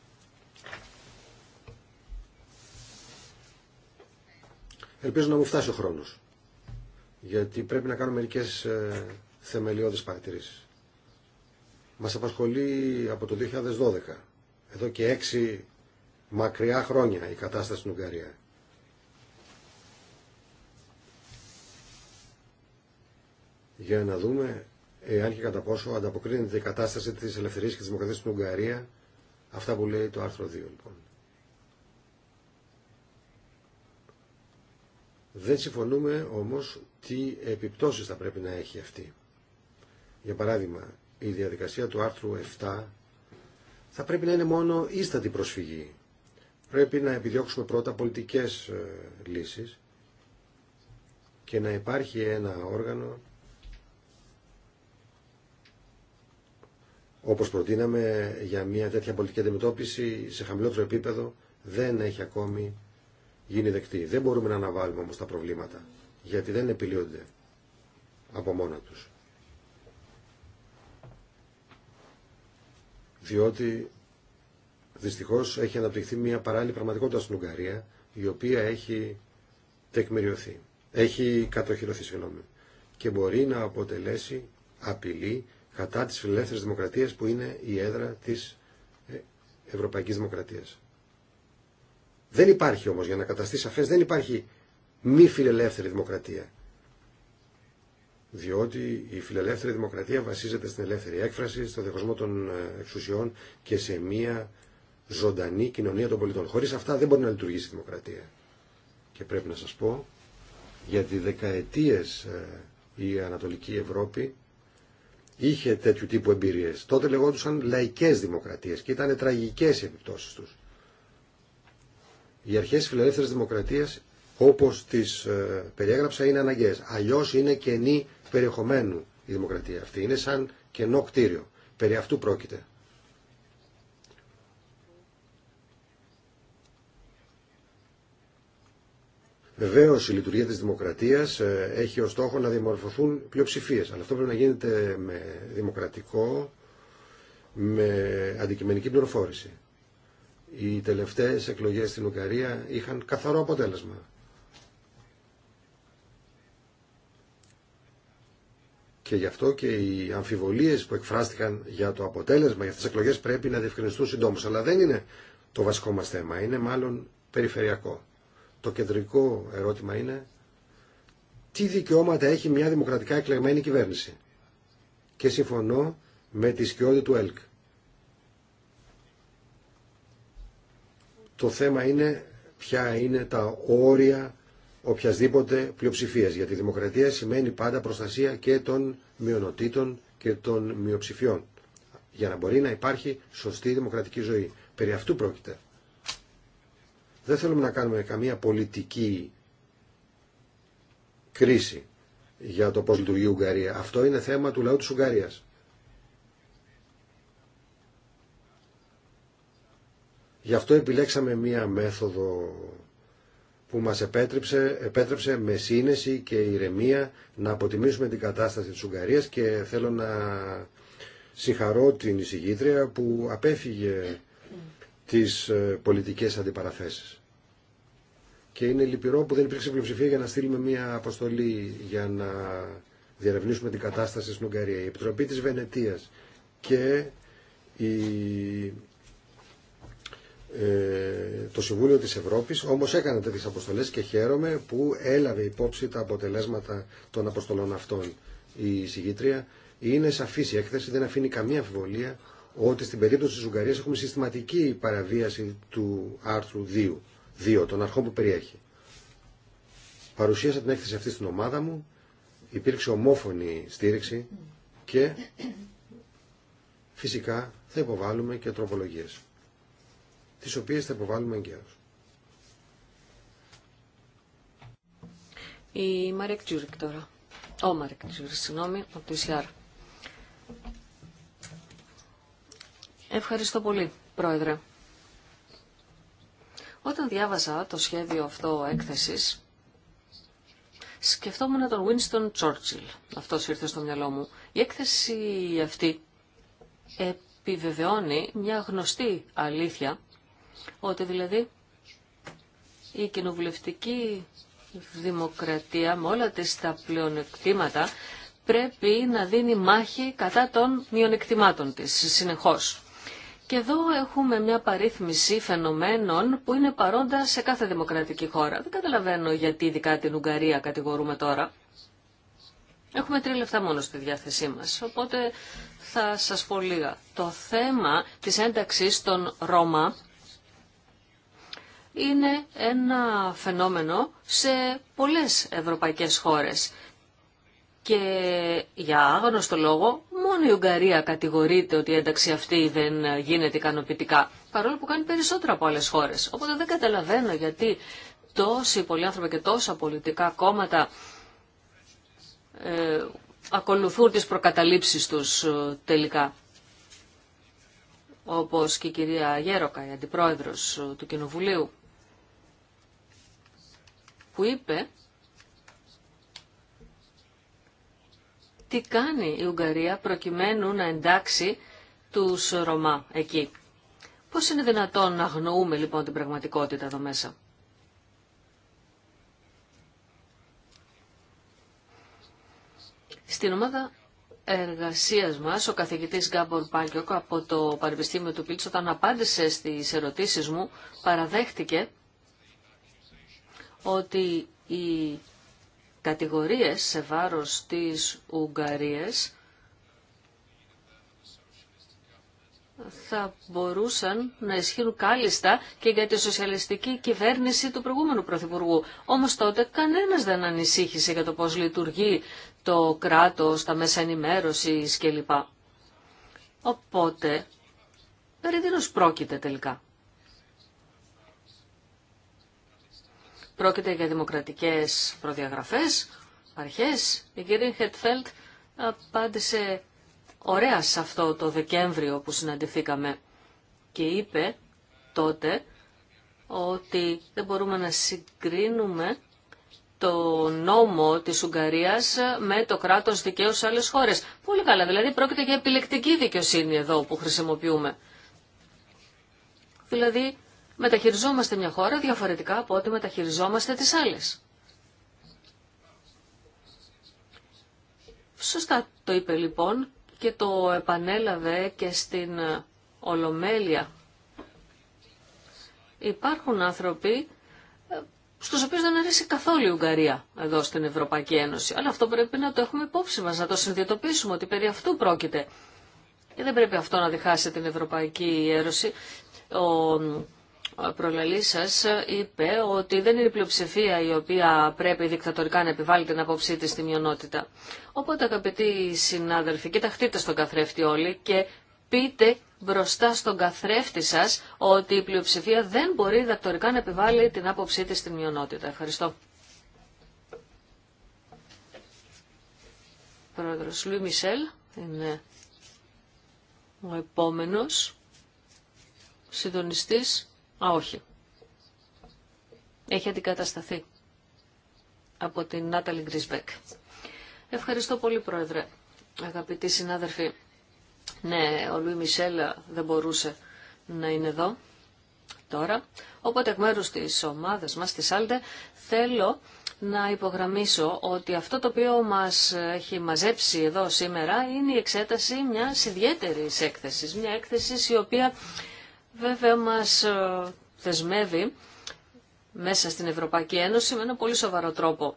Ελπίζω να μου φτάσει ο χρόνος. Γιατί πρέπει να κάνω μερικές ε, θεμελιώδεις παρατηρήσεις. Μας απασχολεί από το 2012, εδώ και έξι μακριά χρόνια η κατάσταση στην Ουγγαρία. Για να δούμε εάν και κατά πόσο ανταποκρίνεται η κατάσταση της ελευθερίας και της δημοκρατίας στην Ουγγαρία, αυτά που λέει το άρθρο 2 λοιπόν. Δεν συμφωνούμε όμως τι επιπτώσεις θα πρέπει να έχει αυτή. Για παράδειγμα, η διαδικασία του άρθρου 7 θα πρέπει να είναι μόνο ίστατη προσφυγή. Πρέπει να επιδιώξουμε πρώτα πολιτικές ε, λύσεις και να υπάρχει ένα όργανο όπως προτείναμε για μια τέτοια πολιτική αντιμετώπιση σε χαμηλότερο επίπεδο δεν έχει ακόμη γίνει δεκτή. Δεν μπορούμε να αναβάλουμε όμως τα προβλήματα, γιατί δεν επιλύονται από μόνα τους. Διότι δυστυχώς έχει αναπτυχθεί μια παράλληλη πραγματικότητα στην Ουγγαρία, η οποία έχει τεκμηριωθεί, έχει κατοχυρωθεί, συγγνώμη, και μπορεί να αποτελέσει απειλή κατά της Φιλελεύθερης δημοκρατίας που είναι η έδρα της ε, Ευρωπαϊκής Δημοκρατίας. Δεν υπάρχει όμως, για να καταστεί σαφές, δεν υπάρχει μη φιλελεύθερη δημοκρατία. Διότι η φιλελεύθερη δημοκρατία βασίζεται στην ελεύθερη έκφραση, στο δεχοσμό των ε, εξουσιών και σε μια ζωντανή κοινωνία των πολιτών. Χωρίς αυτά δεν μπορεί να λειτουργήσει η δημοκρατία. Και πρέπει να σας πω, γιατί δεκαετίες ε, η Ανατολική Ευρώπη είχε τέτοιου τύπου εμπειρίες. Τότε λεγόντουσαν λαϊκές δημοκρατίες και ήταν τραγικές οι επιπτώσεις τους. Οι αρχές της φιλελεύθερης δημοκρατίας, όπως τις ε, περιέγραψα, είναι αναγκαίε. Αλλιώ είναι κενή περιεχομένου η δημοκρατία αυτή. Είναι σαν κενό κτίριο. Περί αυτού πρόκειται. Βεβαίω η λειτουργία τη δημοκρατία ε, έχει ω στόχο να διαμορφωθούν πλειοψηφίε. Αλλά αυτό πρέπει να γίνεται με δημοκρατικό, με αντικειμενική πληροφόρηση. Οι τελευταίες εκλογές στην Ουγγαρία είχαν καθαρό αποτέλεσμα. Και γι' αυτό και οι αμφιβολίες που εκφράστηκαν για το αποτέλεσμα, για αυτές τις εκλογές πρέπει να διευκρινιστούν συντόμως. Αλλά δεν είναι το βασικό μας θέμα, είναι μάλλον περιφερειακό. Το κεντρικό ερώτημα είναι τι δικαιώματα έχει μια δημοκρατικά εκλεγμένη κυβέρνηση. Και συμφωνώ με τη σκιώδη του ΕΛΚ. Το θέμα είναι ποια είναι τα όρια οποιασδήποτε πλειοψηφία. Γιατί η δημοκρατία σημαίνει πάντα προστασία και των μειονοτήτων και των μειοψηφιών. Για να μπορεί να υπάρχει σωστή δημοκρατική ζωή. Περί αυτού πρόκειται. Δεν θέλουμε να κάνουμε καμία πολιτική κρίση για το πώς λειτουργεί η Ουγγαρία. Αυτό είναι θέμα του λαού της Ουγγαρίας. Γι' αυτό επιλέξαμε μία μέθοδο που μας επέτρεψε, επέτρεψε με σύνεση και ηρεμία να αποτιμήσουμε την κατάσταση της Ουγγαρίας και θέλω να συγχαρώ την εισηγήτρια που απέφυγε τις ε, πολιτικές αντιπαραθέσεις. Και είναι λυπηρό που δεν υπήρξε πλειοψηφία για να στείλουμε μία αποστολή για να διαρευνήσουμε την κατάσταση στην Ουγγαρία. Η Επιτροπή της Βενετίας και η ε, το Συμβούλιο της Ευρώπης, όμως έκανε τέτοιες αποστολές και χαίρομαι που έλαβε υπόψη τα αποτελέσματα των αποστολών αυτών η συγγήτρια. Είναι σαφής η έκθεση, δεν αφήνει καμία αμφιβολία ότι στην περίπτωση της Ουγγαρίας έχουμε συστηματική παραβίαση του άρθρου 2, 2 των αρχών που περιέχει. Παρουσίασα την έκθεση αυτή στην ομάδα μου, υπήρξε ομόφωνη στήριξη και φυσικά θα υποβάλουμε και τροπολογίες τις οποίες θα υποβάλουμε εγκαίως. Η Μαρία Κτζούρικ τώρα. Ο Μαρία Κτζούρικ, συγγνώμη, από Ευχαριστώ πολύ, Πρόεδρε. Όταν διάβασα το σχέδιο αυτό έκθεσης, σκεφτόμουν τον Winston Churchill. Αυτός ήρθε στο μυαλό μου. Η έκθεση αυτή επιβεβαιώνει μια γνωστή αλήθεια ότι δηλαδή η κοινοβουλευτική δημοκρατία με όλα τις τα πλεονεκτήματα πρέπει να δίνει μάχη κατά των μειονεκτημάτων της συνεχώς. Και εδώ έχουμε μια παρήθμιση φαινομένων που είναι παρόντα σε κάθε δημοκρατική χώρα. Δεν καταλαβαίνω γιατί ειδικά την Ουγγαρία κατηγορούμε τώρα. Έχουμε τρία λεφτά μόνο στη διάθεσή μας, οπότε θα σας πω λίγα. Το θέμα της ένταξης των Ρώμα είναι ένα φαινόμενο σε πολλές ευρωπαϊκές χώρες. Και για άγνωστο λόγο, μόνο η Ουγγαρία κατηγορείται ότι η ένταξη αυτή δεν γίνεται ικανοποιητικά, παρόλο που κάνει περισσότερα από άλλες χώρες. Οπότε δεν καταλαβαίνω γιατί τόσοι πολλοί άνθρωποι και τόσα πολιτικά κόμματα ε, ακολουθούν τις προκαταλήψεις τους ε, τελικά. Όπως και η κυρία Γέροκα, η αντιπρόεδρος ε, του Κοινοβουλίου, που είπε τι κάνει η Ουγγαρία προκειμένου να εντάξει τους Ρωμά εκεί. Πώς είναι δυνατόν να αγνοούμε λοιπόν την πραγματικότητα εδώ μέσα. Στην ομάδα εργασίας μας, ο καθηγητής Γκάμπορ Πάλκιοκ από το Πανεπιστήμιο του Πίλτς, όταν απάντησε στις ερωτήσεις μου, παραδέχτηκε ότι οι κατηγορίες σε βάρος της Ουγγαρίας θα μπορούσαν να ισχύουν κάλλιστα και για τη σοσιαλιστική κυβέρνηση του προηγούμενου Πρωθυπουργού. Όμως τότε κανένας δεν ανησύχησε για το πώς λειτουργεί το κράτος, τα μέσα ενημέρωσης κλπ. Οπότε, περί πρόκειται τελικά. Πρόκειται για δημοκρατικές προδιαγραφές, αρχές. Η κυρία Χετφέλτ απάντησε ωραία σε αυτό το Δεκέμβριο που συναντηθήκαμε και είπε τότε ότι δεν μπορούμε να συγκρίνουμε το νόμο της Ουγγαρίας με το κράτος δικαίου σε άλλες χώρες. Πολύ καλά, δηλαδή πρόκειται για επιλεκτική δικαιοσύνη εδώ που χρησιμοποιούμε. Δηλαδή μεταχειριζόμαστε μια χώρα διαφορετικά από ό,τι μεταχειριζόμαστε τις άλλες. Σωστά το είπε λοιπόν και το επανέλαβε και στην Ολομέλεια. Υπάρχουν άνθρωποι ε, στους οποίους δεν αρέσει καθόλου η Ουγγαρία εδώ στην Ευρωπαϊκή Ένωση. Αλλά αυτό πρέπει να το έχουμε υπόψη μας, να το συνειδητοποιήσουμε ότι περί αυτού πρόκειται. Και δεν πρέπει αυτό να διχάσει την Ευρωπαϊκή Ένωση. Ο προλαλή σα είπε ότι δεν είναι η πλειοψηφία η οποία πρέπει δικτατορικά να επιβάλλει την απόψή τη στη μειονότητα. Οπότε αγαπητοί συνάδελφοι, κοιταχτείτε στον καθρέφτη όλοι και πείτε μπροστά στον καθρέφτη σας ότι η πλειοψηφία δεν μπορεί δικτατορικά να επιβάλλει την άποψή τη στη μειονότητα. Ευχαριστώ. Πρόεδρος Λουί είναι ο επόμενος συντονιστής Α, όχι. Έχει αντικατασταθεί από την Νάταλη Γκρισμπέκ. Ευχαριστώ πολύ, Πρόεδρε. Αγαπητοί συνάδελφοι, ναι, ο Λουί Μισέλ δεν μπορούσε να είναι εδώ τώρα. Οπότε, εκ μέρους της ομάδας μας, της Άλτε, θέλω να υπογραμμίσω ότι αυτό το οποίο μας έχει μαζέψει εδώ σήμερα είναι η εξέταση μιας ιδιαίτερης έκθεσης. Μια έκθεση η οποία βέβαια μας θεσμεύει ε, μέσα στην Ευρωπαϊκή Ένωση με ένα πολύ σοβαρό τρόπο.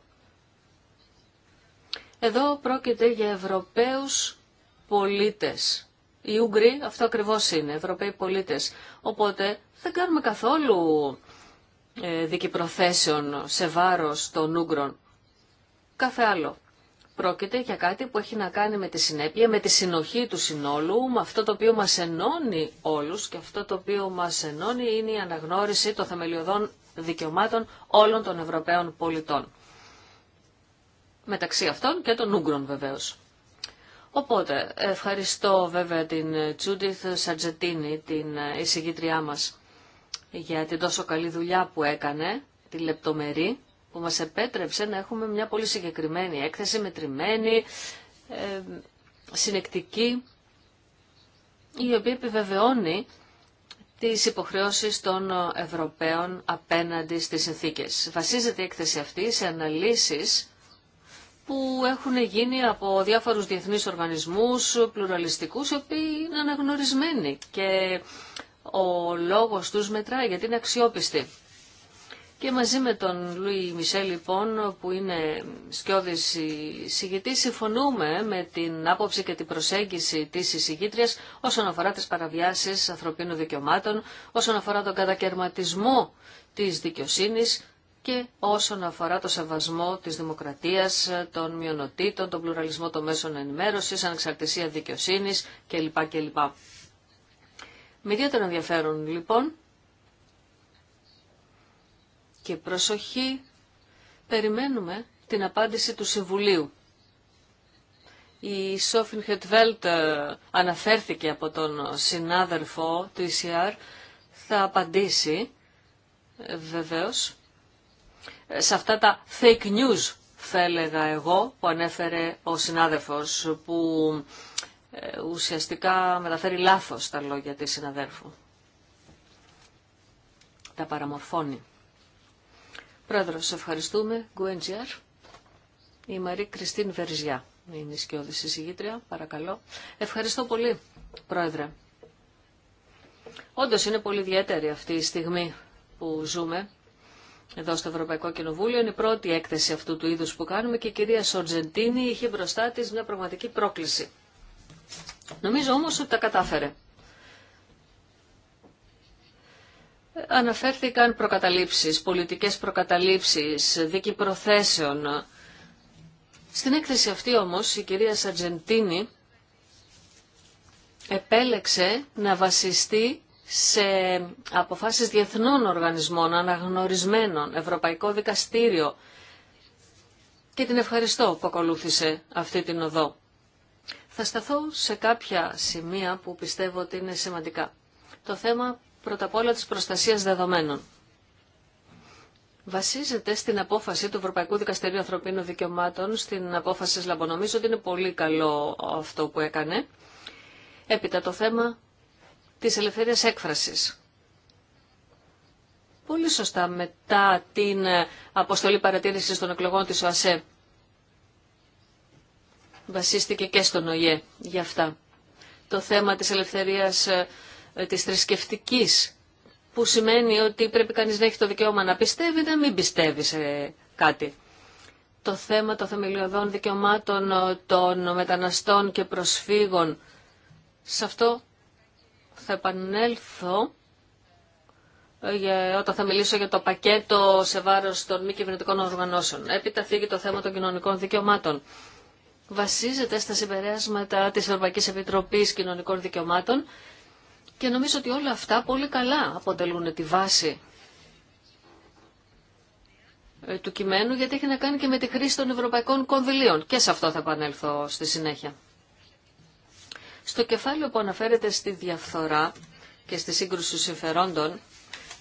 Εδώ πρόκειται για Ευρωπαίους πολίτες. Οι Ούγγροι αυτό ακριβώς είναι, Ευρωπαίοι πολίτες. Οπότε δεν κάνουμε καθόλου ε, δικηπροθέσεων σε βάρος των Ούγγρων. Κάθε άλλο. Πρόκειται για κάτι που έχει να κάνει με τη συνέπεια, με τη συνοχή του συνόλου, με αυτό το οποίο μας ενώνει όλους και αυτό το οποίο μας ενώνει είναι η αναγνώριση των θεμελιωδών δικαιωμάτων όλων των Ευρωπαίων πολιτών. Μεταξύ αυτών και των Ούγγρων βεβαίως. Οπότε, ευχαριστώ βέβαια την Τσούντιθ Σατζετίνη, την εισηγήτριά μας, για την τόσο καλή δουλειά που έκανε, τη λεπτομερή που μας επέτρεψε να έχουμε μια πολύ συγκεκριμένη έκθεση, μετρημένη, ε, συνεκτική, η οποία επιβεβαιώνει τις υποχρεώσεις των Ευρωπαίων απέναντι στις συνθήκες. Βασίζεται η έκθεση αυτή σε αναλύσεις που έχουν γίνει από διάφορους διεθνείς οργανισμούς πλουραλιστικούς, οι οποίοι είναι αναγνωρισμένοι και ο λόγος τους μετράει γιατί είναι αξιόπιστοι. Και μαζί με τον Λουί Μισελ λοιπόν που είναι σκιώδης συγητή, συμφωνούμε με την άποψη και την προσέγγιση της συγητρίας όσον αφορά τις παραβιάσεις ανθρωπίνων δικαιωμάτων, όσον αφορά τον κατακαιρματισμό της δικαιοσύνης και όσον αφορά το σεβασμό της δημοκρατίας, των μειονοτήτων, τον πλουραλισμό των μέσων ενημέρωσης, ανεξαρτησία δικαιοσύνης κλπ. Με ιδιαίτερο ενδιαφέρον λοιπόν και προσοχή περιμένουμε την απάντηση του Συμβουλίου. Η Σόφιν Χετβέλτ ε, αναφέρθηκε από τον συνάδελφο του ECR, θα απαντήσει ε, βεβαίως ε, σε αυτά τα fake news θα έλεγα εγώ που ανέφερε ο συνάδελφος που ουσιαστικά μεταφέρει λάθος τα λόγια της συναδέλφου. Τα παραμορφώνει. Πρόεδρος, ευχαριστούμε. Γκουέντζιαρ. Η Μαρή Κριστίν Βερζιά είναι η σκιώδη συζητήτρια. Παρακαλώ. Ευχαριστώ πολύ, Πρόεδρε. Όντως είναι πολύ ιδιαίτερη αυτή η στιγμή που ζούμε εδώ στο Ευρωπαϊκό Κοινοβούλιο. Είναι η πρώτη έκθεση αυτού του είδους που κάνουμε και η κυρία Σορτζεντίνη είχε μπροστά της μια πραγματική πρόκληση. Νομίζω όμως ότι τα κατάφερε. αναφέρθηκαν προκαταλήψεις, πολιτικές προκαταλήψεις, δίκη προθέσεων. Στην έκθεση αυτή όμως η κυρία Σαρτζεντίνη επέλεξε να βασιστεί σε αποφάσεις διεθνών οργανισμών αναγνωρισμένων, Ευρωπαϊκό Δικαστήριο και την ευχαριστώ που ακολούθησε αυτή την οδό. Θα σταθώ σε κάποια σημεία που πιστεύω ότι είναι σημαντικά. Το θέμα πρώτα απ' όλα της προστασίας δεδομένων. Βασίζεται στην απόφαση του Ευρωπαϊκού Δικαστηρίου Ανθρωπίνων Δικαιωμάτων, στην απόφαση της ότι είναι πολύ καλό αυτό που έκανε. Έπειτα το θέμα της ελευθερίας έκφρασης. Πολύ σωστά μετά την αποστολή παρατήρησης των εκλογών της ΟΑΣΕ βασίστηκε και στον ΟΙΕ για αυτά. Το θέμα της ελευθερίας της θρησκευτική, που σημαίνει ότι πρέπει κανείς να έχει το δικαίωμα να πιστεύει ή να μην πιστεύει σε κάτι. Το θέμα των θεμελιωδών δικαιωμάτων των μεταναστών και προσφύγων, σε αυτό θα επανέλθω ε, όταν θα μιλήσω για το πακέτο σε βάρος των μη κυβερνητικών οργανώσεων. Έπειτα φύγει το θέμα των κοινωνικών δικαιωμάτων. Βασίζεται στα συμπεράσματα της Ευρωπαϊκής Επιτροπής Κοινωνικών Δικαιωμάτων και νομίζω ότι όλα αυτά πολύ καλά αποτελούν τη βάση ε, του κειμένου, γιατί έχει να κάνει και με τη χρήση των ευρωπαϊκών κονδυλίων. Και σε αυτό θα επανέλθω στη συνέχεια. Στο κεφάλαιο που αναφέρεται στη διαφθορά και στη σύγκρουση συμφερόντων,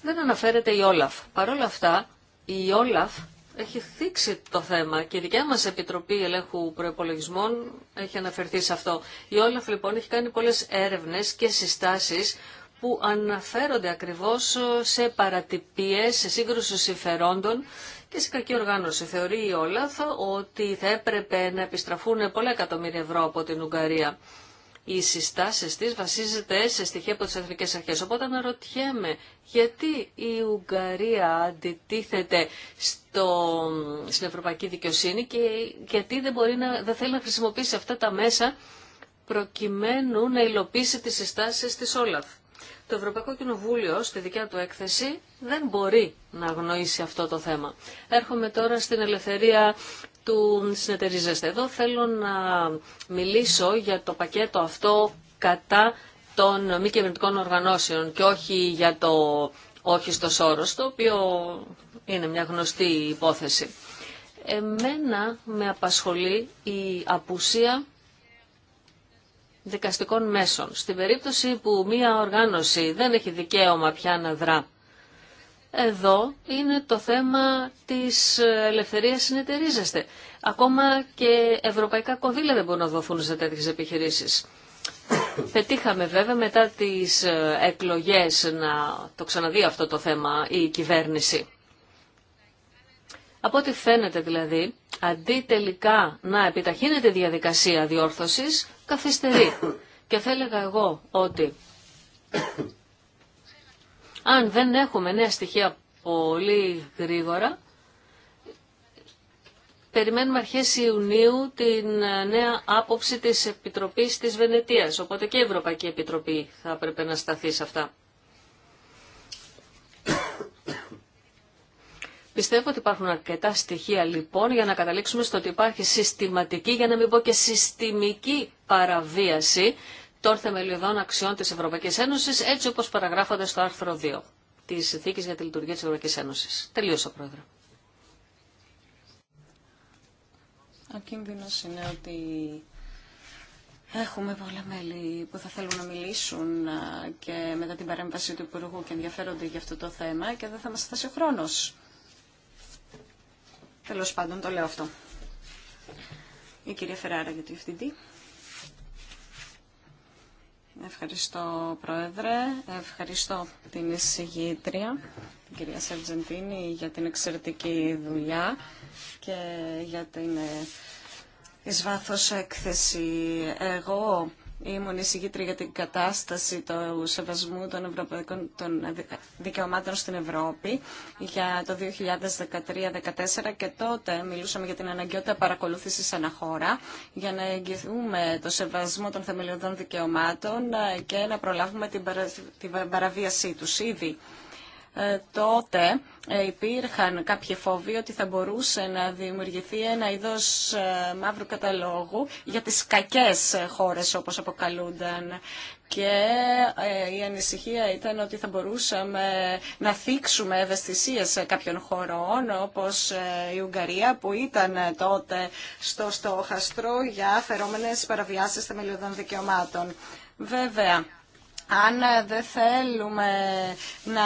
δεν αναφέρεται η Όλαφ. Παρ' όλα αυτά, η Όλαφ έχει θίξει το θέμα και η δικιά μας Επιτροπή Ελέγχου Προϋπολογισμών έχει αναφερθεί σε αυτό. Η Όλαφ λοιπόν έχει κάνει πολλές έρευνες και συστάσεις που αναφέρονται ακριβώς σε παρατυπίες, σε σύγκρουση συμφερόντων και σε κακή οργάνωση. Θεωρεί η Όλαφ ότι θα έπρεπε να επιστραφούν πολλά εκατομμύρια ευρώ από την Ουγγαρία οι συστάσεις της βασίζεται σε στοιχεία από τις εθνικές αρχές. Οπότε αναρωτιέμαι γιατί η Ουγγαρία αντιτίθεται στο, στην ευρωπαϊκή δικαιοσύνη και γιατί δεν, μπορεί να, δεν θέλει να χρησιμοποιήσει αυτά τα μέσα προκειμένου να υλοποιήσει τις συστάσεις της Όλαφ. Το Ευρωπαϊκό Κοινοβούλιο στη δικιά του έκθεση δεν μπορεί να αγνοήσει αυτό το θέμα. Έρχομαι τώρα στην ελευθερία του συνεταιρίζεστε. Εδώ θέλω να μιλήσω για το πακέτο αυτό κατά των μη κυβερνητικών οργανώσεων και όχι για το όχι στο σώρος, το οποίο είναι μια γνωστή υπόθεση. Εμένα με απασχολεί η απουσία δικαστικών μέσων. Στην περίπτωση που μία οργάνωση δεν έχει δικαίωμα πια να δρά εδώ είναι το θέμα της ελευθερίας συνεταιρίζεστε. Ακόμα και ευρωπαϊκά κονδύλια δεν μπορούν να δοθούν σε τέτοιες επιχειρήσεις. Πετύχαμε βέβαια μετά τις ε, εκλογές να το ξαναδεί αυτό το θέμα η κυβέρνηση. Από ό,τι φαίνεται δηλαδή, αντί τελικά να επιταχύνεται η διαδικασία διόρθωσης, καθυστερεί. Και θα έλεγα εγώ ότι αν δεν έχουμε νέα στοιχεία πολύ γρήγορα, περιμένουμε αρχές Ιουνίου την ε, νέα άποψη της Επιτροπής της Βενετίας. Οπότε και η Ευρωπαϊκή Επιτροπή θα έπρεπε να σταθεί σε αυτά. Πιστεύω ότι υπάρχουν αρκετά στοιχεία λοιπόν για να καταλήξουμε στο ότι υπάρχει συστηματική, για να μην πω και συστημική παραβίαση των θεμελιωδών αξιών τη Ευρωπαϊκή Ένωση, έτσι όπω παραγράφονται στο άρθρο 2 τη Συνθήκη για τη Λειτουργία τη Ευρωπαϊκή Ένωση. Τελείωσα, Πρόεδρε. Ο κίνδυνο είναι ότι Έχουμε πολλά μέλη που θα θέλουν να μιλήσουν και μετά την παρέμβαση του Υπουργού και ενδιαφέρονται για αυτό το θέμα και δεν θα μας φτάσει ο χρόνος. Τέλος πάντων το λέω αυτό. Η κυρία Φεράρα για το FDD. Ευχαριστώ Πρόεδρε, ευχαριστώ την εισηγήτρια, την κυρία Σερτζεντίνη, για την εξαιρετική δουλειά και για την ε, εις βάθος έκθεση. Εγώ Ήμουν εισηγήτρια για την κατάσταση του σεβασμού των ευρωπαϊκών των δικαιωμάτων στην Ευρώπη για το 2013-2014 και τότε μιλούσαμε για την αναγκαιότητα παρακολούθησης χώρα για να εγγυηθούμε το σεβασμό των θεμελιωδών δικαιωμάτων και να προλάβουμε την παραβίασή τους ήδη. Ε, τότε ε, υπήρχαν κάποιοι φόβοι ότι θα μπορούσε να δημιουργηθεί ένα είδος ε, μαύρου καταλόγου για τις κακές χώρες όπως αποκαλούνταν. Και η ανησυχία ήταν ότι θα μπορούσαμε να θίξουμε ευαισθησίες κάποιων χωρών όπως η Ουγγαρία που ήταν τότε στο στόχαστρο για αφαιρόμενες παραβιάσεις θεμελιωδών δικαιωμάτων. Βέβαια, αν ε, δεν θέλουμε να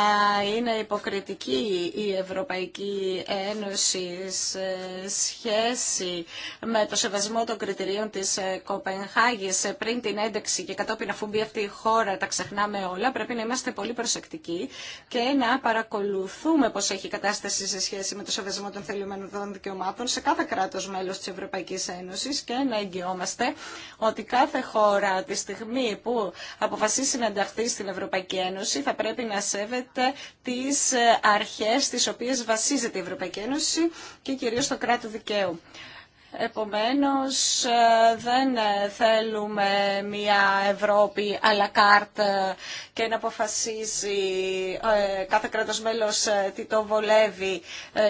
είναι υποκριτική η Ευρωπαϊκή Ένωση σε σχέση με το σεβασμό των κριτηρίων της ε, Κοπενχάγης ε, πριν την ένταξη και κατόπιν αφού μπει αυτή η χώρα τα ξεχνάμε όλα, πρέπει να είμαστε πολύ προσεκτικοί και να παρακολουθούμε πώς έχει η κατάσταση σε σχέση με το σεβασμό των θελημένων δικαιωμάτων σε κάθε κράτος μέλος της Ευρωπαϊκής Ένωσης και να εγγυόμαστε ότι κάθε χώρα τη στιγμή που αποφασίσει ενταχθεί στην Ευρωπαϊκή Ένωση θα πρέπει να σέβεται τις ε, αρχές τις οποίες βασίζεται η Ευρωπαϊκή Ένωση και κυρίως το κράτο δικαίου. Επομένως ε, δεν ε, θέλουμε μια Ευρώπη à la carte και να αποφασίζει κάθε κράτος μέλος τι το βολεύει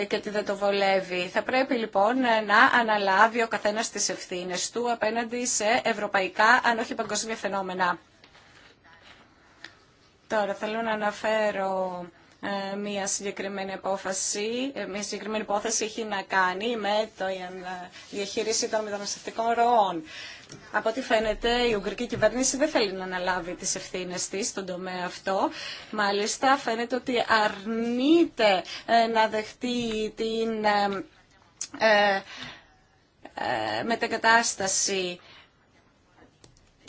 και τι δεν το βολεύει. Θα πρέπει λοιπόν να αναλάβει ο καθένας τις ευθύνε του απέναντι σε ευρωπαϊκά αν όχι παγκοσμία φαινόμενα. Τώρα θέλω να αναφέρω ε, μια συγκεκριμένη απόφαση, ε, μια συγκεκριμένη υπόθεση έχει να κάνει με το ε, διαχείριση των μεταναστευτικών ροών. Από ό,τι φαίνεται η Ουγγρική κυβέρνηση δεν θέλει να αναλάβει τις ευθύνες της στον τομέα αυτό. Μάλιστα φαίνεται ότι αρνείται να δεχτεί την μετακατάσταση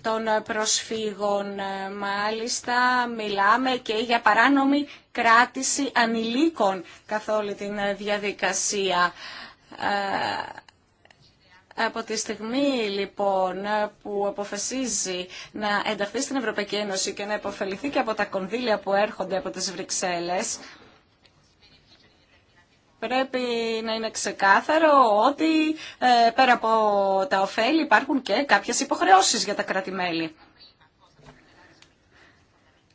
των προσφύγων. Μάλιστα, μιλάμε και για παράνομη κράτηση ανηλίκων καθ' όλη την διαδικασία. Ε, από τη στιγμή λοιπόν που αποφασίζει να ενταχθεί στην Ευρωπαϊκή Ένωση και να υποφεληθεί και από τα κονδύλια που έρχονται από τις Βρυξέλλες, Πρέπει να είναι ξεκάθαρο ότι ε, πέρα από τα ωφέλη υπάρχουν και κάποιες υποχρεώσεις για τα κρατη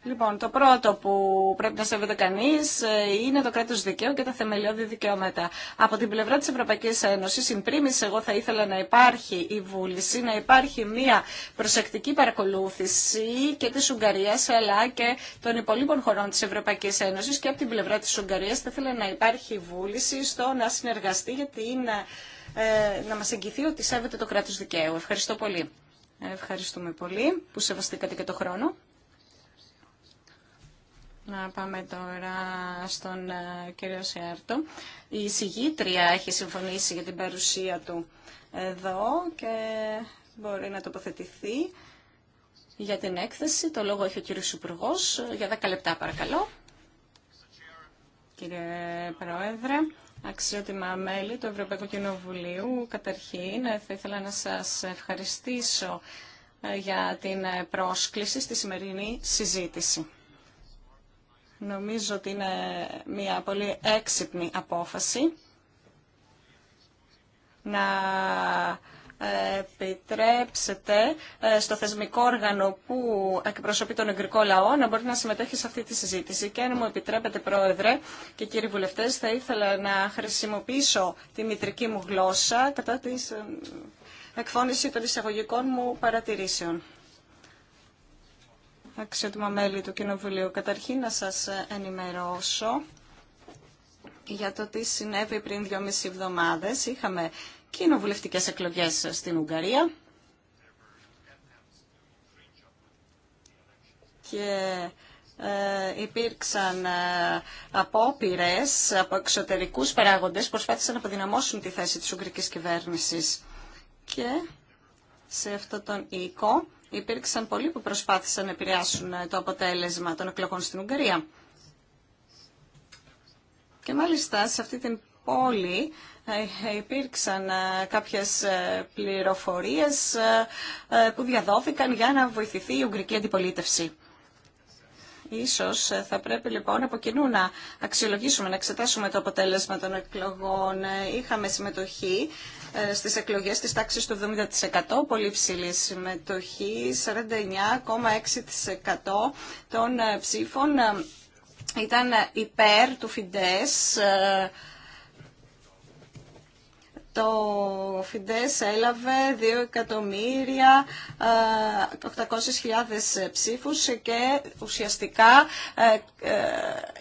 Λοιπόν, το πρώτο που πρέπει να σέβεται κανεί ε, είναι το κράτο δικαίου και τα θεμελιώδη δικαιώματα. Από την πλευρά τη Ευρωπαϊκή Ένωση, συμπρίμηση, εγώ θα ήθελα να υπάρχει η βούληση, να υπάρχει μια προσεκτική παρακολούθηση και τη Ουγγαρία αλλά και των υπολείπων χωρών τη Ευρωπαϊκή Ένωση και από την πλευρά τη Ουγγαρία θα ήθελα να υπάρχει βούληση στο να συνεργαστεί γιατί την, ε, να μα εγγυθεί ότι σέβεται το κράτο δικαίου. Ευχαριστώ πολύ. Ευχαριστούμε πολύ που σεβαστήκατε και το χρόνο. Να πάμε τώρα στον ε, κύριο Σιάρτο. Η συγγήτρια έχει συμφωνήσει για την παρουσία του εδώ και μπορεί να τοποθετηθεί για την έκθεση. Το λόγο έχει ο κύριος Υπουργό για 10 λεπτά παρακαλώ. Κύριε Πρόεδρε, αξιότιμα μέλη του Ευρωπαϊκού Κοινοβουλίου, καταρχήν ε, θα ήθελα να σας ευχαριστήσω ε, για την πρόσκληση στη σημερινή συζήτηση. Νομίζω ότι είναι μια πολύ έξυπνη απόφαση να ε, επιτρέψετε ε, στο θεσμικό όργανο που εκπροσωπεί τον εγκρικό λαό να μπορεί να συμμετέχει σε αυτή τη συζήτηση. Και αν μου επιτρέπετε, Πρόεδρε και κύριοι βουλευτές, θα ήθελα να χρησιμοποιήσω τη μητρική μου γλώσσα κατά τη ε, εκφώνηση των εισαγωγικών μου παρατηρήσεων αξιότιμα μέλη του Κοινοβουλίου. Καταρχήν να σας ενημερώσω για το τι συνέβη πριν μισή εβδομάδες. Είχαμε κοινοβουλευτικές εκλογές στην Ουγγαρία και ε, υπήρξαν ε, από εξωτερικούς παράγοντες που προσπάθησαν να αποδυναμώσουν τη θέση της Ουγγρικής κυβέρνησης. Και σε αυτό τον οίκο υπήρξαν πολλοί που προσπάθησαν να επηρεάσουν ε, το αποτέλεσμα των εκλογών στην Ουγγαρία. Και μάλιστα σε αυτή την πόλη ε, υπήρξαν ε, κάποιες πληροφορίες που διαδόθηκαν για να βοηθηθεί η Ουγγρική αντιπολίτευση. Ίσως θα πρέπει λοιπόν από κοινού να αξιολογήσουμε, να εξετάσουμε το αποτέλεσμα των εκλογών. Είχαμε συμμετοχή ε, στις εκλογές της τάξης του 70%, πολύ ψηλή συμμετοχή, 49,6% των ε, ψήφων ε, ήταν υπέρ του Φιντές. Το Φιντές έλαβε 2 εκατομμύρια 800.000 ψήφους και ουσιαστικά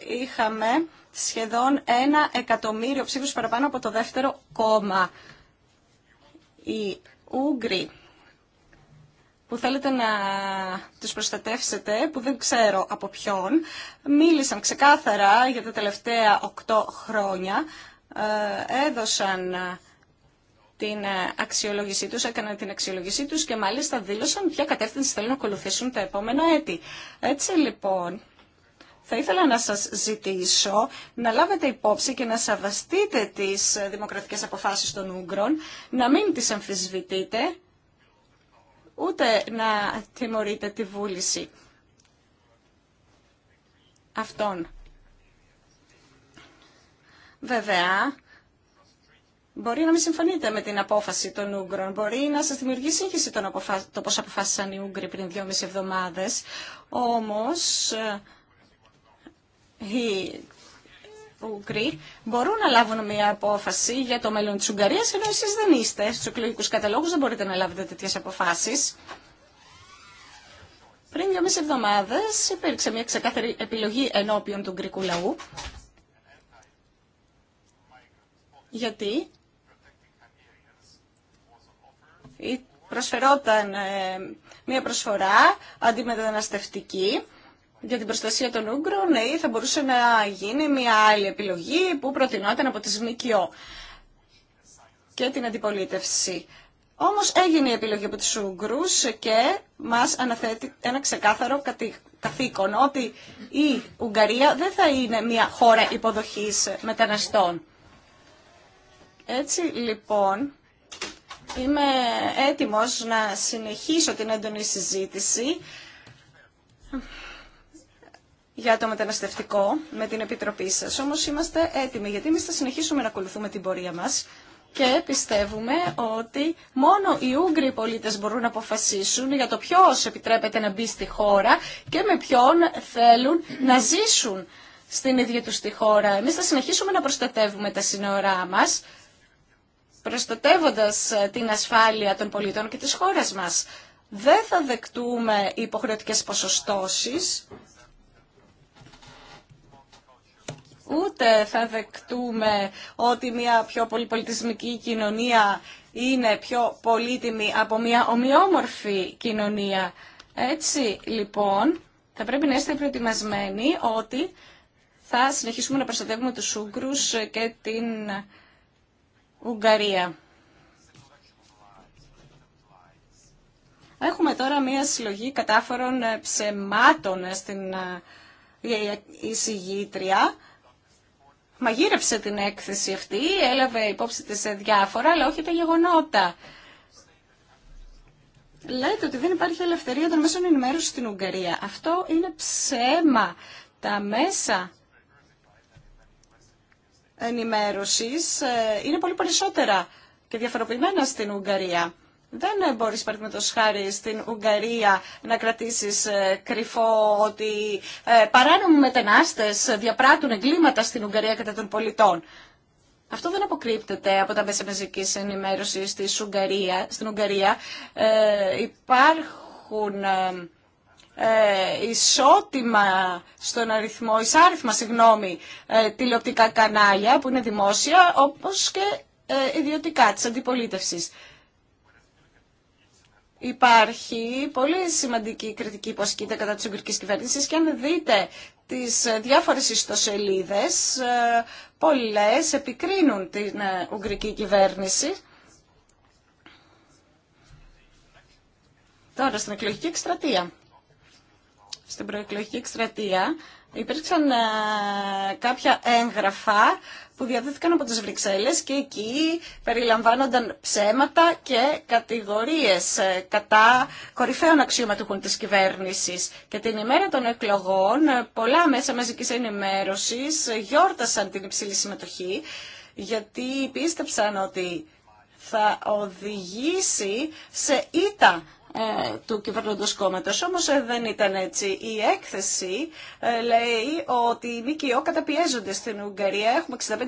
είχαμε σχεδόν ένα εκατομμύριο ψήφους παραπάνω από το δεύτερο κόμμα οι Ούγγροι που θέλετε να τους προστατεύσετε, που δεν ξέρω από ποιον, μίλησαν ξεκάθαρα για τα τελευταία οκτώ χρόνια, ε, έδωσαν την αξιολόγησή τους, έκαναν την αξιολόγησή τους και μάλιστα δήλωσαν ποια κατεύθυνση θέλουν να ακολουθήσουν τα επόμενα έτη. Έτσι λοιπόν, θα ήθελα να σας ζητήσω να λάβετε υπόψη και να σαβαστείτε τις δημοκρατικές αποφάσεις των Ούγγρων, να μην τις αμφισβητείτε, ούτε να τιμωρείτε τη βούληση αυτών. Βέβαια, μπορεί να μην συμφωνείτε με την απόφαση των Ούγγρων, μπορεί να σας δημιουργεί σύγχυση το πώς αποφάσισαν οι Ούγγροι πριν δυόμιση εβδομάδες, όμως οι Ουγγροί μπορούν να λάβουν μια απόφαση για το μέλλον της Ουγγαρίας, ενώ εσείς δεν είστε στους εκλογικούς καταλόγους, δεν μπορείτε να λάβετε τέτοιες αποφάσεις. Πριν δύο μισή εβδομάδες υπήρξε μια ξεκάθαρη επιλογή ενώπιον του Ουγγρικού λαού, γιατί προσφερόταν ε, μια προσφορά αντιμεταναστευτική για την προστασία των Ούγγρων θα μπορούσε να γίνει μια άλλη επιλογή που προτινόταν από τη ΣΜΚΙΟ και την αντιπολίτευση. Όμως έγινε η επιλογή από τους Ούγγρους και μας αναθέτει ένα ξεκάθαρο καθήκον ότι η Ουγγαρία δεν θα είναι μια χώρα υποδοχής μεταναστών. Έτσι λοιπόν είμαι έτοιμος να συνεχίσω την έντονη συζήτηση για το μεταναστευτικό με την Επιτροπή σα, όμω είμαστε έτοιμοι, γιατί εμεί θα συνεχίσουμε να ακολουθούμε την πορεία μα και πιστεύουμε ότι μόνο οι Ούγγροι πολίτε μπορούν να αποφασίσουν για το ποιο επιτρέπεται να μπει στη χώρα και με ποιον θέλουν να ζήσουν στην ίδια του τη χώρα. Εμεί θα συνεχίσουμε να προστατεύουμε τα σύνορά μας, προστατεύοντας ε, την ασφάλεια των πολιτών και της χώρας μας. Δεν θα δεκτούμε υποχρεωτικές ποσοστώσεις ούτε θα δεκτούμε ότι μια πιο πολυπολιτισμική κοινωνία είναι πιο πολύτιμη από μια ομοιόμορφη κοινωνία. Έτσι λοιπόν θα πρέπει να είστε προετοιμασμένοι ότι θα συνεχίσουμε να προστατεύουμε τους Ούγκρους και την Ουγγαρία. Έχουμε τώρα μία συλλογή κατάφορων ψεμάτων στην εισηγήτρια μαγείρευσε την έκθεση αυτή, έλαβε υπόψη της σε διάφορα, αλλά όχι τα γεγονότα. Λέτε ότι δεν υπάρχει ελευθερία των μέσων ενημέρωση στην Ουγγαρία. Αυτό είναι ψέμα. Τα μέσα ενημέρωσης ε, είναι πολύ περισσότερα και διαφοροποιημένα στην Ουγγαρία δεν μπορείς το χάρη στην Ουγγαρία να κρατήσεις ε, κρυφό ότι ε, παράνομοι μετανάστες διαπράττουν εγκλήματα στην Ουγγαρία κατά των πολιτών. Αυτό δεν αποκρύπτεται από τα μέσα μεζικής ενημέρωσης Στην Ουγγαρία ε, υπάρχουν ε, ε, ισότιμα στον αριθμό, εισάριθμα, συγγνώμη, ε, τηλεοπτικά κανάλια που είναι δημόσια όπως και ιδιωτικά της αντιπολίτευσης. Υπάρχει πολύ σημαντική κριτική που ασκείται κατά της Ουγγρικής κυβέρνησης και αν δείτε τις διάφορες ιστοσελίδες, ε, πολλές επικρίνουν την ε, Ουγγρική κυβέρνηση. Τώρα, στην εκλογική εκστρατεία. Στην προεκλογική εκστρατεία υπήρξαν ε, κάποια έγγραφα που διαδίδηκαν από τις Βρυξέλλες και εκεί περιλαμβάνονταν ψέματα και κατηγορίες ε, κατά κορυφαίων αξιωματούχων της κυβέρνησης. Και την ημέρα των εκλογών ε, πολλά μέσα μαζικής ενημέρωσης ε, γιόρτασαν την υψηλή συμμετοχή γιατί πίστεψαν ότι θα οδηγήσει σε ήττα ε, του κυβερνώντος κόμματος. Όμως ε, δεν ήταν έτσι. Η έκθεση ε, λέει ότι οι ΜΚΟ καταπιέζονται στην Ουγγαρία. Έχουμε 65.000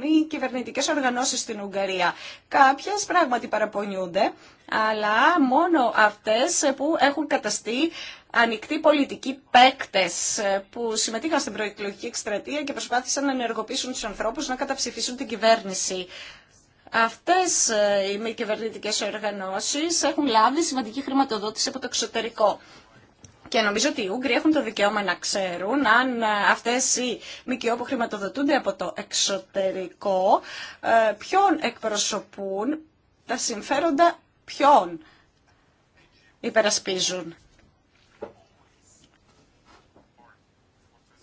μη κυβερνητικές οργανώσεις στην Ουγγαρία. Κάποιες πράγματι παραπονιούνται, αλλά μόνο αυτές που έχουν καταστεί ανοιχτοί πολιτικοί παίκτε που συμμετείχαν στην προεκλογική εκστρατεία και προσπάθησαν να ενεργοποιήσουν του ανθρώπου να καταψηφίσουν την κυβέρνηση. Αυτές ε, οι μη κυβερνητικέ οργανώσεις έχουν λάβει σημαντική χρηματοδότηση από το εξωτερικό. Και νομίζω ότι οι Ούγγροι έχουν το δικαίωμα να ξέρουν αν ε, αυτές οι ΜΚΟ που χρηματοδοτούνται από το εξωτερικό, ε, ποιον εκπροσωπούν, τα συμφέροντα ποιον υπερασπίζουν.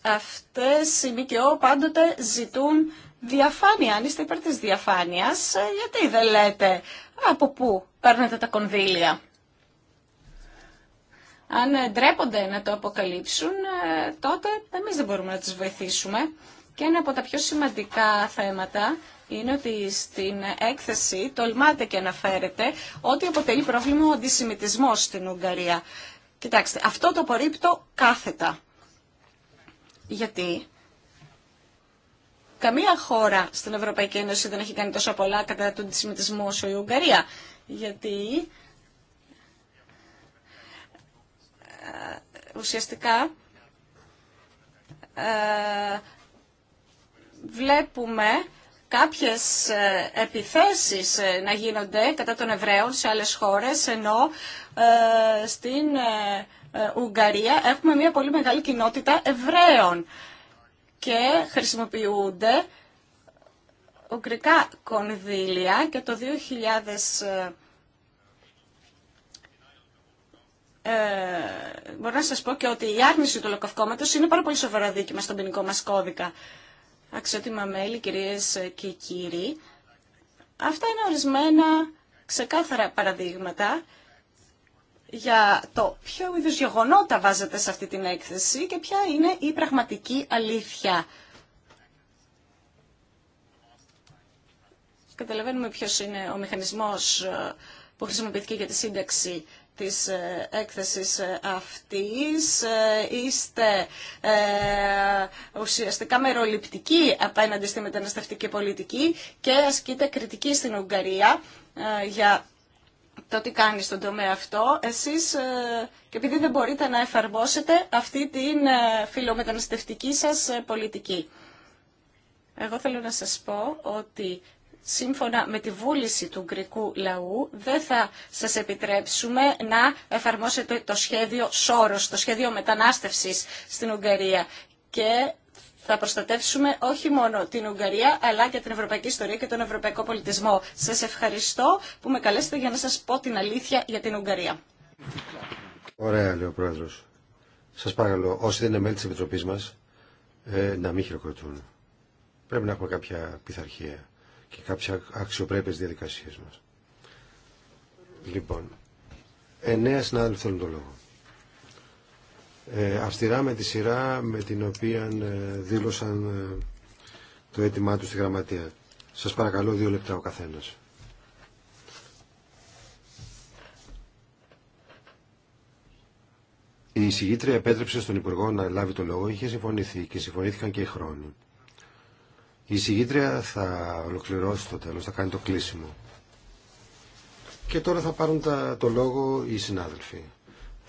Αυτές οι ΜΚΟ πάντοτε ζητούν διαφάνεια. Αν είστε υπέρ τη διαφάνειας, ε, γιατί δεν λέτε από πού παίρνετε τα κονδύλια. Αν ε, ντρέπονται να το αποκαλύψουν, ε, τότε εμείς δεν μπορούμε να τις βοηθήσουμε. Και ένα από τα πιο σημαντικά θέματα είναι ότι στην έκθεση τολμάτε και αναφέρετε ότι αποτελεί πρόβλημα ο αντισημιτισμός στην Ουγγαρία. Κοιτάξτε, αυτό το απορρίπτω κάθετα. Γιατί Καμία χώρα στην Ευρωπαϊκή Ένωση δεν έχει κάνει τόσο πολλά κατά τον αντισημιτισμού όσο η Ουγγαρία. Γιατί ε, ουσιαστικά ε, βλέπουμε κάποιες ε, επιθέσεις να γίνονται κατά των Εβραίων σε άλλες χώρες, ενώ στην Ουγγαρία έχουμε μια πολύ μεγάλη κοινότητα Εβραίων και χρησιμοποιούνται ουγγρικά κονδύλια και το 2000 ε, ε, μπορώ να σας πω και ότι η άρνηση του λοκαυκώματος είναι πάρα πολύ σοβαρό δίκημα στον ποινικό μας κώδικα. Αξιότιμα μέλη, κυρίες και κύριοι, αυτά είναι ορισμένα ξεκάθαρα παραδείγματα για το ποιο είδους γεγονότα βάζετε σε αυτή την έκθεση και ποια είναι η πραγματική αλήθεια. Καταλαβαίνουμε ποιος είναι ο μηχανισμός ε, που χρησιμοποιήθηκε για τη σύνταξη της ε, έκθεσης ε, αυτής. Είστε ε, ουσιαστικά μεροληπτικοί απέναντι στη μεταναστευτική πολιτική και ασκείτε κριτική στην Ουγγαρία ε, για το τι κάνει στον τομέα αυτό, εσείς ε, και επειδή δεν μπορείτε να εφαρμόσετε αυτή την ε, φιλομεταναστευτική σας ε, πολιτική. Εγώ θέλω να σας πω ότι σύμφωνα με τη βούληση του γκρικού λαού δεν θα σας επιτρέψουμε να εφαρμόσετε το σχέδιο Σόρος, το σχέδιο μετανάστευσης στην Ουγγαρία. Και θα προστατεύσουμε όχι μόνο την Ουγγαρία, αλλά και την ευρωπαϊκή ιστορία και τον ευρωπαϊκό πολιτισμό. Σας ευχαριστώ που με καλέσετε για να σας πω την αλήθεια για την Ουγγαρία. Ωραία, λέει ο Πρόεδρος. Σας παρακαλώ, όσοι δεν είναι μέλη τη Επιτροπή μας, ε, να μην χειροκροτούν. Πρέπει να έχουμε κάποια πειθαρχία και κάποια αξιοπρέπειες διαδικασίε μα. Λοιπόν, εννέα συνάδελφοι θέλουν το λόγο. Ε, αυστηρά με τη σειρά με την οποία ε, δήλωσαν ε, το αίτημά του στη γραμματεία. Σας παρακαλώ δύο λεπτά ο καθένας. Η εισηγήτρια επέτρεψε στον Υπουργό να λάβει το λόγο, είχε συμφωνηθεί και συμφωνήθηκαν και οι χρόνοι. Η εισηγήτρια θα ολοκληρώσει το τέλος, θα κάνει το κλείσιμο. Και τώρα θα πάρουν τα, το λόγο οι συνάδελφοι.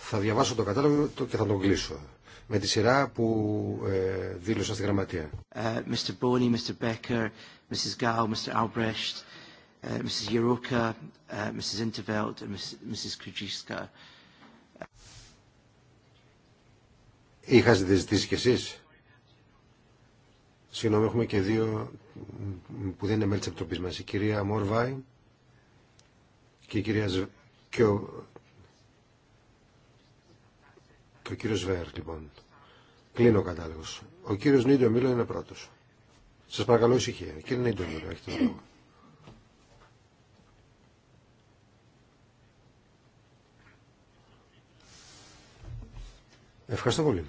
Θα διαβάσω το κατάλογο και θα τον κλείσω. Με τη σειρά που ε, δήλωσα στη γραμματεία. Μίστερ Μπόνι, Μίστερ Μπέκερ, Becker, Γκάου, Μίστερ Αλμπρέχτ, Albrecht, Γιουρόκα, Mrs. Ιντεβέλτ, και Mrs. Κουτζίσκα. Είχατε ζητήσει κι εσείς. Συγγνώμη, έχουμε και δύο που δεν είναι μέλη της Επιτροπής μας. Η κυρία Μόρβάη και η κυρία Ζ... και ο ο κύριος Βέρ, λοιπόν. Κλείνω ο Ο κύριος Νίντο Μίλο είναι πρώτος. Σας παρακαλώ ησυχία. Κύριε Νίντο Μίλο, έχετε το λόγο. Ευχαριστώ πολύ.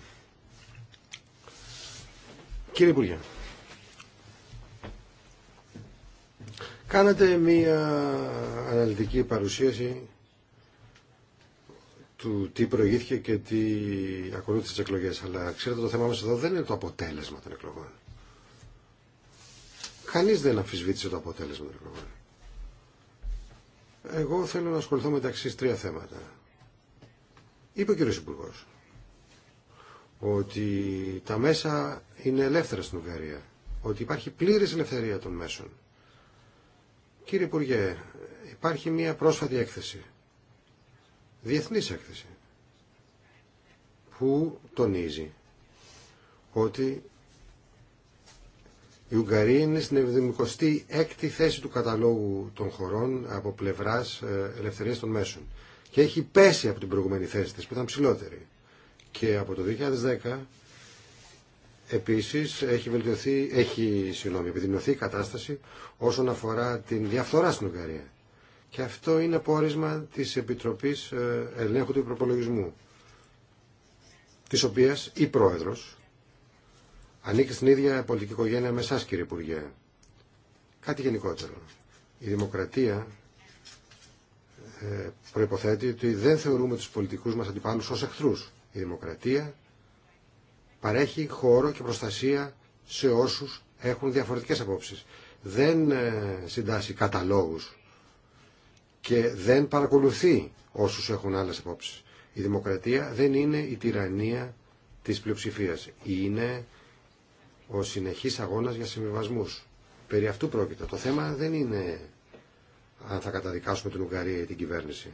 Κύριε Υπουργέ, κάνατε μία αναλυτική παρουσίαση του τι προηγήθηκε και τι ακολούθησε τι εκλογέ. Αλλά ξέρετε το θέμα μας εδώ δεν είναι το αποτέλεσμα των εκλογών. Κανεί δεν αμφισβήτησε το αποτέλεσμα των εκλογών. Εγώ θέλω να ασχοληθώ μεταξύ τα τρία θέματα. Είπε ο κύριο Υπουργό ότι τα μέσα είναι ελεύθερα στην Ουγγαρία. Ότι υπάρχει πλήρη ελευθερία των μέσων. Κύριε Υπουργέ, υπάρχει μια πρόσφατη έκθεση διεθνής έκθεση που τονίζει ότι η Ουγγαρία είναι στην 76η θέση του καταλόγου των χωρών από πλευράς ε, ελευθερίας των μέσων και έχει πέσει από την προηγούμενη θέση της που ήταν ψηλότερη και από το 2010 Επίσης έχει, βελτιωθεί, έχει συγγνώμη, επιδεινωθεί η κατάσταση όσον αφορά την διαφθορά στην Ουγγαρία. Και αυτό είναι πόρισμα της Επιτροπής ε, Ελέγχου του Προπολογισμού, της οποίας η Πρόεδρος ανήκει στην ίδια πολιτική οικογένεια με εσάς, κύριε Υπουργέ. Κάτι γενικότερο. Η δημοκρατία ε, προϋποθέτει ότι δεν θεωρούμε τους πολιτικούς μας αντιπάλους ως εχθρούς. Η δημοκρατία παρέχει χώρο και προστασία σε όσους έχουν διαφορετικές απόψεις. Δεν ε, συντάσσει καταλόγους και δεν παρακολουθεί όσους έχουν άλλες απόψεις. Η δημοκρατία δεν είναι η τυραννία της πλειοψηφίας. Είναι ο συνεχής αγώνας για συμβιβασμούς. Περί αυτού πρόκειται. Το θέμα δεν είναι αν θα καταδικάσουμε την Ουγγαρία ή την κυβέρνηση.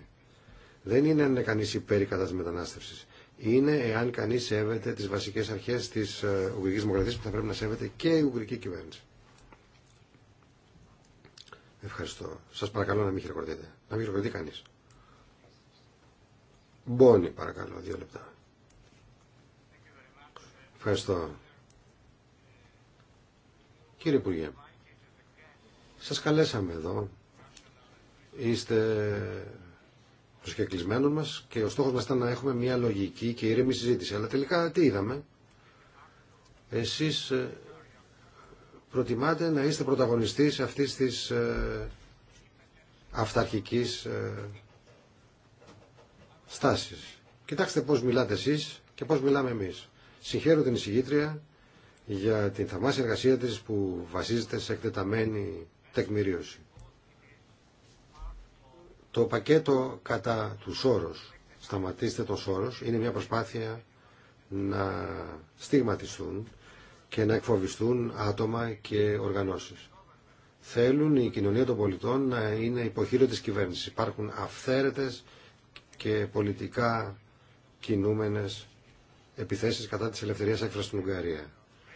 Δεν είναι αν είναι κανείς υπέρ κατά της μετανάστευσης. Είναι εάν κανείς σέβεται τις βασικές αρχές της ε, Ουγγρικής Δημοκρατίας που θα πρέπει να σέβεται και η Ουγγρική κυβέρνηση. Ευχαριστώ. Σας παρακαλώ να μην χειροκροτείτε. Να μην χειροκροτεί κανείς. Μπόνι παρακαλώ, δύο λεπτά. Ευχαριστώ. Κύριε Υπουργέ, σας καλέσαμε εδώ. Είστε προσκεκλισμένος μας και ο στόχος μας ήταν να έχουμε μια λογική και ήρεμη συζήτηση. Αλλά τελικά τι είδαμε. Εσείς ε, προτιμάτε να είστε πρωταγωνιστής αυτής της ε, αυταρχικής ε, στάσης. Κοιτάξτε πώς μιλάτε εσείς και πώς μιλάμε εμείς. Συγχαίρω την εισηγήτρια για την θαυμάσια εργασία της που βασίζεται σε εκτεταμένη τεκμηρίωση. Το πακέτο κατά του όρους, σταματήστε τον όρους, είναι μια προσπάθεια να στιγματιστούν και να εκφοβιστούν άτομα και οργανώσεις. Θέλουν η κοινωνία των πολιτών να είναι υποχείριο της κυβέρνησης. Υπάρχουν αυθαίρετες και πολιτικά κινούμενες επιθέσεις κατά της ελευθερίας έκφρασης στην Ουγγαρία.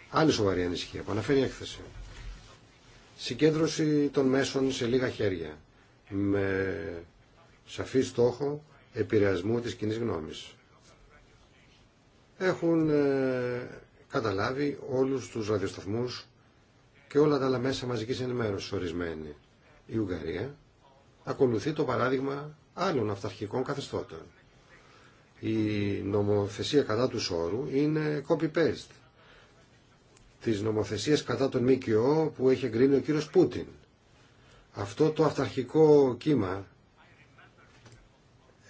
Άλλη σοβαρή ανησυχία που αναφέρει η έκθεση. Συγκέντρωση των μέσων σε λίγα χέρια με σαφή στόχο επηρεασμού της κοινή γνώμης. Έχουν ε, καταλάβει όλους τους ραδιοσταθμούς και όλα τα άλλα μέσα μαζικής ενημέρωσης ορισμένη. Η Ουγγαρία ακολουθεί το παράδειγμα άλλων αυταρχικών καθεστώτων. Η νομοθεσία κατά του σώρου ειναι είναι copy-paste της νομοθεσίας κατά τον ΜΚΟ που έχει εγκρίνει ο κύριος Πούτιν. Αυτό το αυταρχικό κύμα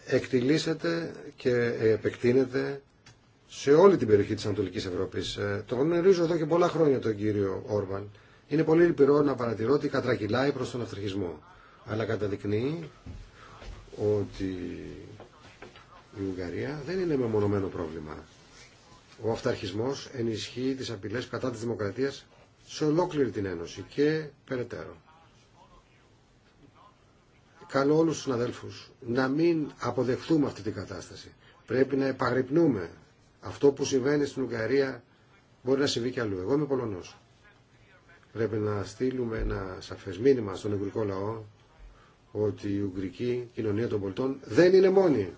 εκτιλήσεται και επεκτείνεται σε όλη την περιοχή της Ανατολικής Ευρώπης. Ε, το γνωρίζω εδώ και πολλά χρόνια τον κύριο Όρμπαν. Είναι πολύ λυπηρό να παρατηρώ ότι κατρακυλάει προς τον αυταρχισμό. Αλλά καταδεικνύει ότι η Ουγγαρία δεν είναι μεμονωμένο πρόβλημα. Ο αυταρχισμός ενισχύει τις απειλές κατά της δημοκρατίας σε ολόκληρη την Ένωση και περαιτέρω. Καλώ όλους τους συναδέλφους να μην αποδεχθούμε αυτή την κατάσταση. Πρέπει να επαγρυπνούμε αυτό που συμβαίνει στην Ουγγαρία μπορεί να συμβεί και αλλού. Εγώ είμαι Πολωνός. Πρέπει να στείλουμε ένα σαφές μήνυμα στον ουγγρικό λαό ότι η ουγγρική κοινωνία των πολιτών δεν είναι μόνη.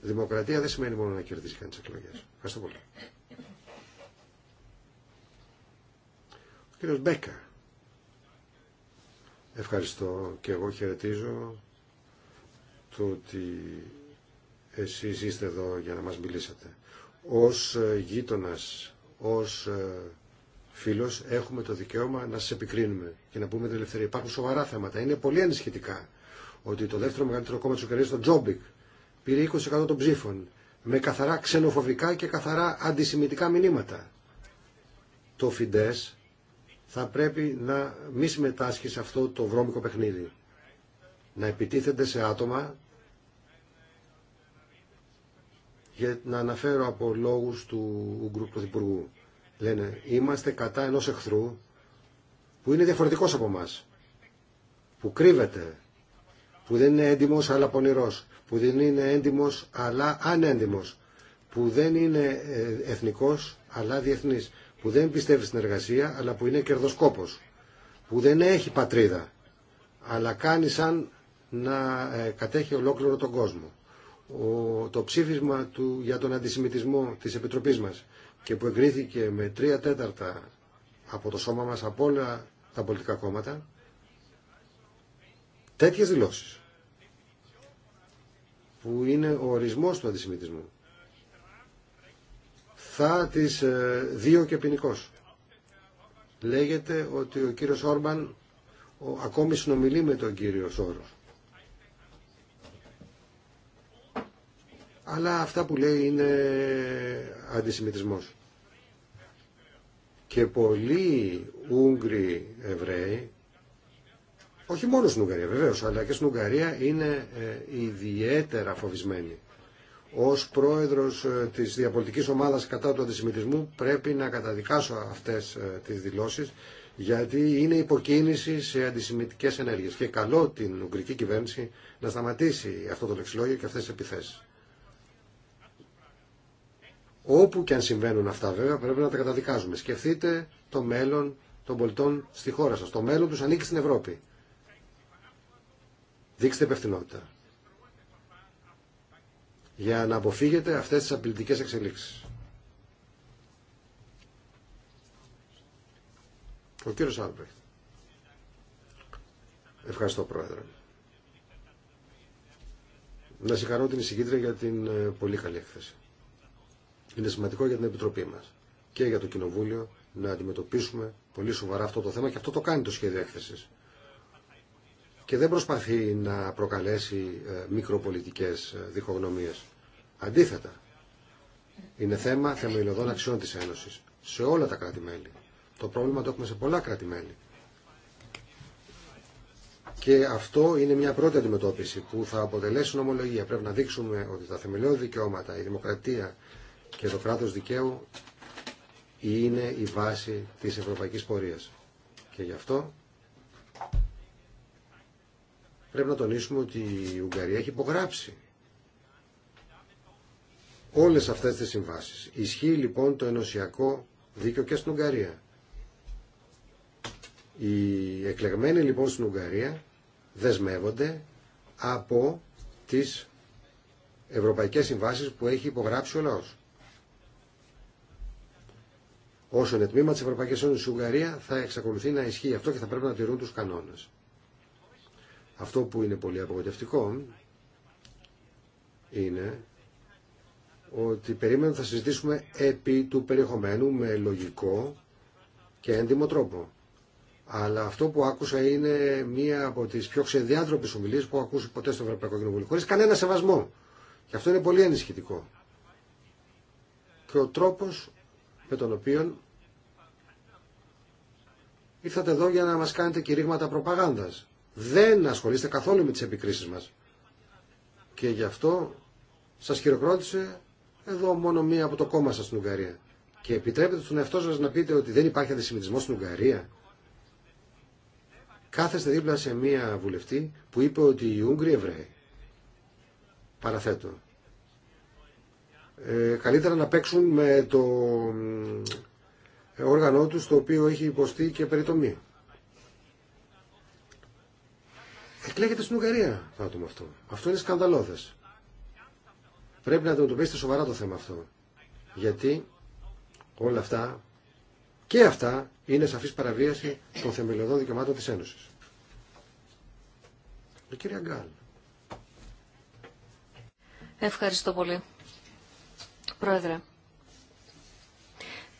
Δημοκρατία δεν σημαίνει μόνο να κερδίσει κανείς εκλογές. Ευχαριστώ πολύ. Ο κύριος Μπέκα. Ευχαριστώ και εγώ χαιρετίζω το ότι εσείς είστε εδώ για να μας μιλήσετε. Ως ε, γείτονας, ως ε, φίλος, έχουμε το δικαίωμα να σας επικρίνουμε και να πούμε την ελευθερία. Υπάρχουν σοβαρά θέματα. Είναι πολύ ανησυχητικά ότι το δεύτερο μεγαλύτερο κόμμα της Ουκρανίας, το Τζόμπικ, πήρε 20% των ψήφων με καθαρά ξενοφοβικά και καθαρά αντισημιτικά μηνύματα. Το Φιντές θα πρέπει να μη συμμετάσχει σε αυτό το βρώμικο παιχνίδι. Να επιτίθενται σε άτομα για να αναφέρω από λόγους του Ουγγρού Πρωθυπουργού. Λένε, είμαστε κατά ενός εχθρού που είναι διαφορετικός από μας, που κρύβεται, που δεν είναι έντιμος αλλά πονηρός, που δεν είναι έντιμος αλλά ανέντιμος, που δεν είναι ε, εθνικός αλλά διεθνής, που δεν πιστεύει στην εργασία αλλά που είναι κερδοσκόπος, που δεν έχει πατρίδα αλλά κάνει σαν να ε, κατέχει ολόκληρο τον κόσμο το ψήφισμα του για τον αντισημιτισμό της Επιτροπής μας και που εγκρίθηκε με τρία τέταρτα από το σώμα μας από όλα τα πολιτικά κόμματα τέτοιες δηλώσεις που είναι ο ορισμός του αντισημιτισμού θα τις ε, δύο και ποινικό. Λέγεται ότι ο κύριος Όρμπαν ακόμη συνομιλεί με τον κύριο Σόρος αλλά αυτά που λέει είναι αντισημιτισμός. Και πολλοί Ούγγροι Εβραίοι, όχι μόνο στην Ουγγαρία βεβαίως, αλλά και στην Ουγγαρία είναι ε, ιδιαίτερα φοβισμένοι. Ως πρόεδρος ε, της διαπολιτικής ομάδας κατά του αντισημιτισμού πρέπει να καταδικάσω αυτές ε, τις δηλώσεις γιατί είναι υποκίνηση σε αντισημιτικές ενέργειες και καλό την Ουγγρική κυβέρνηση να σταματήσει αυτό το λεξιλόγιο και αυτές τις επιθέσεις. Όπου και αν συμβαίνουν αυτά βέβαια πρέπει να τα καταδικάζουμε. Σκεφτείτε το μέλλον των πολιτών στη χώρα σας. Το μέλλον τους ανήκει στην Ευρώπη. Δείξτε υπευθυνότητα. Για να αποφύγετε αυτές τις απειλητικές εξελίξεις. Ο κύριος Άλμπρεχτ. Ευχαριστώ Πρόεδρε. Να συγχαρώ την εισηγήτρια για την ε, πολύ καλή έκθεση. Είναι σημαντικό για την Επιτροπή μα και για το Κοινοβούλιο να αντιμετωπίσουμε πολύ σοβαρά αυτό το θέμα και αυτό το κάνει το σχέδιο έκθεση. Και δεν προσπαθεί να προκαλέσει ε, μικροπολιτικέ ε, διχογνωμίε. Αντίθετα, είναι θέμα θεμελιωδών αξιών τη Ένωση. σε όλα τα κράτη-μέλη. Το πρόβλημα το έχουμε σε πολλά κράτη-μέλη. Και αυτό είναι μια πρώτη αντιμετώπιση που θα αποτελέσει νομολογία. Πρέπει να δείξουμε ότι τα θεμελιώδη δικαιώματα, η δημοκρατία, και το κράτος δικαίου είναι η βάση της ευρωπαϊκής πορείας. Και γι' αυτό πρέπει να τονίσουμε ότι η Ουγγαρία έχει υπογράψει όλες αυτές τις συμβάσεις. Ισχύει λοιπόν το ενωσιακό δίκαιο και στην Ουγγαρία. Οι εκλεγμένοι λοιπόν στην Ουγγαρία δεσμεύονται από τις ευρωπαϊκές συμβάσεις που έχει υπογράψει ο λαός. Όσο είναι τμήμα τη Ευρωπαϊκή Ένωση η Ουγγαρία θα εξακολουθεί να ισχύει αυτό και θα πρέπει να τηρούν του κανόνε. Αυτό που είναι πολύ απογοητευτικό είναι ότι περίμενα θα συζητήσουμε επί του περιεχομένου με λογικό και έντιμο τρόπο. Αλλά αυτό που άκουσα είναι μία από τι πιο ξεδιάτροπε ομιλίε που έχω ακούσει ποτέ στο Ευρωπαϊκό Κοινοβούλιο. Χωρί κανένα σεβασμό. Και αυτό είναι πολύ ενισχυτικό. Και ο τρόπο με τον οποίο ήρθατε εδώ για να μας κάνετε κηρύγματα προπαγάνδας. Δεν ασχολείστε καθόλου με τις επικρίσεις μας. Και γι' αυτό σας χειροκρότησε εδώ μόνο μία από το κόμμα σας στην Ουγγαρία. Και επιτρέπετε στον εαυτό σας να πείτε ότι δεν υπάρχει αντισημιτισμός στην Ουγγαρία. Κάθεστε δίπλα σε μία βουλευτή που είπε ότι οι Ούγγροι Εβραίοι. Παραθέτω ε, καλύτερα να παίξουν με το ε, όργανό τους το οποίο έχει υποστεί και περιτομή. Εκλέγεται στην Ουγγαρία το άτομο αυτό. Αυτό είναι σκανδαλώδες. Πρέπει να αντιμετωπίσετε σοβαρά το θέμα αυτό. Γιατί όλα αυτά και αυτά είναι σαφής παραβίαση των θεμελιωδών δικαιωμάτων της Ένωσης. Ε, Γκάλ. Ευχαριστώ πολύ. Πρόεδρε,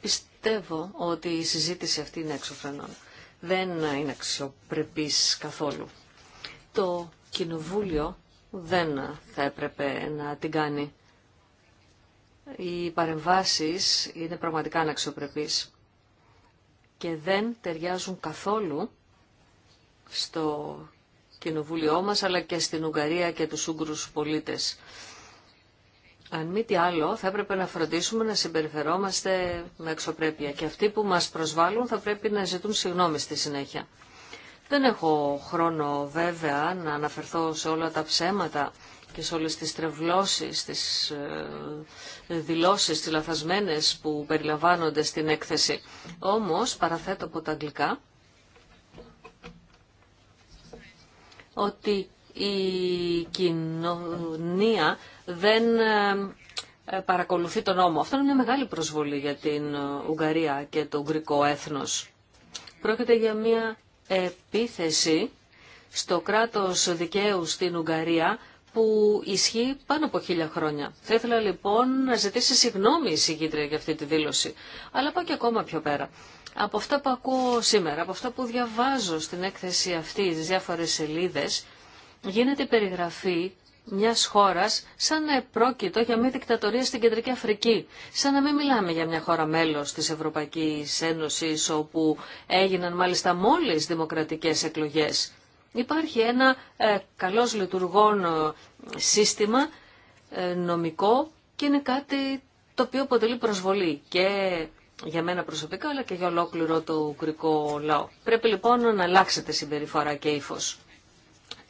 πιστεύω ότι η συζήτηση αυτή είναι εξωφρενών. Δεν είναι αξιοπρεπής καθόλου. Το Κοινοβούλιο δεν θα έπρεπε να την κάνει. Οι παρεμβάσεις είναι πραγματικά αναξιοπρεπείς και δεν ταιριάζουν καθόλου στο κοινοβούλιο μας αλλά και στην Ουγγαρία και τους Ούγγρους πολίτες. Αν μη τι άλλο, θα έπρεπε να φροντίσουμε να συμπεριφερόμαστε με εξωπρέπεια και αυτοί που μας προσβάλλουν θα πρέπει να ζητούν συγγνώμη στη συνέχεια. Δεν έχω χρόνο βέβαια να αναφερθώ σε όλα τα ψέματα και σε όλες τις τρευλώσεις, τις ε, δηλώσεις, τις λαθασμένες που περιλαμβάνονται στην έκθεση. Όμως, παραθέτω από τα αγγλικά, ότι η κοινωνία δεν ε, παρακολουθεί τον νόμο. Αυτό είναι μια μεγάλη προσβολή για την Ουγγαρία και το Ουγγρικό έθνος. Πρόκειται για μια επίθεση στο κράτος δικαίου στην Ουγγαρία που ισχύει πάνω από χίλια χρόνια. Θα ήθελα λοιπόν να ζητήσει συγγνώμη η συγκίτρια για αυτή τη δήλωση. Αλλά πάω και ακόμα πιο πέρα. Από αυτά που ακούω σήμερα, από αυτά που διαβάζω στην έκθεση αυτή, τις διάφορες σελίδες, γίνεται η περιγραφή μια χώρα σαν να επρόκειτο για μια δικτατορία στην Κεντρική Αφρική. Σαν να μην μιλάμε για μια χώρα μέλο τη Ευρωπαϊκή Ένωση, όπου έγιναν μάλιστα μόλι δημοκρατικέ εκλογέ. Υπάρχει ένα ε, καλώς λειτουργών ε, σύστημα ε, νομικό και είναι κάτι το οποίο αποτελεί προσβολή και για μένα προσωπικά αλλά και για ολόκληρο το ουκρικό λαό. Πρέπει λοιπόν να αλλάξετε συμπεριφορά και ύφος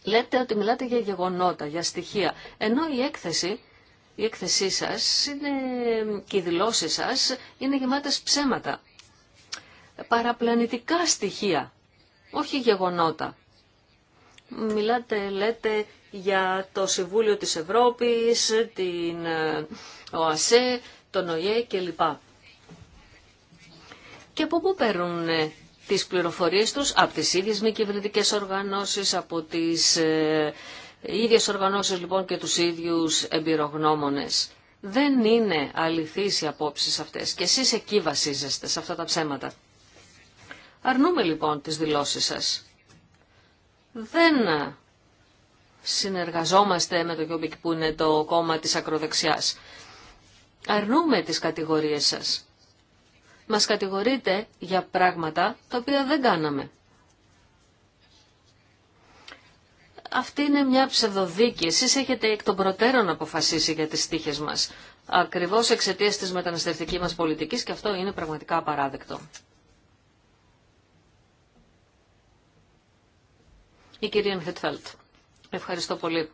λέτε ότι μιλάτε για γεγονότα, για στοιχεία, ενώ η έκθεση, η έκθεσή σας είναι, και οι δηλώσει σας είναι γεμάτες ψέματα, παραπλανητικά στοιχεία, όχι γεγονότα. Μιλάτε, λέτε, για το Συμβούλιο της Ευρώπης, την ε, ΟΑΣΕ, τον ΟΙΕ κλπ. Και από πού παίρνουν τις πληροφορίες τους από τις ίδιες μη κυβερνητικές οργανώσεις, από τις ε, ίδιες οργανώσεις λοιπόν και τους ίδιους εμπειρογνώμονες. Δεν είναι αληθείς οι απόψεις αυτές και εσείς εκεί βασίζεστε σε αυτά τα ψέματα. Αρνούμε λοιπόν τις δηλώσεις σας. Δεν συνεργαζόμαστε με το Γιώμπικ που είναι το κόμμα της ακροδεξιάς. Αρνούμε τις κατηγορίες σας. Μας κατηγορείτε για πράγματα τα οποία δεν κάναμε. Αυτή είναι μια ψευδοδίκη. Εσείς έχετε εκ των προτέρων αποφασίσει για τις τύχες μας. Ακριβώς εξαιτίας της μεταναστευτικής μας πολιτικής και αυτό είναι πραγματικά απαράδεκτο. Η κυρία Χετφέλτ. Ευχαριστώ πολύ.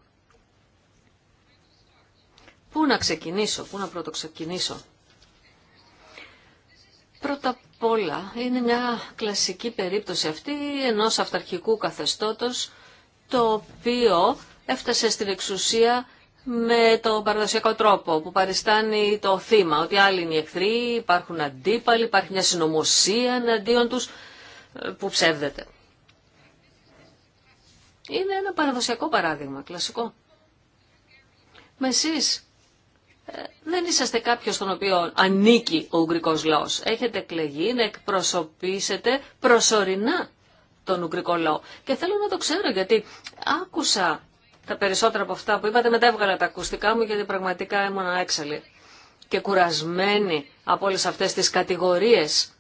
Πού να ξεκινήσω, πού να πρώτο ξεκινήσω. Πρώτα απ' όλα είναι μια κλασική περίπτωση αυτή ενός αυταρχικού καθεστώτος το οποίο έφτασε στην εξουσία με τον παραδοσιακό τρόπο που παριστάνει το θύμα, ότι άλλοι είναι οι εχθροί, υπάρχουν αντίπαλοι, υπάρχει μια συνωμοσία εναντίον τους ε, που ψεύδεται. Είναι ένα παραδοσιακό παράδειγμα, κλασικό. Με εσείς δεν είσαστε κάποιος στον οποίο ανήκει ο Ουγγρικός λαός. Έχετε κλεγεί να εκπροσωπήσετε προσωρινά τον Ουγγρικό λαό. Και θέλω να το ξέρω γιατί άκουσα τα περισσότερα από αυτά που είπατε, μετά έβγαλα τα ακουστικά μου γιατί πραγματικά ήμουν έξαλλη και κουρασμένη από όλες αυτές τις κατηγορίες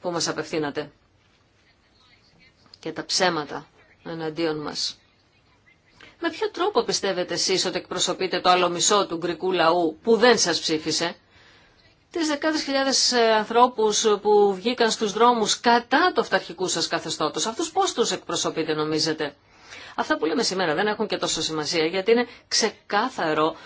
που μας απευθύνατε και τα ψέματα εναντίον μας. Με ποιο τρόπο πιστεύετε εσείς ότι εκπροσωπείτε το άλλο μισό του γκρικού λαού που δεν σας ψήφισε. Τις δεκάδες χιλιάδες ε, ανθρώπους που βγήκαν στους δρόμους κατά το αυταρχικού σας καθεστώτος. Αυτούς πώς τους εκπροσωπείτε νομίζετε. Αυτά που λέμε σήμερα δεν έχουν και τόσο σημασία γιατί είναι ξεκάθαρο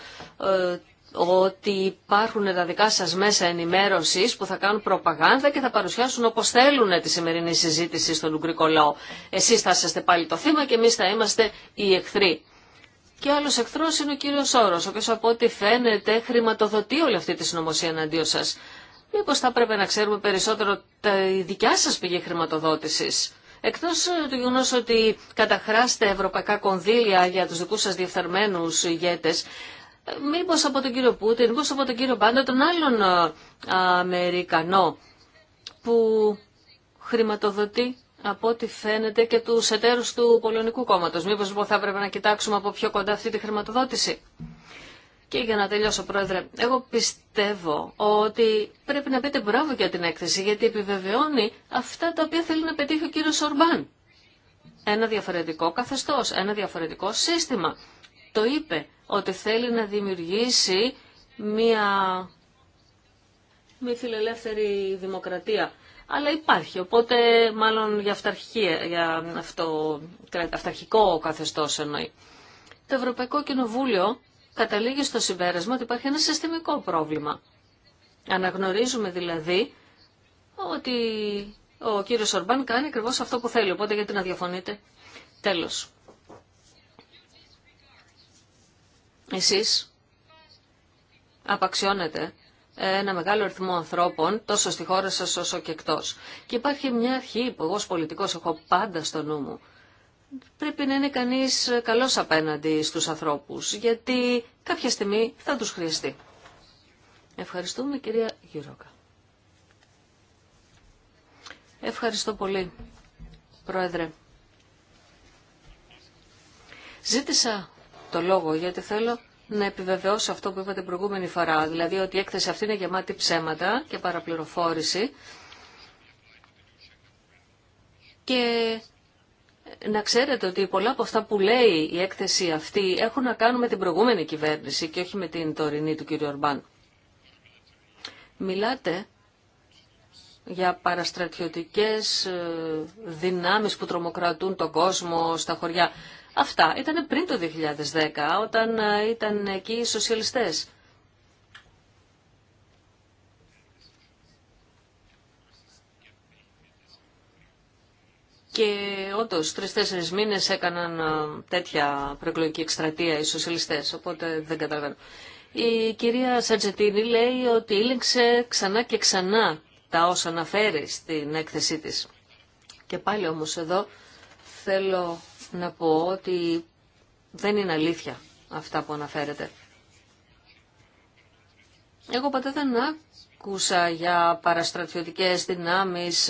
ε, ότι υπάρχουν τα δικά σας μέσα ενημέρωσης που θα κάνουν προπαγάνδα και θα παρουσιάσουν όπως θέλουν τη σημερινή συζήτηση στον Ουγγρικό λαό. Εσείς θα είστε πάλι το θύμα και εμείς θα είμαστε οι εχθροί. Και άλλο εχθρό είναι ο κύριος Όρο, ο οποίο από ό,τι φαίνεται χρηματοδοτεί όλη αυτή τη συνωμοσία εναντίον σα. Μήπω θα πρέπει να ξέρουμε περισσότερο τα δικιά σας πηγή χρηματοδότησης... ...εκτός ε, του γεγονό ότι καταχράστε ευρωπαϊκά κονδύλια για του δικού σα διεφθαρμένου ηγέτε, μήπως από τον κύριο Πούτιν, μήπως από τον κύριο Πάντα, τον άλλον Αμερικανό που χρηματοδοτεί από ό,τι φαίνεται και του εταίρους του Πολωνικού Κόμματος. Μήπως λοιπόν, θα έπρεπε να κοιτάξουμε από πιο κοντά αυτή τη χρηματοδότηση. Και για να τελειώσω, Πρόεδρε, εγώ πιστεύω ότι πρέπει να πείτε μπράβο για την έκθεση, γιατί επιβεβαιώνει αυτά τα οποία θέλει να πετύχει ο κύριος Ορμπάν. Ένα διαφορετικό καθεστώς, ένα διαφορετικό σύστημα. Το είπε ότι θέλει να δημιουργήσει μία μη φιλελεύθερη δημοκρατία. Αλλά υπάρχει, οπότε μάλλον για, αυταρχία, για αυτό, αυταρχικό καθεστώς εννοεί. Το Ευρωπαϊκό Κοινοβούλιο καταλήγει στο συμπέρασμα ότι υπάρχει ένα συστημικό πρόβλημα. Αναγνωρίζουμε δηλαδή ότι ο κύριος Ορμπάν κάνει ακριβώς αυτό που θέλει, οπότε γιατί να διαφωνείτε. Τέλος. εσείς απαξιώνετε ένα μεγάλο αριθμό ανθρώπων, τόσο στη χώρα σας όσο και εκτός. Και υπάρχει μια αρχή που εγώ ως πολιτικός έχω πάντα στο νου μου. Πρέπει να είναι κανείς καλός απέναντι στους ανθρώπους, γιατί κάποια στιγμή θα τους χρειαστεί. Ευχαριστούμε κυρία Γιουρόκα. Ευχαριστώ πολύ, Πρόεδρε. Ζήτησα το λόγο γιατί θέλω να επιβεβαιώσω αυτό που είπα την προηγούμενη φορά. Δηλαδή ότι η έκθεση αυτή είναι γεμάτη ψέματα και παραπληροφόρηση και να ξέρετε ότι πολλά από αυτά που λέει η έκθεση αυτή έχουν να κάνουν με την προηγούμενη κυβέρνηση και όχι με την τωρινή του κ. Ορμπάν. Μιλάτε για παραστρατιωτικές ε, δυνάμεις που τρομοκρατούν τον κόσμο στα χωριά. Αυτά ήταν πριν το 2010, όταν ε, ήταν εκεί οι σοσιαλιστές. Και όντω τρει-τέσσερι μήνε έκαναν ε, τέτοια προεκλογική εκστρατεία οι σοσιαλιστέ, οπότε δεν καταλαβαίνω. Η κυρία Σαρτζετίνη λέει ότι ήλεγξε ξανά και ξανά τα όσα αναφέρει στην έκθεσή της. Και πάλι όμως εδώ θέλω να πω ότι δεν είναι αλήθεια αυτά που αναφέρετε. Εγώ ποτέ δεν άκουσα για παραστρατιωτικές δυνάμεις,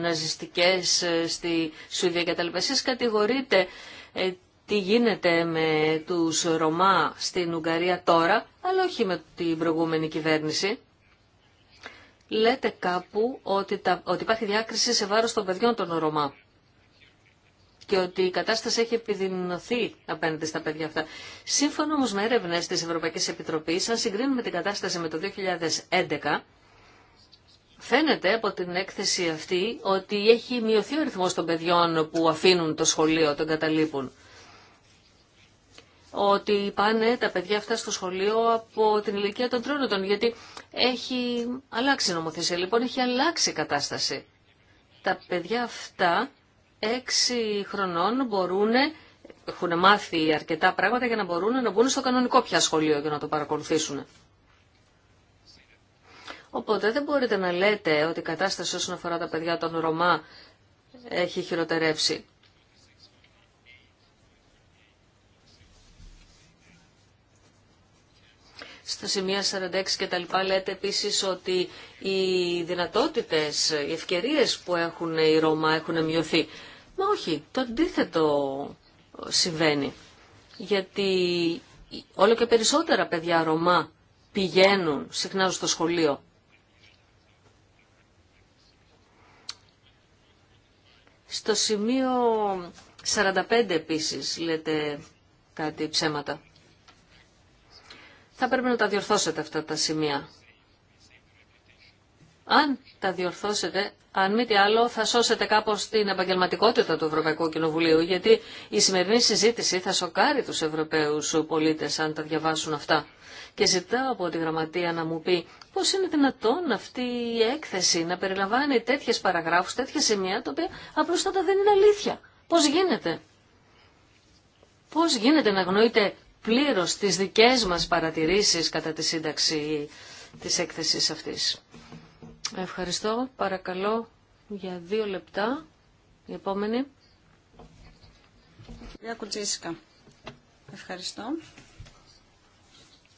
ναζιστικές στη Σουηδία κτλ. Εσείς κατηγορείτε ε, τι γίνεται με τους Ρωμά στην Ουγγαρία τώρα, αλλά όχι με την προηγούμενη κυβέρνηση. Λέτε κάπου ότι, τα, ότι υπάρχει διάκριση σε βάρος των παιδιών των Ρωμά και ότι η κατάσταση έχει επιδεινωθεί απέναντι στα παιδιά αυτά. Σύμφωνα όμω με έρευνε τη Ευρωπαϊκή Επιτροπή, αν συγκρίνουμε την κατάσταση με το 2011, φαίνεται από την έκθεση αυτή ότι έχει μειωθεί ο αριθμό των παιδιών που αφήνουν το σχολείο, τον καταλείπουν. Ότι πάνε τα παιδιά αυτά στο σχολείο από την ηλικία των τρόνων γιατί έχει αλλάξει η νομοθεσία, λοιπόν έχει αλλάξει η κατάσταση. Τα παιδιά αυτά έξι χρονών μπορούν, έχουν μάθει αρκετά πράγματα για να μπορούν να μπουν στο κανονικό πια σχολείο για να το παρακολουθήσουν. Οπότε δεν μπορείτε να λέτε ότι η κατάσταση όσον αφορά τα παιδιά των Ρωμά έχει χειροτερεύσει. στα σημεία 46 και τα λοιπά λέτε επίσης ότι οι δυνατότητες, οι ευκαιρίες που έχουν οι Ρώμα έχουν μειωθεί. Μα όχι, το αντίθετο συμβαίνει. Γιατί όλο και περισσότερα παιδιά Ρωμά πηγαίνουν συχνά στο σχολείο. Στο σημείο 45 επίσης λέτε κάτι ψέματα. Θα πρέπει να τα διορθώσετε αυτά τα σημεία. Αν τα διορθώσετε, αν μη τι άλλο, θα σώσετε κάπως την επαγγελματικότητα του Ευρωπαϊκού Κοινοβουλίου, γιατί η σημερινή συζήτηση θα σοκάρει τους Ευρωπαίους πολίτες αν τα διαβάσουν αυτά. Και ζητάω από τη γραμματεία να μου πει πώς είναι δυνατόν αυτή η έκθεση να περιλαμβάνει τέτοιε παραγράφους, τέτοια σημεία, τα οποία τότε δεν είναι αλήθεια. Πώ γίνεται. Πώ γίνεται να γνωρείτε πλήρω τι δικέ μα παρατηρήσει κατά τη σύνταξη τη έκθεση αυτή. Ευχαριστώ. Παρακαλώ για δύο λεπτά. Η επόμενη. Κυρία Κουτζίσικα. Ευχαριστώ.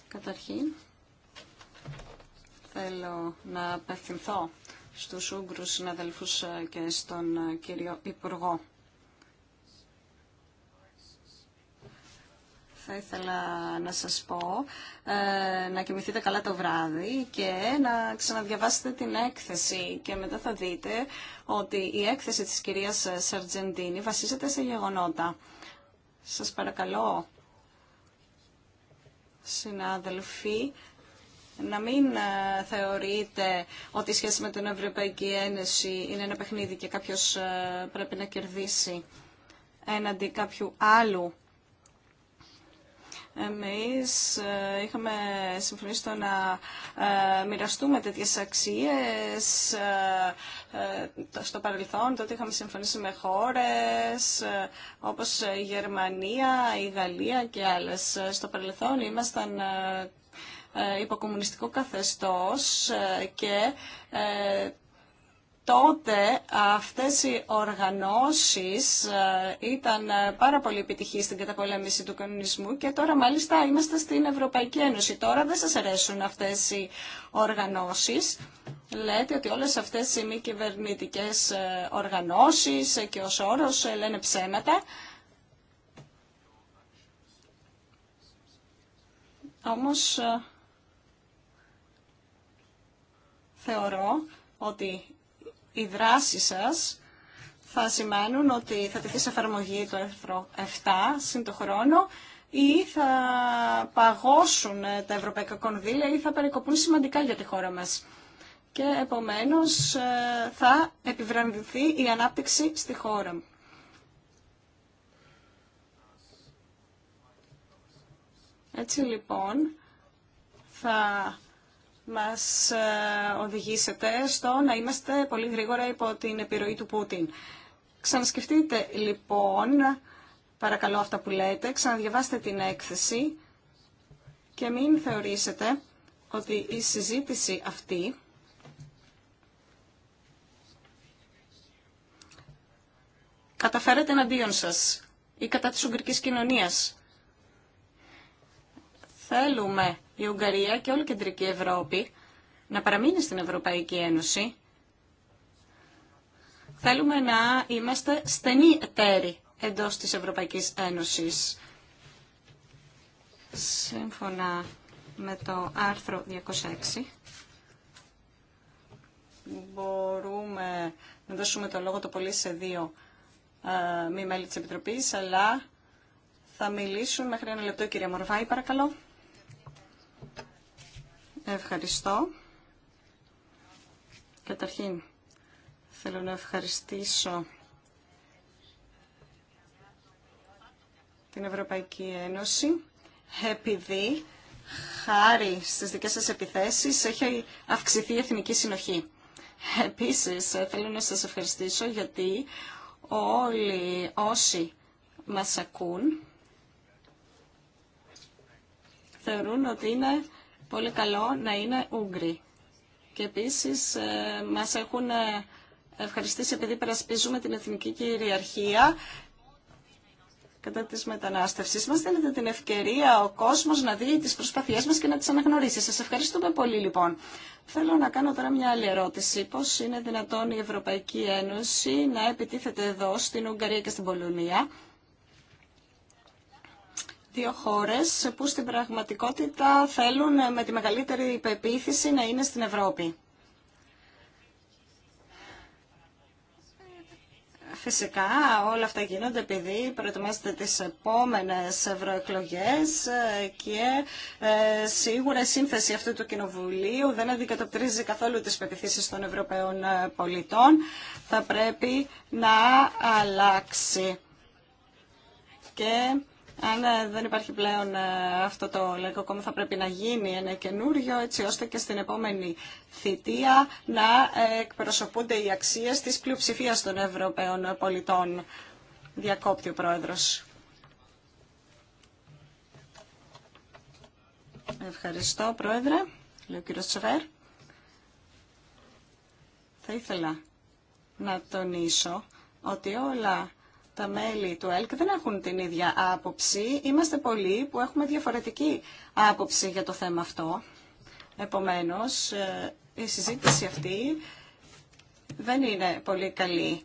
Καταρχήν, θέλω να απευθυνθώ στους Ούγκρους συναδελφούς και στον κύριο Υπουργό θα ήθελα να σας πω ε, να κοιμηθείτε καλά το βράδυ και να ξαναδιαβάσετε την έκθεση και μετά θα δείτε ότι η έκθεση της κυρίας Σαρτζεντίνη βασίζεται σε γεγονότα. Σας παρακαλώ, συνάδελφοι, να μην ε, θεωρείτε ότι η σχέση με την Ευρωπαϊκή Ένωση είναι ένα παιχνίδι και κάποιος ε, πρέπει να κερδίσει έναντι κάποιου άλλου εμείς ε, είχαμε συμφωνήσει στο να ε, μοιραστούμε τέτοιες αξίες ε, στο παρελθόν. Τότε είχαμε συμφωνήσει με χώρες όπως η Γερμανία, η Γαλλία και άλλες. Στο παρελθόν ήμασταν υποκομμουνιστικό καθεστώς και τότε αυτές οι οργανώσεις ε, ήταν ε, πάρα πολύ επιτυχείς στην καταπολέμηση του κανονισμού και τώρα μάλιστα είμαστε στην Ευρωπαϊκή Ένωση. Τώρα δεν σας αρέσουν αυτές οι οργανώσεις. Λέτε ότι όλες αυτές οι μη κυβερνητικέ ε, οργανώσεις και ο όρος λένε ψέματα. Όμως θεωρώ ότι οι δράσει σας θα σημαίνουν ότι θα τεθεί σε εφαρμογή το έθρο 7 συν το χρόνο ή θα παγώσουν τα ευρωπαϊκά κονδύλια ή θα περικοπούν σημαντικά για τη χώρα μας. Και επομένως ε, θα επιβραδυνθεί η ανάπτυξη στη χώρα. Έτσι λοιπόν θα μας ε, οδηγήσετε στο να είμαστε πολύ γρήγορα υπό την επιρροή του Πούτιν. Ξανασκεφτείτε λοιπόν, παρακαλώ αυτά που λέτε, ξαναδιαβάστε την έκθεση και μην θεωρήσετε ότι η συζήτηση αυτή καταφέρεται εναντίον σας ή κατά της ουγγρικής κοινωνίας. Θέλουμε η Ουγγαρία και όλη η Κεντρική Ευρώπη να παραμείνει στην Ευρωπαϊκή Ένωση. Θέλουμε να είμαστε στενοί εταίροι εντός της Ευρωπαϊκής Ένωσης. Σύμφωνα με το άρθρο 206 μπορούμε να δώσουμε το λόγο το πολύ σε δύο ε, μη μέλη της Επιτροπής, αλλά θα μιλήσουν μέχρι ένα λεπτό η κυρία Μορβάη, παρακαλώ. Ευχαριστώ. Καταρχήν, θέλω να ευχαριστήσω την Ευρωπαϊκή Ένωση επειδή χάρη στις δικές σας επιθέσεις έχει αυξηθεί η εθνική συνοχή. Επίσης, θέλω να σας ευχαριστήσω γιατί όλοι όσοι μας ακούν θεωρούν ότι είναι πολύ καλό να είναι Ούγγροι. Και επίσης ε, μας έχουν ε, ευχαριστήσει επειδή περασπίζουμε την εθνική κυριαρχία κατά της μετανάστευσης μας. Δίνετε την ευκαιρία ο κόσμος να δει τις προσπαθίες μας και να τις αναγνωρίσει. Σας ευχαριστούμε πολύ λοιπόν. Θέλω να κάνω τώρα μια άλλη ερώτηση. Πώς είναι δυνατόν η Ευρωπαϊκή Ένωση να επιτίθεται εδώ στην Ουγγαρία και στην Πολωνία δύο χώρες που στην πραγματικότητα θέλουν με τη μεγαλύτερη υπεποίθηση να είναι στην Ευρώπη. Φυσικά όλα αυτά γίνονται επειδή προετοιμάζετε τις επόμενες ευρωεκλογέ ε, και ε, σίγουρα η σύνθεση αυτού του κοινοβουλίου δεν αντικατοπτρίζει καθόλου τις πεπιθήσεις των Ευρωπαίων ε, πολιτών. Θα πρέπει να αλλάξει. Και αν ε, δεν υπάρχει πλέον ε, αυτό το λαϊκό κόμμα θα πρέπει να γίνει ένα καινούριο έτσι ώστε και στην επόμενη θητεία να ε, εκπροσωπούνται οι αξίες της πλειοψηφίας των Ευρωπαίων πολιτών. Διακόπτει ο Πρόεδρος. Ευχαριστώ Πρόεδρε, λέει ο κύριος Τσεβέρ. Θα ήθελα να τονίσω ότι όλα τα μέλη του ΕΛΚ δεν έχουν την ίδια άποψη. Είμαστε πολλοί που έχουμε διαφορετική άποψη για το θέμα αυτό. Επομένως, ε, η συζήτηση αυτή δεν είναι πολύ καλή.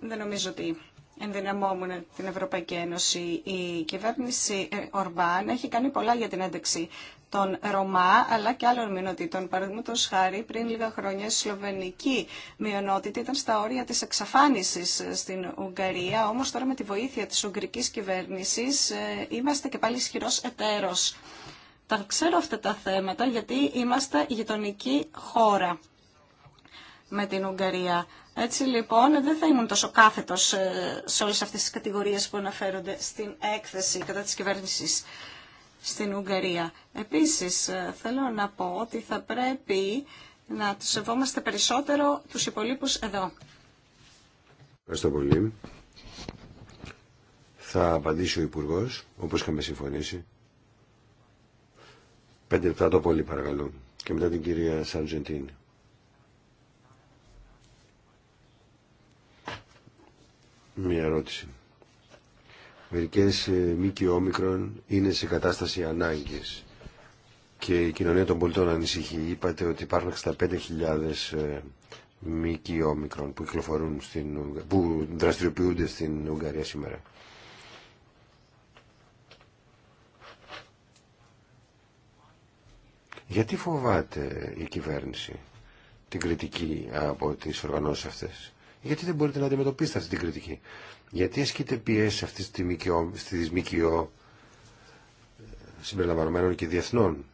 Δεν νομίζω ότι ενδυναμόμουν την Ευρωπαϊκή Ένωση. Η κυβέρνηση ε, Ορμπάν έχει κάνει πολλά για την ένταξη των Ρωμά αλλά και άλλων μειονοτήτων. Παραδείγματο χάρη, πριν λίγα χρόνια η σλοβενική μειονότητα ήταν στα όρια τη εξαφάνιση στην Ουγγαρία. Όμω τώρα με τη βοήθεια τη ουγγρική κυβέρνηση ε, είμαστε και πάλι ισχυρό εταίρο. Τα ξέρω αυτά τα θέματα γιατί είμαστε γειτονική χώρα με την Ουγγαρία. Έτσι λοιπόν δεν θα ήμουν τόσο κάθετος ε, σε όλες αυτές τις κατηγορίες που αναφέρονται στην έκθεση κατά της κυβέρνησης στην Ουγγαρία. Επίσης, ε, θέλω να πω ότι θα πρέπει να τους σεβόμαστε περισσότερο τους υπολείπους εδώ. Ευχαριστώ πολύ. Θα απαντήσει ο υπουργό, όπως είχαμε συμφωνήσει. Πέντε λεπτά το πολύ παρακαλώ. Και μετά την κυρία Σαντζεντίν. Μία ερώτηση μερικές ε, μήκοι όμικρον είναι σε κατάσταση ανάγκης και η κοινωνία των πολιτών ανησυχεί. Είπατε ότι υπάρχουν 65.000 ε, μήκοι όμικρον που, κυκλοφορούν στην, που δραστηριοποιούνται στην Ουγγαρία σήμερα. Γιατί φοβάται η κυβέρνηση την κριτική από τις οργανώσεις αυτές γιατί δεν μπορείτε να αντιμετωπίσετε αυτή την κριτική. Γιατί ασκείτε πιέσει αυτή τη ΜΚΟ, στη ΜΚΟ ε, συμπεριλαμβανομένων και διεθνών.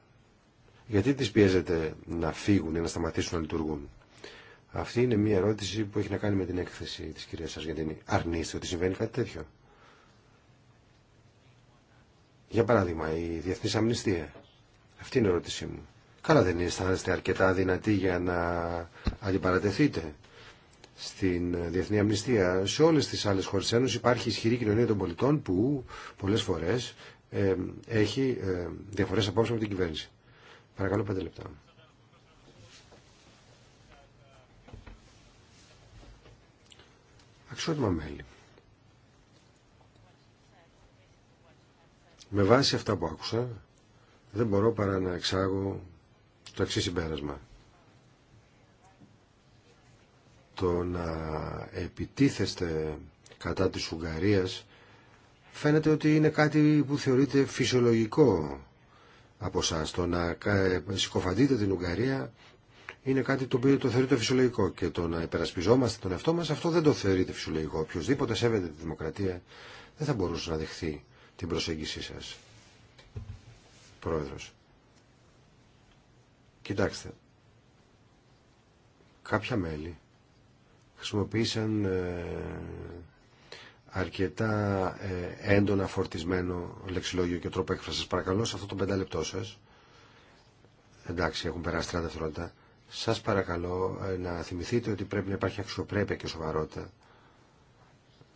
Γιατί τις πιέζετε να φύγουν ή να σταματήσουν να λειτουργούν. Αυτή είναι μια ερώτηση που έχει να κάνει με την έκθεση της κυρίας σας, γιατί αρνείστε ότι συμβαίνει κάτι τέτοιο. Για παράδειγμα, η διεθνή Αμνηστία. Αυτή είναι η ερώτησή μου. Καλά δεν αισθάνεστε αρκετά δυνατοί για να αντιπαρατεθείτε στην ε, Διεθνή Αμνηστία. Σε όλες τις άλλες χώρες της υπάρχει ισχυρή κοινωνία των πολιτών που πολλές φορές ε, έχει ε, διαφορές απόψε με την κυβέρνηση. Παρακαλώ πέντε λεπτά. Αξιότιμα μέλη. Με βάση αυτά που άκουσα, δεν μπορώ παρά να εξάγω το εξή συμπέρασμα το να επιτίθεστε κατά της Ουγγαρίας φαίνεται ότι είναι κάτι που θεωρείται φυσιολογικό από σας. Το να ε, συκοφαντείτε την Ουγγαρία είναι κάτι το οποίο το θεωρείται φυσιολογικό και το να υπερασπιζόμαστε τον εαυτό μας αυτό δεν το θεωρείται φυσιολογικό. Οποιοςδήποτε σέβεται τη δημοκρατία δεν θα μπορούσε να δεχθεί την προσέγγιση σας. Πρόεδρος. Κοιτάξτε. Κάποια μέλη χρησιμοποίησαν ε, αρκετά ε, έντονα φορτισμένο λεξιλόγιο και τρόπο Σα Παρακαλώ σε αυτό το πεντάλεπτό σα, Εντάξει, έχουν περάσει 30 δευτερόλεπτα. σα παρακαλώ ε, να θυμηθείτε ότι πρέπει να υπάρχει αξιοπρέπεια και σοβαρότητα.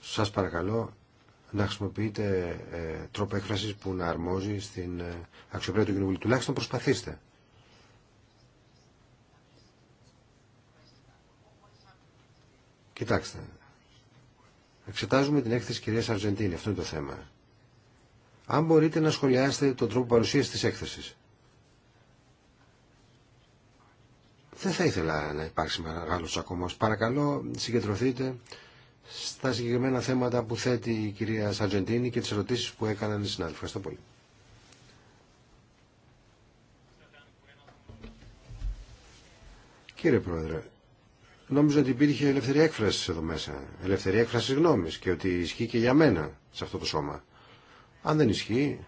σα παρακαλώ να χρησιμοποιείτε τρόπο έκφραση που να αρμόζει στην αξιοπρέπεια του κοινοβουλίου. Τουλάχιστον προσπαθήστε. Κοιτάξτε. Εξετάζουμε την έκθεση κυρία Αργεντίνη. Αυτό είναι το θέμα. Αν μπορείτε να σχολιάσετε τον τρόπο παρουσίαση τη έκθεση. Δεν θα ήθελα να υπάρξει μεγάλο ακόμα. Παρακαλώ, συγκεντρωθείτε στα συγκεκριμένα θέματα που θέτει η κυρία Αργεντίνη και τις ερωτήσεις που έκαναν οι συνάδελφοι. Ευχαριστώ πολύ. Κύριε Πρόεδρε, νόμιζα ότι υπήρχε ελευθερία έκφραση εδώ μέσα. Ελευθερία έκφραση γνώμη και ότι ισχύει και για μένα σε αυτό το σώμα. Αν δεν ισχύει,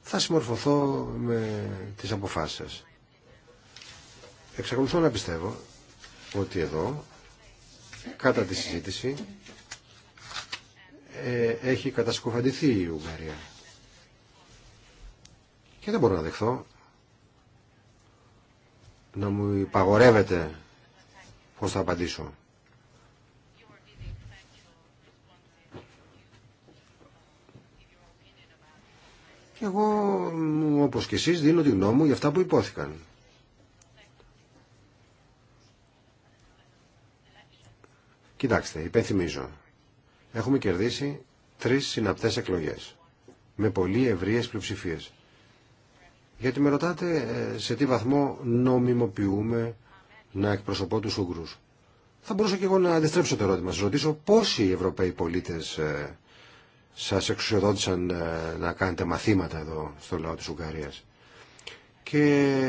θα συμμορφωθώ με τις αποφάσεις σα. Εξακολουθώ να πιστεύω ότι εδώ, κατά τη συζήτηση, ε, έχει κατασκοφαντηθεί η Ουγγαρία. Και δεν μπορώ να δεχθώ να μου υπαγορεύετε πώς θα απαντήσω. Και εγώ, όπως και εσείς, δίνω τη γνώμη μου για αυτά που υπόθηκαν. Κοιτάξτε, υπενθυμίζω. Έχουμε κερδίσει τρεις συναπτές εκλογές με πολύ ευρείες πλειοψηφίες γιατί με ρωτάτε ε, σε τι βαθμό νομιμοποιούμε να εκπροσωπώ τους Ούγγρους. Θα μπορούσα και εγώ να αντιστρέψω το ερώτημα. Σας ρωτήσω πόσοι Ευρωπαίοι πολίτες ε, σας εξουσιοδότησαν ε, να κάνετε μαθήματα εδώ στο λαό της Ουγγαρίας. Και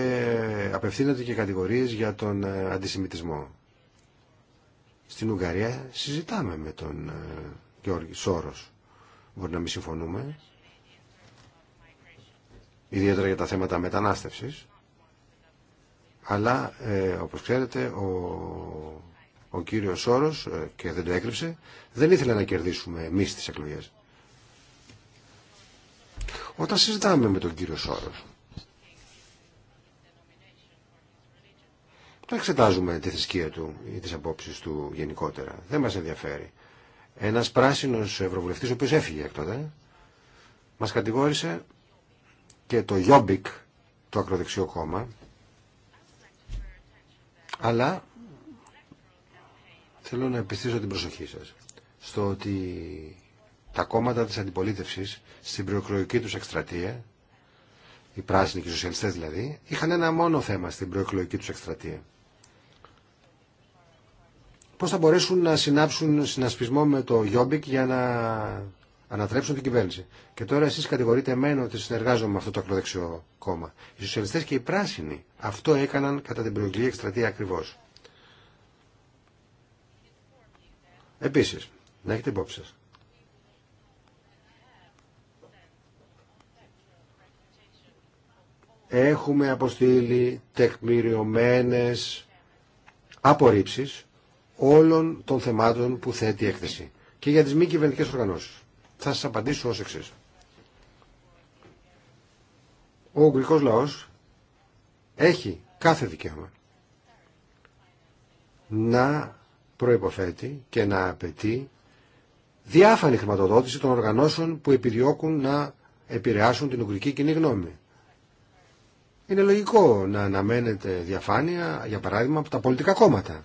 απευθύνονται και κατηγορίες για τον αντισημιτισμό. Στην Ουγγαρία συζητάμε με τον Γιώργη Σόρος. Μπορεί να μην συμφωνούμε, ιδιαίτερα για τα θέματα μετανάστευσης. Αλλά, ε, όπως ξέρετε, ο, ο κύριος Σόρος, ε, και δεν το έκρυψε, δεν ήθελε να κερδίσουμε εμείς τις εκλογές. Όταν συζητάμε με τον κύριο Σόρος, δεν εξετάζουμε τη θρησκεία του ή τις απόψεις του γενικότερα. Δεν μας ενδιαφέρει. Ένας πράσινος ευρωβουλευτής, ο οποίος έφυγε εκ τότε, μας κατηγόρησε και το Ιόμπικ, το ακροδεξιό κόμμα, αλλά θέλω να επιστήσω την προσοχή σας στο ότι τα κόμματα της αντιπολίτευσης στην προεκλογική τους εκστρατεία, οι πράσινοι και οι σοσιαλιστές δηλαδή, είχαν ένα μόνο θέμα στην προεκλογική τους εκστρατεία. Πώς θα μπορέσουν να συνάψουν συνασπισμό με το ΙΟΜΠΙΚ για να ανατρέψουν την κυβέρνηση. Και τώρα εσεί κατηγορείτε εμένα ότι συνεργάζομαι με αυτό το ακροδεξιό κόμμα. Οι σοσιαλιστέ και οι πράσινοι αυτό έκαναν κατά την προηγουμένη εκστρατεία ακριβώ. Επίση, να έχετε υπόψη σα. Έχουμε αποστείλει τεκμηριωμένες απορρίψεις όλων των θεμάτων που θέτει η έκθεση και για τις μη κυβερνητικές οργανώσεις. Θα σας απαντήσω ως εξής. Ο Ουγγρικός λαός έχει κάθε δικαίωμα να προϋποθέτει και να απαιτεί διάφανη χρηματοδότηση των οργανώσεων που επιδιώκουν να επηρεάσουν την Ουγγρική κοινή γνώμη. Είναι λογικό να αναμένεται διαφάνεια, για παράδειγμα, από τα πολιτικά κόμματα.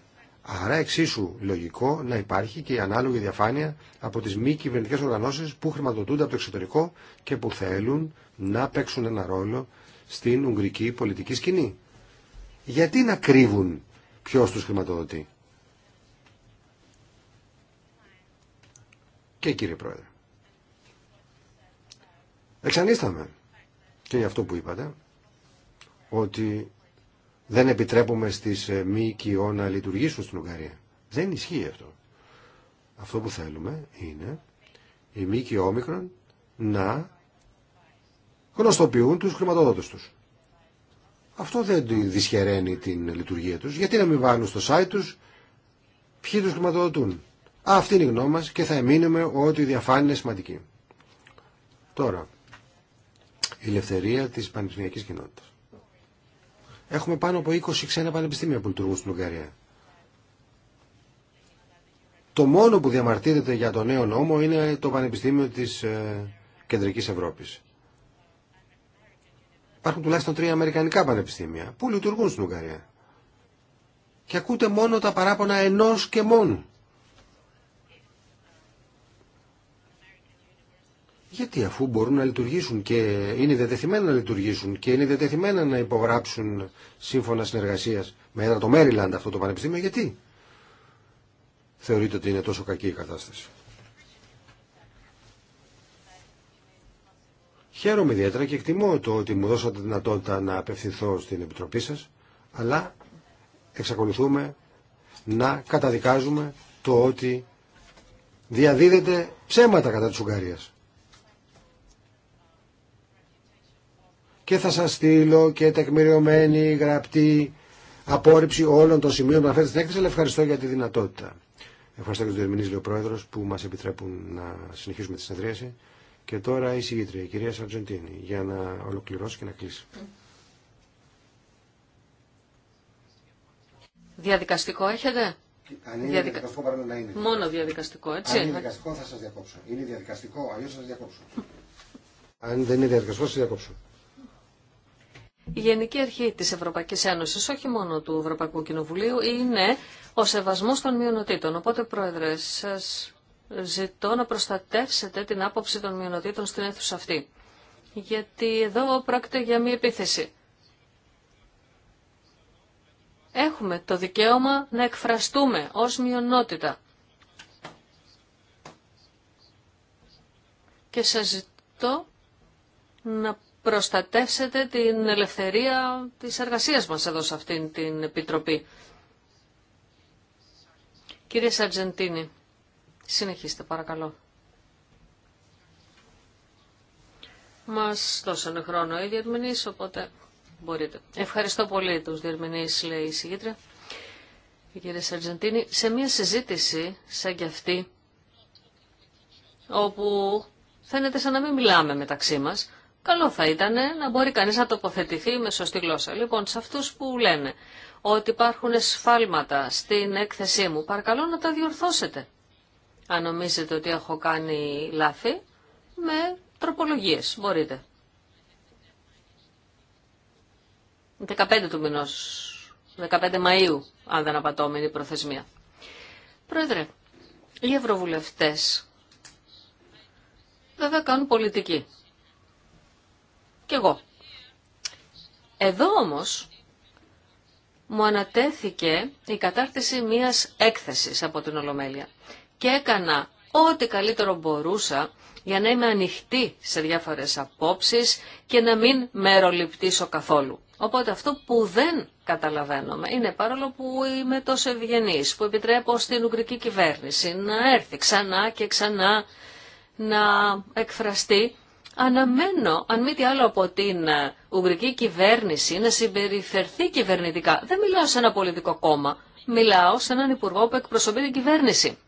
Άρα εξίσου λογικό να υπάρχει και η ανάλογη διαφάνεια από τις μη κυβερνητικέ οργανώσεις που χρηματοδοτούνται από το εξωτερικό και που θέλουν να παίξουν ένα ρόλο στην ουγγρική πολιτική σκηνή. Γιατί να κρύβουν ποιος τους χρηματοδοτεί. Και κύριε Πρόεδρε. Εξανίσταμε και για αυτό που είπατε ότι δεν επιτρέπουμε στις ε, ΜΚΟ να λειτουργήσουν στην Ουγγαρία. Δεν ισχύει αυτό. Αυτό που θέλουμε είναι οι ΜΚΟ όμικρον να γνωστοποιούν τους χρηματοδότες τους. Αυτό δεν δυσχεραίνει την λειτουργία τους. Γιατί να μην βάλουν στο site τους ποιοι τους χρηματοδοτούν. Αυτή είναι η γνώμη μας και θα εμείνουμε ότι η διαφάνεια είναι σημαντική. Τώρα, η ελευθερία της πανεπιστημιακής κοινότητας. Έχουμε πάνω από 20 ξένα πανεπιστήμια που λειτουργούν στην Ουγγαρία. Το μόνο που διαμαρτύρεται για το νέο νόμο είναι το Πανεπιστήμιο της ε, Κεντρικής Ευρώπης. Υπάρχουν τουλάχιστον τρία Αμερικανικά πανεπιστήμια που λειτουργούν στην Ουγγαρία. Και ακούτε μόνο τα παράπονα ενός και μόνου. Γιατί αφού μπορούν να λειτουργήσουν και είναι δεδεθειμένα να λειτουργήσουν και είναι δεδεθειμένα να υπογράψουν σύμφωνα συνεργασία με ένα το Μέριλαντ αυτό το πανεπιστήμιο, γιατί θεωρείτε ότι είναι τόσο κακή η κατάσταση. Χαίρομαι ιδιαίτερα και εκτιμώ το ότι μου δώσατε δυνατότητα να απευθυνθώ στην Επιτροπή σας, αλλά εξακολουθούμε να καταδικάζουμε το ότι διαδίδεται ψέματα κατά της Ουγγαρίας. και θα σας στείλω και τεκμηριωμένη γραπτή απόρριψη όλων των σημείων που φέρετε στην έκθεση, αλλά ευχαριστώ για τη δυνατότητα. Ευχαριστώ και τον λέει ο Πρόεδρο που μα επιτρέπουν να συνεχίσουμε τη συνεδρίαση. Και τώρα η συγγήτρια, η κυρία Σαρτζεντίνη, για να ολοκληρώσει και να κλείσει. Διαδικαστικό έχετε. Αν είναι διαδικαστικό παρόλο να είναι. Μόνο διαδικαστικό, έτσι. Αν είναι διαδικαστικό θα σας διακόψω. Είναι διαδικαστικό, αλλιώς θα σας διακόψω. Hm. Αν δεν είναι διαδικαστικό θα σας διακόψω. Η Γενική Αρχή της Ευρωπαϊκής Ένωσης, όχι μόνο του Ευρωπαϊκού Κοινοβουλίου, είναι ο σεβασμός των μειονοτήτων. Οπότε, Πρόεδρε, σας ζητώ να προστατεύσετε την άποψη των μειονοτήτων στην αίθουσα αυτή. Γιατί εδώ πρόκειται για μία επίθεση. Έχουμε το δικαίωμα να εκφραστούμε ως μειονότητα. Και σας ζητώ να προστατεύσετε την ελευθερία της εργασίας μας εδώ σε αυτήν την Επιτροπή. Κύριε Σαρτζεντίνη, συνεχίστε παρακαλώ. Μας δώσανε χρόνο οι διερμηνείς, οπότε μπορείτε. Ευχαριστώ πολύ τους διερμηνείς, λέει η συγγήτρια. Κύριε Σαρτζεντίνη, σε μια συζήτηση σαν κι αυτή, όπου φαίνεται σαν να μην μιλάμε μεταξύ μας, καλό θα ήταν να μπορεί κανείς να τοποθετηθεί με σωστή γλώσσα. Λοιπόν, σε αυτούς που λένε ότι υπάρχουν σφάλματα στην έκθεσή μου, παρακαλώ να τα διορθώσετε. Αν νομίζετε ότι έχω κάνει λάθη, με τροπολογίες μπορείτε. 15 του μηνός, 15 Μαΐου, αν δεν απατώμενη η προθεσμία. Πρόεδρε, οι ευρωβουλευτές βέβαια κάνουν πολιτική και εγώ. Εδώ όμως μου ανατέθηκε η κατάρτιση μιας έκθεσης από την Ολομέλεια και έκανα ό,τι καλύτερο μπορούσα για να είμαι ανοιχτή σε διάφορες απόψεις και να μην μεροληπτήσω καθόλου. Οπότε αυτό που δεν καταλαβαίνουμε είναι παρόλο που είμαι τόσο ευγενή, που επιτρέπω στην Ουγγρική κυβέρνηση να έρθει ξανά και ξανά να εκφραστεί, αναμένω, αν μη τι άλλο από την ε, Ουγγρική κυβέρνηση, να συμπεριφερθεί κυβερνητικά. Δεν μιλάω σε ένα πολιτικό κόμμα. Μιλάω σε έναν υπουργό που εκπροσωπεί την κυβέρνηση.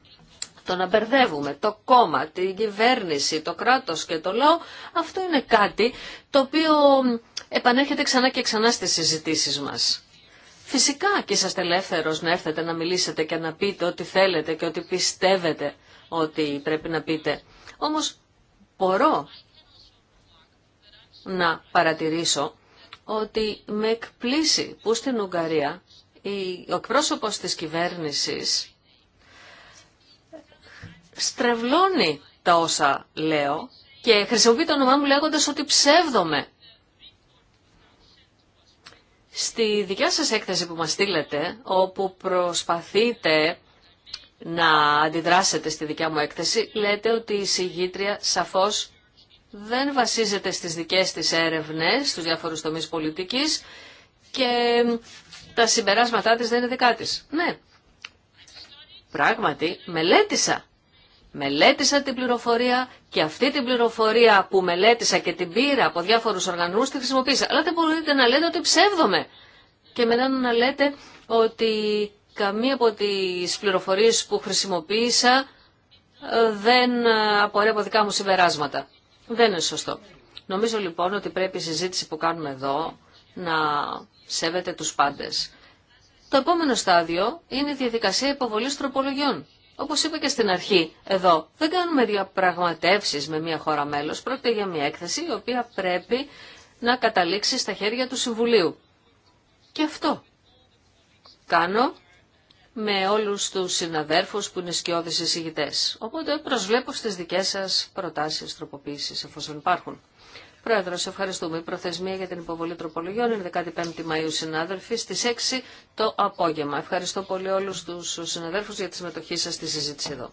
Το να μπερδεύουμε το κόμμα, την κυβέρνηση, το κράτος και το λαό, αυτό είναι κάτι το οποίο επανέρχεται ξανά και ξανά στις συζητήσεις μας. Φυσικά και είσαστε ελεύθερος να έρθετε να μιλήσετε και να πείτε ό,τι θέλετε και ό,τι πιστεύετε ότι πρέπει να πείτε. Όμως μπορώ να παρατηρήσω ότι με εκπλήσει που στην Ουγγαρία ο εκπρόσωπος της κυβέρνησης στρεβλώνει τα όσα λέω και χρησιμοποιεί το όνομά μου λέγοντας ότι ψεύδομαι. Στη δικιά σας έκθεση που μας στείλετε, όπου προσπαθείτε να αντιδράσετε στη δικιά μου έκθεση, λέτε ότι η συγγήτρια σαφώς δεν βασίζεται στις δικές της έρευνες, στους διάφορους τομείς πολιτικής και τα συμπεράσματά της δεν είναι δικά της. Ναι, πράγματι μελέτησα. Μελέτησα την πληροφορία και αυτή την πληροφορία που μελέτησα και την πήρα από διάφορους οργανούς τη χρησιμοποίησα. Αλλά δεν μπορείτε να λέτε ότι ψεύδομαι. Και μετά να λέτε ότι καμία από τις πληροφορίες που χρησιμοποίησα ε, δεν ε, απορρέει δικά μου συμπεράσματα δεν είναι σωστό. Νομίζω λοιπόν ότι πρέπει η συζήτηση που κάνουμε εδώ να σέβεται τους πάντες. Το επόμενο στάδιο είναι η διαδικασία υποβολής τροπολογιών. Όπως είπα και στην αρχή, εδώ δεν κάνουμε διαπραγματεύσεις με μια χώρα μέλος, πρόκειται για μια έκθεση η οποία πρέπει να καταλήξει στα χέρια του Συμβουλίου. Και αυτό κάνω με όλους τους συναδέρφους που είναι σκιώδεις εισηγητέ. Οπότε προσβλέπω στις δικές σας προτάσεις τροποποίησης εφόσον υπάρχουν. Πρόεδρο, ευχαριστούμε. Η προθεσμία για την υποβολή τροπολογιών είναι 15η Μαου, συνάδελφοι, στι 6 το απόγευμα. Ευχαριστώ πολύ όλου του συναδέρφους για τη συμμετοχή σα στη συζήτηση εδώ.